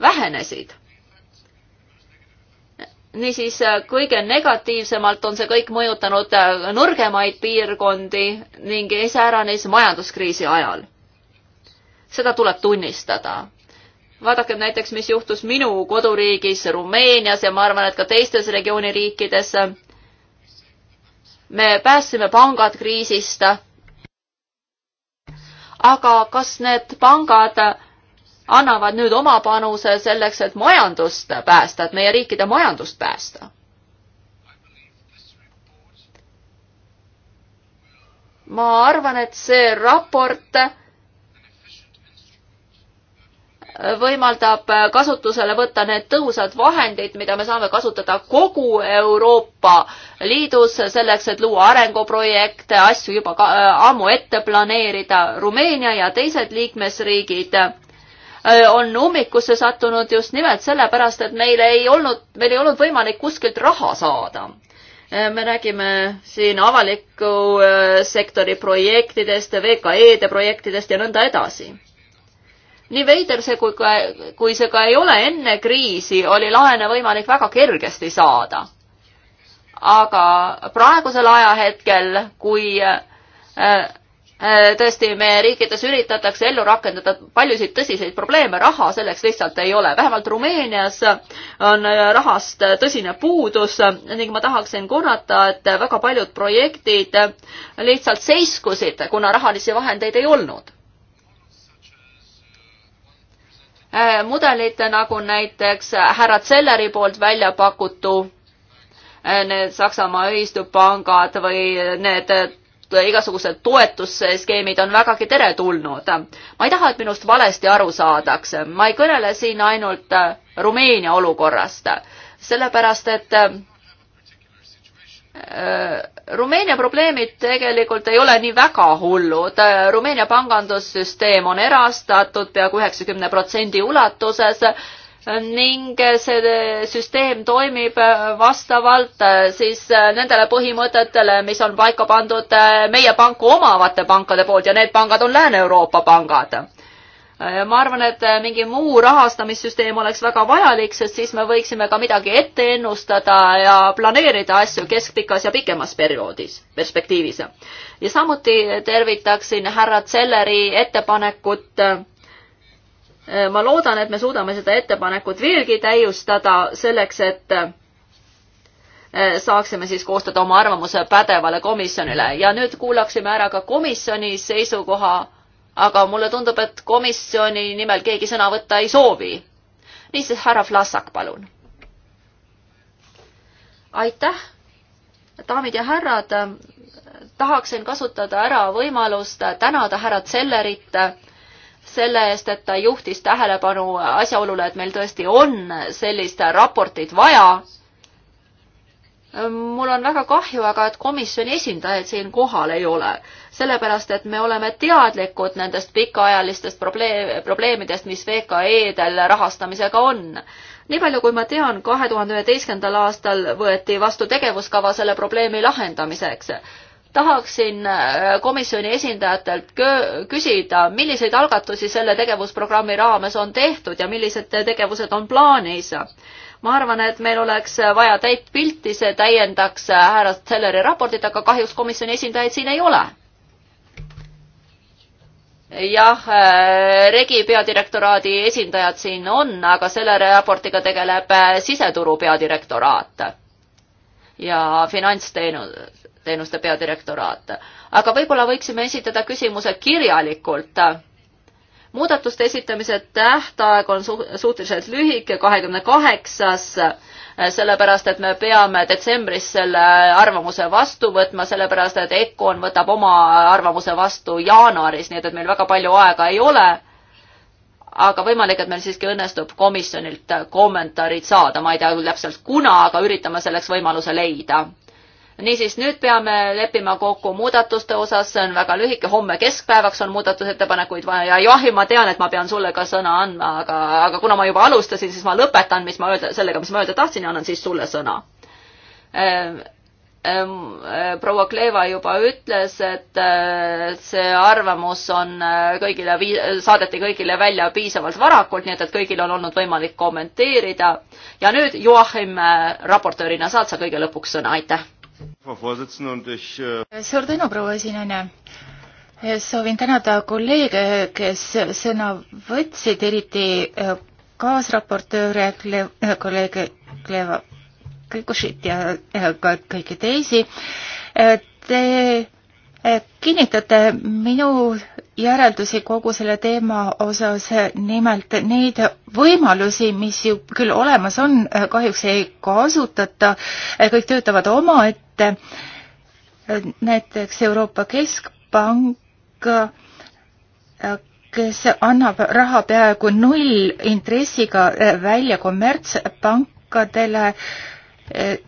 vähenesid. niisiis, äh, kõige negatiivsemalt on see kõik mõjutanud äh, nõrgemaid piirkondi ning iseäranis majanduskriisi ajal. seda tuleb tunnistada vaadake näiteks, mis juhtus minu koduriigis Rumeenias ja ma arvan, et ka teistes regiooni riikides. me päästsime pangad kriisist aga kas need pangad annavad nüüd oma panuse selleks, et majandust päästa, et meie riikide majandust päästa? ma arvan, et see raport võimaldab kasutusele võtta need tõhusad vahendid, mida me saame kasutada kogu Euroopa Liidus selleks, et luua arenguprojekte, asju juba ka, äh, ammu ette planeerida. Rumeenia ja teised liikmesriigid äh, on ummikusse sattunud just nimelt sellepärast, et meil ei olnud, meil ei olnud võimalik kuskilt raha saada äh, me räägime siin avaliku sektori projektidest, VKE-de projektidest ja nõnda edasi nii veider see, kui, kui see ka ei ole enne kriisi, oli laene võimalik väga kergesti saada. aga praegusel ajahetkel, kui äh, äh, tõesti meie riikides üritatakse ellu rakendada paljusid tõsiseid probleeme, raha selleks lihtsalt ei ole, vähemalt Rumeenias on äh, rahast tõsine puudus ning ma tahaksin korrata, et väga paljud projektid lihtsalt seiskusid, kuna rahalisi vahendeid ei olnud Äh, mudelit, nagu näiteks härra Zelleri poolt välja pakutu, äh, need Saksamaa ühistupangad või need äh, igasugused toetusskeemid on vägagi teretulnud. ma ei taha, et minust valesti aru saadakse, ma ei kõnele siin ainult Rumeenia olukorrast, sellepärast et Äh, Rumeenia probleemid tegelikult ei ole nii väga hullud. Äh, Rumeenia pangandussüsteem on erastatud peaaegu üheksakümne protsendi ulatuses ning see süsteem toimib vastavalt äh, siis nendele põhimõtetele, mis on paika pandud meie panku omavate pankade poolt ja need pangad on Lääne-Euroopa pangad ma arvan, et äh, mingi muu rahastamissüsteem oleks väga vajalik, sest siis me võiksime ka midagi ette ennustada ja planeerida asju keskpikas ja pikemas perioodis, perspektiivis. ja samuti tervitaksin härra Zelleri ettepanekut. Äh, ma loodan, et me suudame seda ettepanekut veelgi täiustada selleks, et äh, saaksime siis koostada oma arvamuse pädevale komisjonile ja nüüd kuulaksime ära ka komisjoni seisukoha aga mulle tundub, et komisjoni nimel keegi sõna võtta ei soovi. niisiis, härra Vlasak, palun. aitäh, daamid ja härrad, tahaksin kasutada ära võimalust tänada härra Zellerit selle eest, et ta juhtis tähelepanu asjaolule, et meil tõesti on sellist raportit vaja mul on väga kahju, aga et komisjoni esindajaid siin kohal ei ole, sellepärast et me oleme teadlikud nendest pikaajalistest probleem, probleemidest, mis VKE-del rahastamisega on. nii palju, kui ma tean, kahe tuhande üheteistkümnendal aastal võeti vastu tegevuskava selle probleemi lahendamiseks tahaksin äh, komisjoni esindajatelt küsida, milliseid algatusi selle tegevusprogrammi raames on tehtud ja millised tegevused on plaanis. ma arvan, et meil oleks vaja täit pilti, see täiendaks äh, härra Selleri raportit, aga kahjuks komisjoni esindajaid siin ei ole. jah, äh, Regi peadirektoraadi esindajad siin on, aga selle raportiga tegeleb siseturu peadirektoraat ja finantsteenus teenuste peadirektoraat. aga võib-olla võiksime esitada küsimuse kirjalikult. muudatuste esitamise tähtaeg on su suhteliselt lühike, kahekümne kaheksas, sellepärast et me peame detsembris selle arvamuse vastu võtma, sellepärast et EKOn võtab oma arvamuse vastu jaanuaris, nii et, et meil väga palju aega ei ole aga võimalik, et meil siiski õnnestub komisjonilt kommentaarid saada, ma ei tea küll täpselt kuna, aga üritame selleks võimaluse leida niisiis, nüüd peame leppima kokku muudatuste osas, see on väga lühike, homme keskpäevaks on muudatusettepanekuid vaja ja Joachim, ma tean, et ma pean sulle ka sõna andma, aga, aga kuna ma juba alustasin, siis ma lõpetan, mis ma öelda, sellega, mis ma öelda tahtsin ja annan siis sulle sõna ähm, ähm, proua Kleva juba ütles, et äh, see arvamus on äh, kõigile, saadeti kõigile välja piisavalt varakult, nii et, et kõigil on olnud võimalik kommenteerida. ja nüüd Joachim äh, raportöörina saad sa kõige lõpuks sõna, aitäh Äh, suur tänu, proua esinaine soovin tänada kolleege, kes sõna võtsid, eriti äh, kaasraportööre Kle,, äh, kolleeg Kleva Kõikušit ja ka kõiki teisi. Te kinnitate minu järeldusi kogu selle teema osas, nimelt neid võimalusi, mis ju küll olemas on, kahjuks ei kasutata, kõik töötavad omaette et näiteks Euroopa Keskpank, kes annab raha peaaegu null intressiga eh, välja kommertspankadele, eh,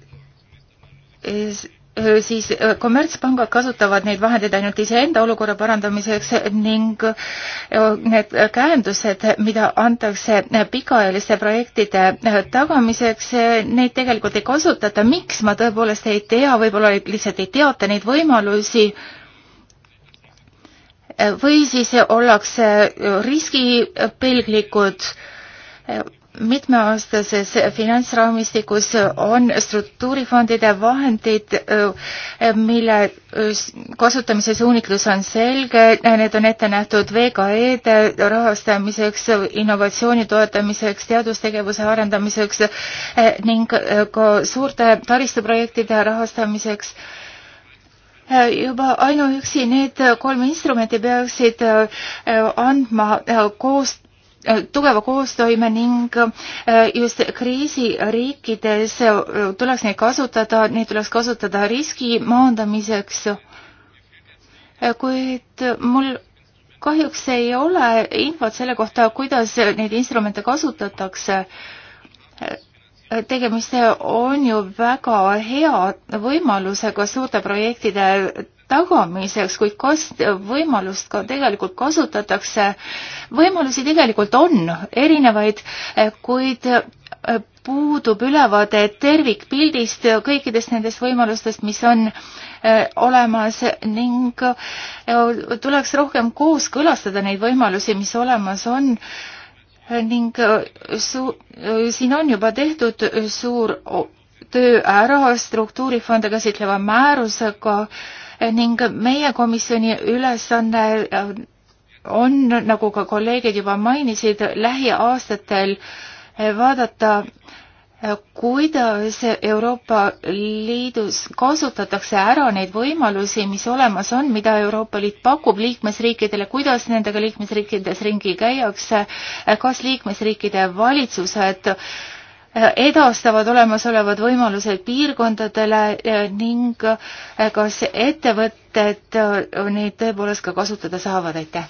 siis kommertspangad kasutavad neid vahendeid ainult iseenda olukorra parandamiseks ning need käendused, mida antakse pikaajaliste projektide tagamiseks, neid tegelikult ei kasutata. miks, ma tõepoolest ei tea, võib-olla lihtsalt ei teata neid võimalusi või siis ollakse riskipelglikud mitmeaastases finantsraamistikus on struktuurifondide vahendid, äh, mille äh, kasutamise suunitlus on selge, need on ette nähtud VKE-de rahastamiseks, innovatsiooni toetamiseks, teadustegevuse arendamiseks äh, ning ka suurte taristuprojektide rahastamiseks juba ainuüksi need kolm instrumenti peaksid andma koos Äh, tugeva koostoime ning äh, just kriisiriikides äh, tuleks neid kasutada, neid tuleks kasutada riski maandamiseks. kuid mul kahjuks ei ole infot selle kohta, kuidas neid instrumente kasutatakse. tegemist on ju väga hea võimalusega suurte projektide tagamiseks, kuid kas võimalust ka tegelikult kasutatakse, võimalusi tegelikult on erinevaid, eh, kuid eh, puudub ülevaade tervikpildist kõikidest nendest võimalustest, mis on eh, olemas ning tuleks rohkem kooskõlastada neid võimalusi, mis olemas on ning su-, siin on juba tehtud suur töö ära struktuurifonde käsitleva määrusega äh, ning meie komisjoni ülesanne äh, on, nagu ka kolleegid juba mainisid, lähiaastatel äh, vaadata, äh, kuidas Euroopa Liidus kasutatakse ära neid võimalusi, mis olemas on, mida Euroopa Liit pakub liikmesriikidele, kuidas nendega liikmesriikides ringi käiakse, kas liikmesriikide valitsused äh, Äh, edastavad olemasolevad võimalused piirkondadele äh, ning äh, kas ettevõtted neid tõepoolest ka kasutada saavad, aitäh!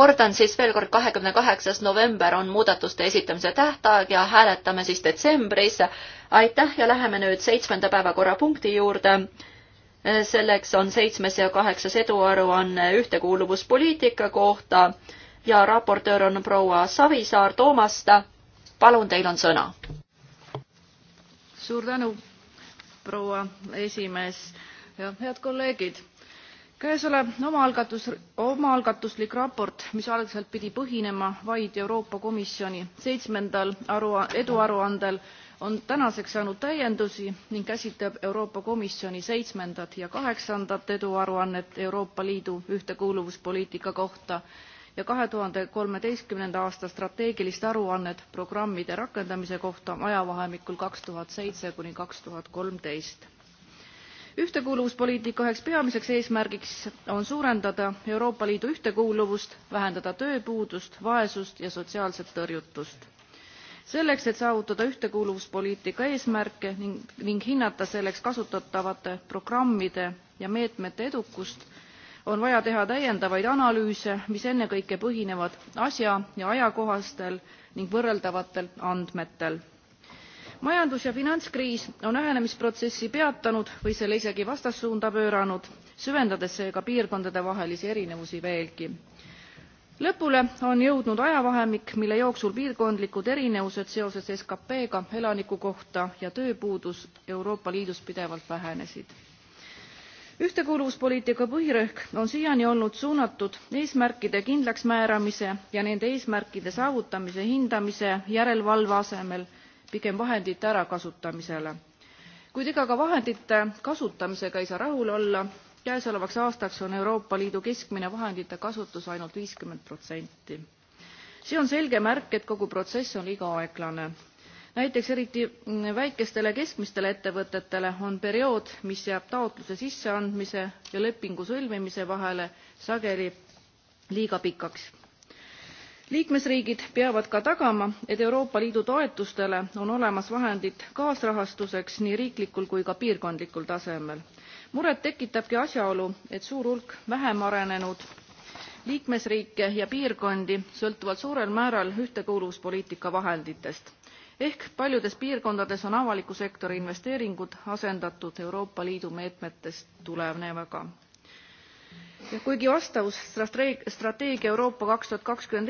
kordan siis veel kord, kahekümne kaheksas november on muudatuste esitamise tähtaeg ja hääletame siis detsembris. aitäh ja läheme nüüd seitsmenda päevakorrapunkti juurde selleks on seitsmes ja kaheksas eduaruanne ühtekuuluvuspoliitika kohta ja raportöör on proua Savisaar Toomast. palun, teil on sõna. suur tänu, proua esimees ja head kolleegid käesolev omaalgatus omaalgatuslik raport mis algselt pidi põhinema vaid euroopa komisjoni seitsmendal eduaruandel on tänaseks saanud täiendusi ning käsitleb euroopa komisjoni seitsmendat ja kaheksandat eduaruannet euroopa liidu ühtekuuluvuspoliitika kohta ja 2013. aasta strateegilist aruannet programmide rakendamise kohta ajavahemikul 2007 kuni 2013 ühtekuuluvuspoliitika üheks peamiseks eesmärgiks on suurendada euroopa liidu ühtekuuluvust vähendada tööpuudust vaesust ja sotsiaalset tõrjutust selleks et saavutada ühtekuuluvuspoliitika eesmärke ning, ning hinnata selleks kasutatavate programmide ja meetmete edukust on vaja teha täiendavaid analüüse mis ennekõike põhinevad asja ja ajakohastel ning võrreldavatel andmetel. majandus ja finantskriis on lähenemisprotsessi peatanud või selle isegi vastassuunda pööranud süvendades seega piirkondadevahelisi erinevusi veelgi. lõpule on jõudnud ajavahemik mille jooksul piirkondlikud erinevused seoses skp ga elaniku kohta ja tööpuudus euroopa liidus pidevalt vähenesid ühtekuuluvuspoliitika põhirõhk on siiani olnud suunatud eesmärkide kindlaksmääramise ja nende eesmärkide saavutamise hindamise järelevalve asemel pigem vahendite ärakasutamisele kuid ega ka vahendite kasutamisega ei saa rahul olla käesolevaks aastaks on euroopa liidu keskmine vahendite kasutus ainult see on selge märk et kogu protsess on liiga aeglane näiteks eriti väikestele ja keskmistele ettevõtetele on periood mis jääb taotluse sisseandmise ja lepingu sõlmimise vahele sageli liiga pikaks. liikmesriigid peavad ka tagama et euroopa liidu toetustele on olemas vahendid kaasrahastuseks nii riiklikul kui ka piirkondlikul tasemel. muret tekitabki asjaolu et suur hulk vähem arenenud liikmesriike ja piirkondi sõltuvad suurel määral ühtekuuluvuspoliitika vahenditest ehk paljudes piirkondades on avaliku sektori investeeringud asendatud euroopa liidu meetmetest tulenevaga. ja kuigi vastavus strateegia euroopa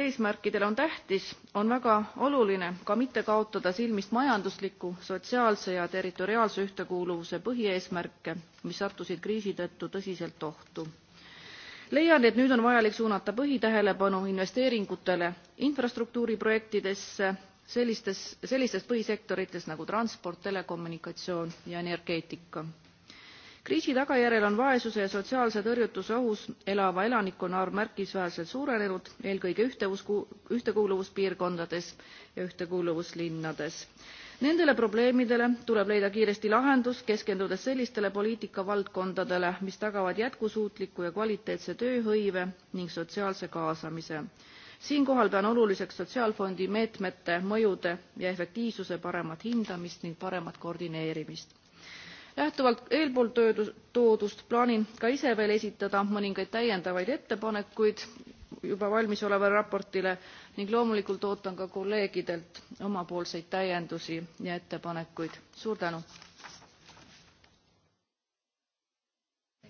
eesmärkidele on tähtis on väga oluline ka mitte kaotada silmist majandusliku sotsiaalse ja territoriaalse ühtekuuluvuse põhieesmärke mis sattusid kriisi tõttu tõsiselt ohtu leian et nüüd on vajalik suunata põhitähelepanu investeeringutele infrastruktuuriprojektidesse sellistes sellistes põhisektorites nagu transport telekommunikatsioon ja energeetika. kriisi tagajärjel on vaesuse ja sotsiaalse tõrjutuse ohus elava elanikkonna arv märkimisväärselt suurenenud eelkõige ühtevusku- ühtekuuluvuspiirkondades ja ühtekuuluvuslinnades. nendele probleemidele tuleb leida kiiresti lahendus keskendudes sellistele poliitikavaldkondadele mis tagavad jätkusuutliku ja kvaliteetse tööhõive ning sotsiaalse kaasamise siinkohal pean oluliseks sotsiaalfondi meetmete mõjude ja efektiivsuse paremat hindamist ning paremat koordineerimist. lähtuvalt eelpool toodust plaanin ka ise veel esitada mõningaid täiendavaid ettepanekuid juba valmisolevale raportile ning loomulikult ootan ka kolleegidelt omapoolseid täiendusi ja ettepanekuid. suur tänu!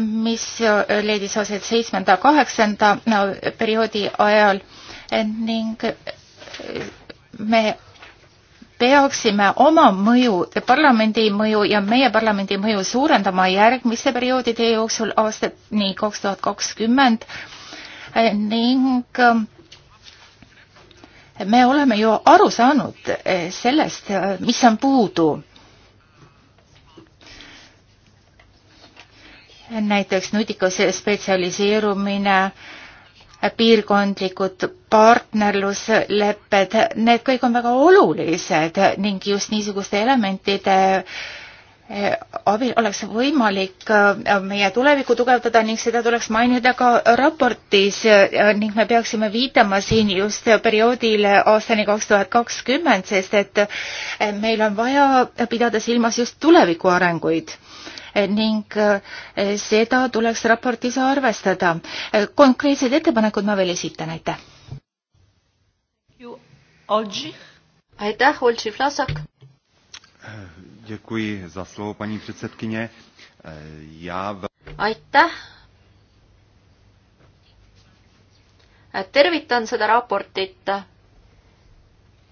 mis leidis aset seitsmenda, kaheksanda perioodi ajal ning me peaksime oma mõju, parlamendi mõju ja meie parlamendi mõju suurendama järgmiste perioodide jooksul aastani kaks tuhat kakskümmend ning me oleme ju aru saanud sellest, mis on puudu näiteks nutikas spetsialiseerumine, piirkondlikud partnerluslepped, need kõik on väga olulised ning just niisuguste elementide eh, abil oleks võimalik eh, meie tulevikku tugevdada ning seda tuleks mainida ka raportis ning me peaksime viitama siin just perioodile aastani kaks tuhat kakskümmend, sest et eh, meil on vaja pidada silmas just tuleviku arenguid ning eh, seda tuleks raportis arvestada. Eh, konkreetsed ettepanekud ma veel esitan, aitäh. aitäh, Olži Vlasak. Eh, děkuji za slovo, paní předsedkyně. Já... Aitäh! Tervitan seda raportit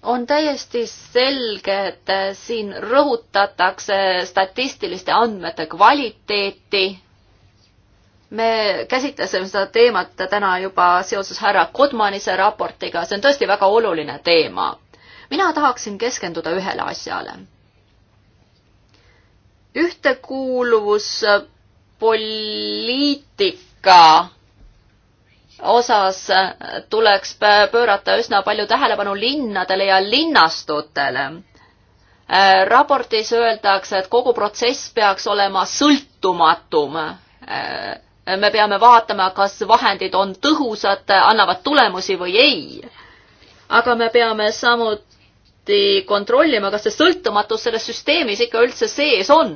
on täiesti selge, et äh, siin rõhutatakse statistiliste andmete kvaliteeti. me käsitlesime seda teemat täna juba seoses härra Kodmanise raportiga, see on tõesti väga oluline teema. mina tahaksin keskenduda ühele asjale. ühtekuuluvuspoliitika äh, osas äh, tuleks pöörata üsna palju tähelepanu linnadele ja linnastutele. Äh, raportis öeldakse, et kogu protsess peaks olema sõltumatum. Äh, me peame vaatama, kas vahendid on tõhusad, annavad tulemusi või ei. aga me peame samuti kontrollima, kas see sõltumatus selles süsteemis ikka üldse sees on.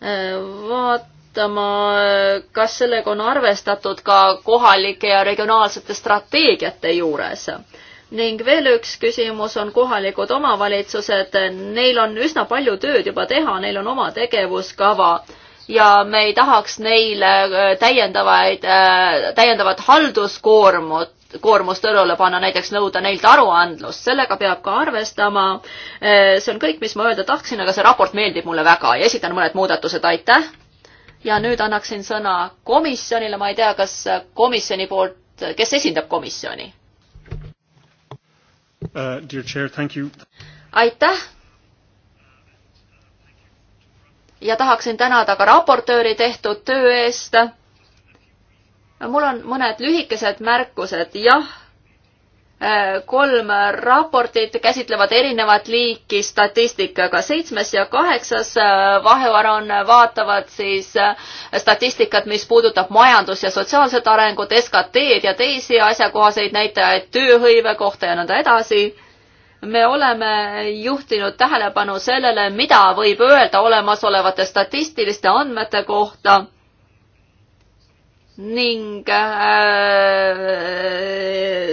vaat-, vaatama, kas sellega on arvestatud ka kohalike ja regionaalsete strateegiate juures ning veel üks küsimus on kohalikud omavalitsused. Neil on üsna palju tööd juba teha, neil on oma tegevuskava ja me ei tahaks neile äh, täiendavaid, äh, täiendavat halduskoormut koormust õlule panna, näiteks nõuda neilt aruandlust, sellega peab ka arvestama. Äh, see on kõik, mis ma öelda tahtsin, aga see raport meeldib mulle väga ja esitan mõned muudatused, aitäh! ja nüüd annaksin sõna komisjonile, ma ei tea, kas komisjoni poolt, kes esindab komisjoni uh,? Dear chair, thank you. aitäh. ja tahaksin tänada ka raportööri tehtud töö eest. mul on mõned lühikesed märkused, jah kolm raportit käsitlevad erinevat liiki statistikaga. seitsmes ja kaheksas äh, vahevaran vaatavad siis äh, statistikat, mis puudutab majandus- ja sotsiaalset arengut, SKT-d ja teisi asjakohaseid näitajaid tööhõive kohta ja nõnda edasi. me oleme juhtinud tähelepanu sellele, mida võib öelda olemasolevate statistiliste andmete kohta ning äh,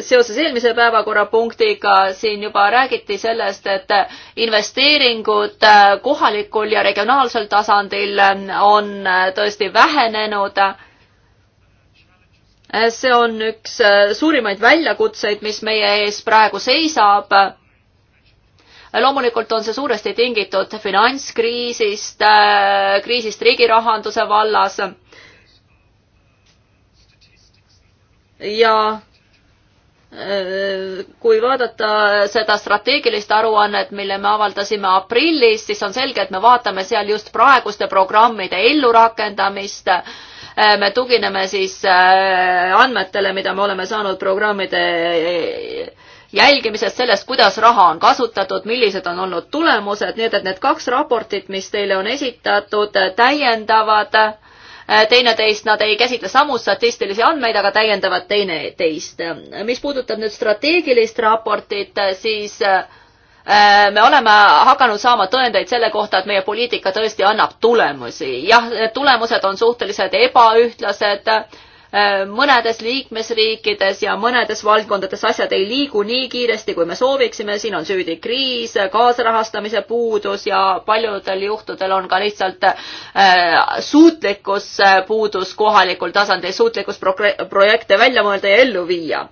seoses eelmise päevakorrapunktiga siin juba räägiti sellest, et investeeringud äh, kohalikul ja regionaalsel tasandil äh, on äh, tõesti vähenenud. see on üks suurimaid väljakutseid, mis meie ees praegu seisab. loomulikult on see suuresti tingitud finantskriisist, kriisist riigi rahanduse vallas ja äh, kui vaadata seda strateegilist aruannet, mille me avaldasime aprillis, siis on selge, et me vaatame seal just praeguste programmide ellurakendamist. Äh, me tugineme siis äh, andmetele, mida me oleme saanud programmide jälgimisest, sellest, kuidas raha on kasutatud, millised on olnud tulemused, nii et, et need kaks raportit, mis teile on esitatud, täiendavad äh, Äh, teineteist nad ei käsitle samu statistilisi andmeid, aga täiendavad teineteist. mis puudutab nüüd strateegilist raportit, siis äh, me oleme hakanud saama tõendeid selle kohta, et meie poliitika tõesti annab tulemusi. jah, need tulemused on suhteliselt ebaühtlased Äh, mõnedes liikmesriikides ja mõnedes valdkondades asjad ei liigu nii kiiresti, kui me sooviksime, siin on süüdi kriis, kaasrahastamise puudus ja paljudel juhtudel on ka lihtsalt äh, suutlikkus äh, puudus kohalikul tasandil, suutlikkus projekte välja mõelda ja ellu viia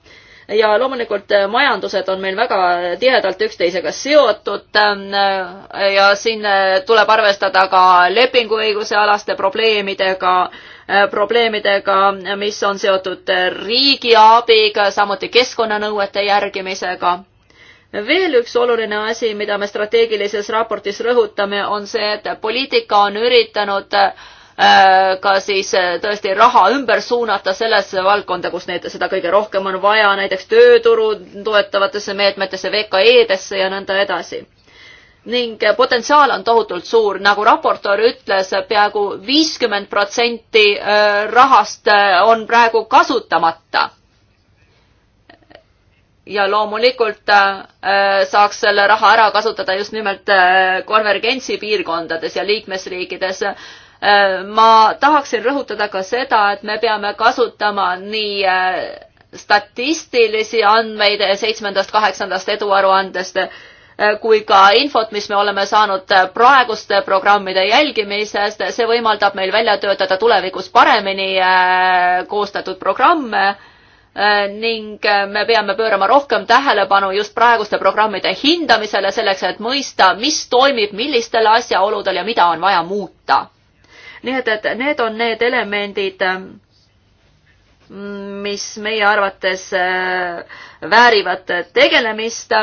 ja loomulikult majandused on meil väga tihedalt üksteisega seotud ja siin tuleb arvestada ka lepinguõiguse alaste probleemidega Äh, probleemidega, mis on seotud riigiabiga, samuti keskkonnanõuete järgimisega veel üks oluline asi, mida me strateegilises raportis rõhutame, on see, et poliitika on üritanud äh, ka siis äh, tõesti raha ümber suunata sellesse valdkonda, kus neid, seda kõige rohkem on vaja, näiteks tööturu toetavatesse meetmetesse, VKE-desse ja nõnda edasi ning potentsiaal on tohutult suur, nagu raportöör ütles peaaegu, peaaegu viiskümmend protsenti äh, rahast äh, on praegu kasutamata. ja loomulikult äh, saaks selle raha ära kasutada just nimelt konvergentsi piirkondades ja liikmesriikides ma tahaksin rõhutada ka seda, et me peame kasutama nii statistilisi andmeid seitsmendast, kaheksandast eduaruandest Äh, kui ka infot, mis me oleme saanud äh, praeguste programmide jälgimisest, see võimaldab meil välja töötada tulevikus paremini äh, koostatud programme ning me peame pöörama rohkem tähelepanu just praeguste programmide hindamisele, selleks et mõista, mis toimib, millistel asjaoludel ja mida on vaja muuta. nii et, et need on need elemendid, mis meie arvates väärivad tegelemist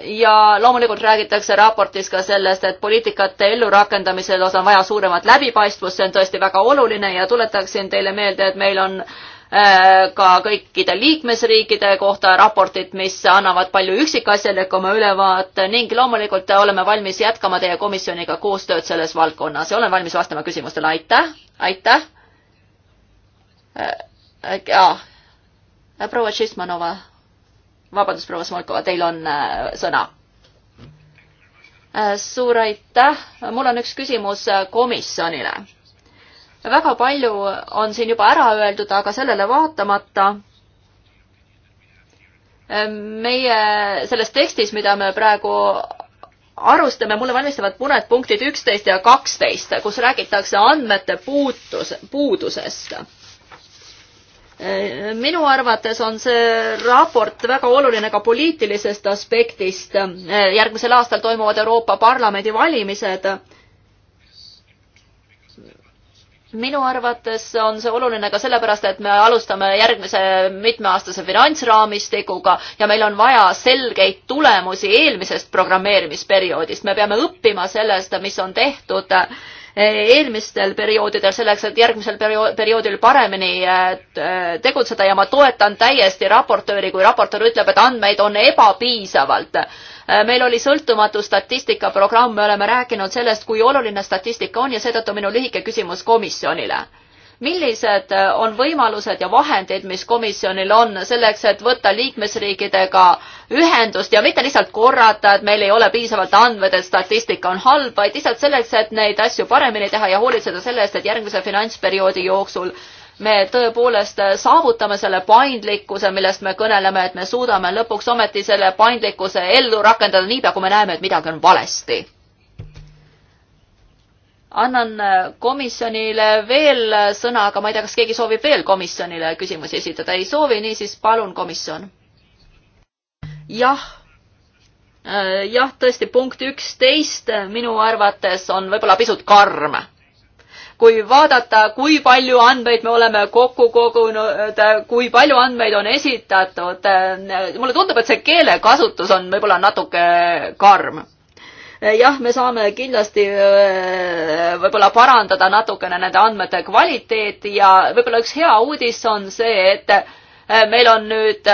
ja loomulikult räägitakse raportis ka sellest, et poliitikate ellurakendamisel on vaja suuremat läbipaistvust, see on tõesti väga oluline ja tuletaksin teile meelde, et meil on äh, ka kõikide liikmesriikide kohta raportid, mis annavad palju üksikasjalikuma ülevaate ning loomulikult oleme valmis jätkama teie komisjoniga koostööd selles valdkonnas ja olen valmis vastama küsimustele, aitäh, aitäh. Äh, äh, jaa, proua Tšismanova vabandust, proua Smolkova, teil on äh, sõna. Äh, suur aitäh, mul on üks küsimus äh, komisjonile. väga palju on siin juba ära öeldud, aga sellele vaatamata meie selles tekstis, mida me praegu arustame, mulle valmistavad mõned punktid üksteist ja kaksteist, kus räägitakse andmete puutus, puudusest Äh, minu arvates on see raport väga oluline ka poliitilisest aspektist. Äh, järgmisel aastal toimuvad Euroopa Parlamendi valimised. minu arvates on see oluline ka sellepärast, et me alustame järgmise mitmeaastase finantsraamistikuga ja meil on vaja selgeid tulemusi eelmisest programmeerimisperioodist. me peame õppima sellest, mis on tehtud eelmistel perioodidel selleks, et järgmisel periood, perioodil paremini äh, äh, tegutseda ja ma toetan täiesti raportööri, kui raportöör ütleb, et andmeid on ebapiisavalt. Äh, meil oli sõltumatu statistikaprogramm, me oleme rääkinud sellest, kui oluline statistika on ja seetõttu minu lühike küsimus komisjonile millised äh, on võimalused ja vahendid, mis komisjonil on selleks, et võtta liikmesriikidega ühendust ja mitte lihtsalt korrata, et meil ei ole piisavalt andmeid, et statistika on halb, vaid lihtsalt selleks, et neid asju paremini teha ja hoolitseda selle eest, et järgmise finantsperioodi jooksul me tõepoolest saavutame selle paindlikkuse, millest me kõneleme, et me suudame lõpuks ometi selle paindlikkuse ellu rakendada niipea, kui me näeme, et midagi on valesti annan äh, komisjonile veel äh, sõna, aga ma ei tea, kas keegi soovib veel komisjonile küsimusi esitada, ei soovi, niisiis palun, komisjon. jah, äh, jah, tõesti, punkt üksteist minu arvates on võib-olla pisut karm. kui vaadata, kui palju andmeid me oleme kokku kogunud, kui palju andmeid on esitatud, mulle tundub, et see keelekasutus on võib-olla natuke karm Eh, jah, me saame kindlasti eh, võib-olla parandada natukene nende andmete kvaliteeti ja võib-olla üks hea uudis on see, et eh, meil on nüüd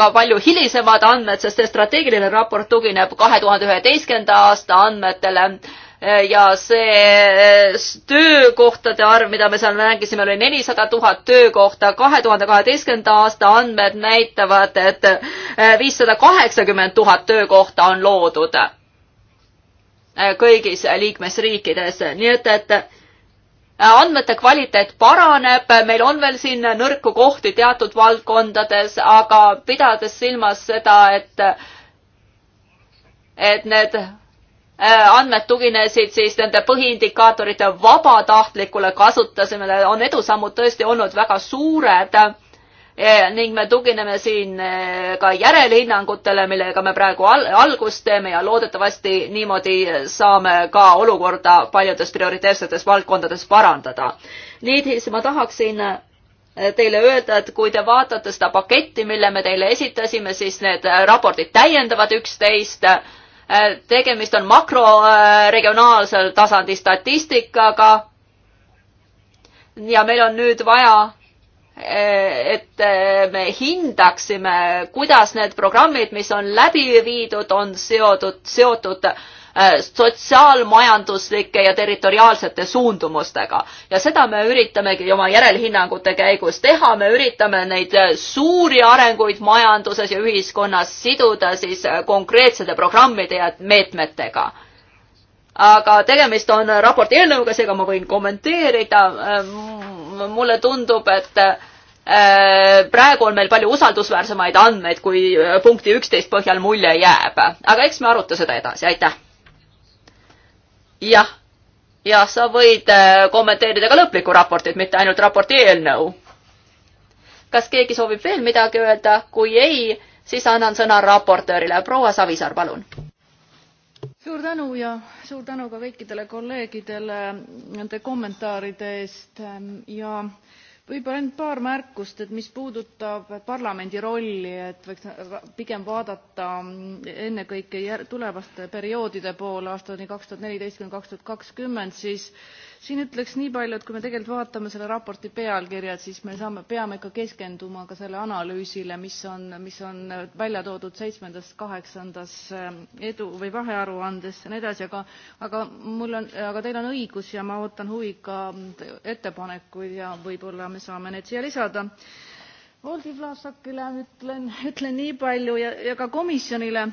ka palju hilisemad andmed, sest see strateegiline raport tugineb kahe tuhande üheteistkümnenda aasta andmetele ja see töökohtade arv, mida me seal märgisime, oli nelisada tuhat töökohta. kahe tuhande kaheteistkümnenda aasta andmed näitavad, et viissada kaheksakümmend tuhat töökohta on loodud. Äh, kõigis liikmesriikides, nii et, et äh, andmete kvaliteet paraneb, meil on veel siin nõrku kohti teatud valdkondades, aga pidades silmas seda, et, et need äh, andmed tuginesid siis nende põhiindikaatorite vabatahtlikule kasutusele, on edusammud tõesti olnud väga suured Eh, ning me tugineme siin eh, ka järelhinnangutele, millega me praegu al algust teeme ja loodetavasti niimoodi saame ka olukorda paljudes prioriteetsetes valdkondades parandada. niisiis ma tahaksin eh, teile öelda, et kui te vaatate seda paketti, mille me teile esitasime, siis need raportid täiendavad üksteist. tegemist on makroregionaalsel tasandi statistikaga. ja meil on nüüd vaja Eh, et eh, me hindaksime, kuidas need programmid, mis on läbi viidud, on seotud, seotud eh, sotsiaalmajanduslike ja territoriaalsete suundumustega ja seda me üritamegi oma järelhinnangute käigus teha, me üritame neid suuri arenguid majanduses ja ühiskonnas siduda siis konkreetsete programmide ja meetmetega aga tegemist on raporti eelnõuga, seega ma võin kommenteerida. Äh, mulle tundub, et äh, praegu on meil palju usaldusväärsemaid andmeid, kui äh, punkti üksteist põhjal mulje jääb, aga eks me aruta seda edasi, aitäh. jah, jah, sa võid kommenteerida ka lõplikku raportit, mitte ainult raporti eelnõu. kas keegi soovib veel midagi öelda, kui ei, siis annan sõna raportöörile, proua Savisaar, palun suur tänu ja suur tänu ka kõikidele kolleegidele nende kommentaaride eest ja võib-olla ainult paar märkust et mis puudutab parlamendi rolli et võiks pigem vaadata ennekõike tulevaste perioodide poole aastani 2014 kuni 2020 siis siin ütleks nii palju et kui me tegelikult vaatame selle raporti pealkirja siis me saame peame ikka keskenduma ka selle analüüsile mis on mis on välja toodud seitsmendas kaheksandas eh, edu või vahearuandes ja nii edasi aga aga mul on aga teil on õigus ja ma ootan huviga ettepanekuid ja võib-olla me saame need siia lisada Oldi Vlasakile ütlen, ütlen nii palju ja, ja ka komisjonile,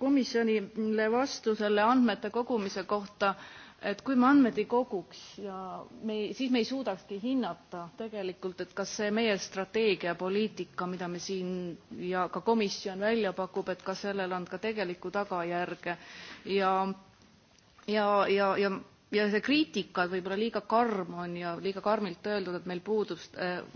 komisjonile vastu selle andmete kogumise kohta äh, et kui me andmeid ei koguks ja me ei, siis me ei suudakski hinnata tegelikult, et kas see meie strateegia, poliitika, mida me siin ja ka komisjon välja pakub, et kas sellel on ka tegelikku tagajärge ja ja, ja, ja ja see kriitika võib-olla liiga karm on ja liiga karmilt öeldud, et meil puudub,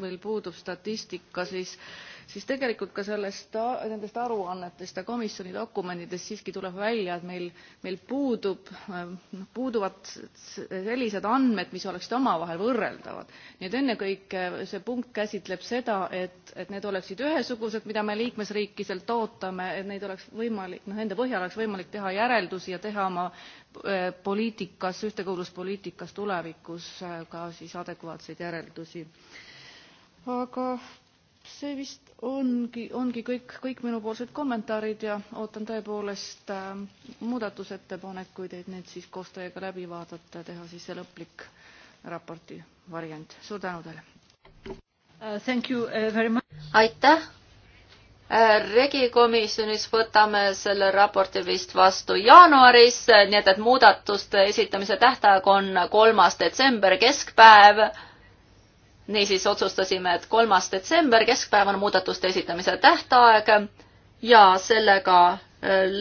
meil puudub statistika, siis äh, siis tegelikult ka sellest nendest aruannetest ja komisjoni dokumentidest siiski tuleb välja et meil meil puudub äh, noh puuduvad sellised andmed mis oleksid omavahel võrreldavad nii et ennekõike see punkt käsitleb seda et et need oleksid ühesugused mida me liikmesriikidelt ootame et neid oleks võimalik noh nende põhjal oleks võimalik teha järeldusi ja teha oma äh, poliitikas ühtekuuluvuspoliitikas tulevikus äh, ka siis adekvaatseid järeldusi aga see vist ongi, ongi kõik, kõik minupoolsed kommentaarid ja ootan tõepoolest äh, muudatusettepanekuid, et need siis koos teiega läbi vaadata, teha siis see lõplik raporti variant. suur tänu teile uh,! Thank you uh, very much! aitäh! Äh, regikomisjonis võtame selle raporti vist vastu jaanuaris, nii et, et muudatuste esitamise tähtaeg on kolmas detsember, keskpäev niisiis otsustasime, et kolmas detsember, keskpäev on muudatuste esitamise tähtaeg ja sellega äh,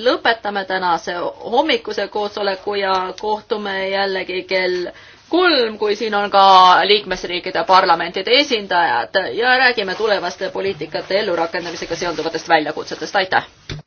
lõpetame tänase hommikuse koosoleku ja kohtume jällegi kell kolm, kui siin on ka liikmesriikide parlamentide esindajad ja räägime tulevaste poliitikate ellurakendamisega seonduvatest väljakutsetest, aitäh!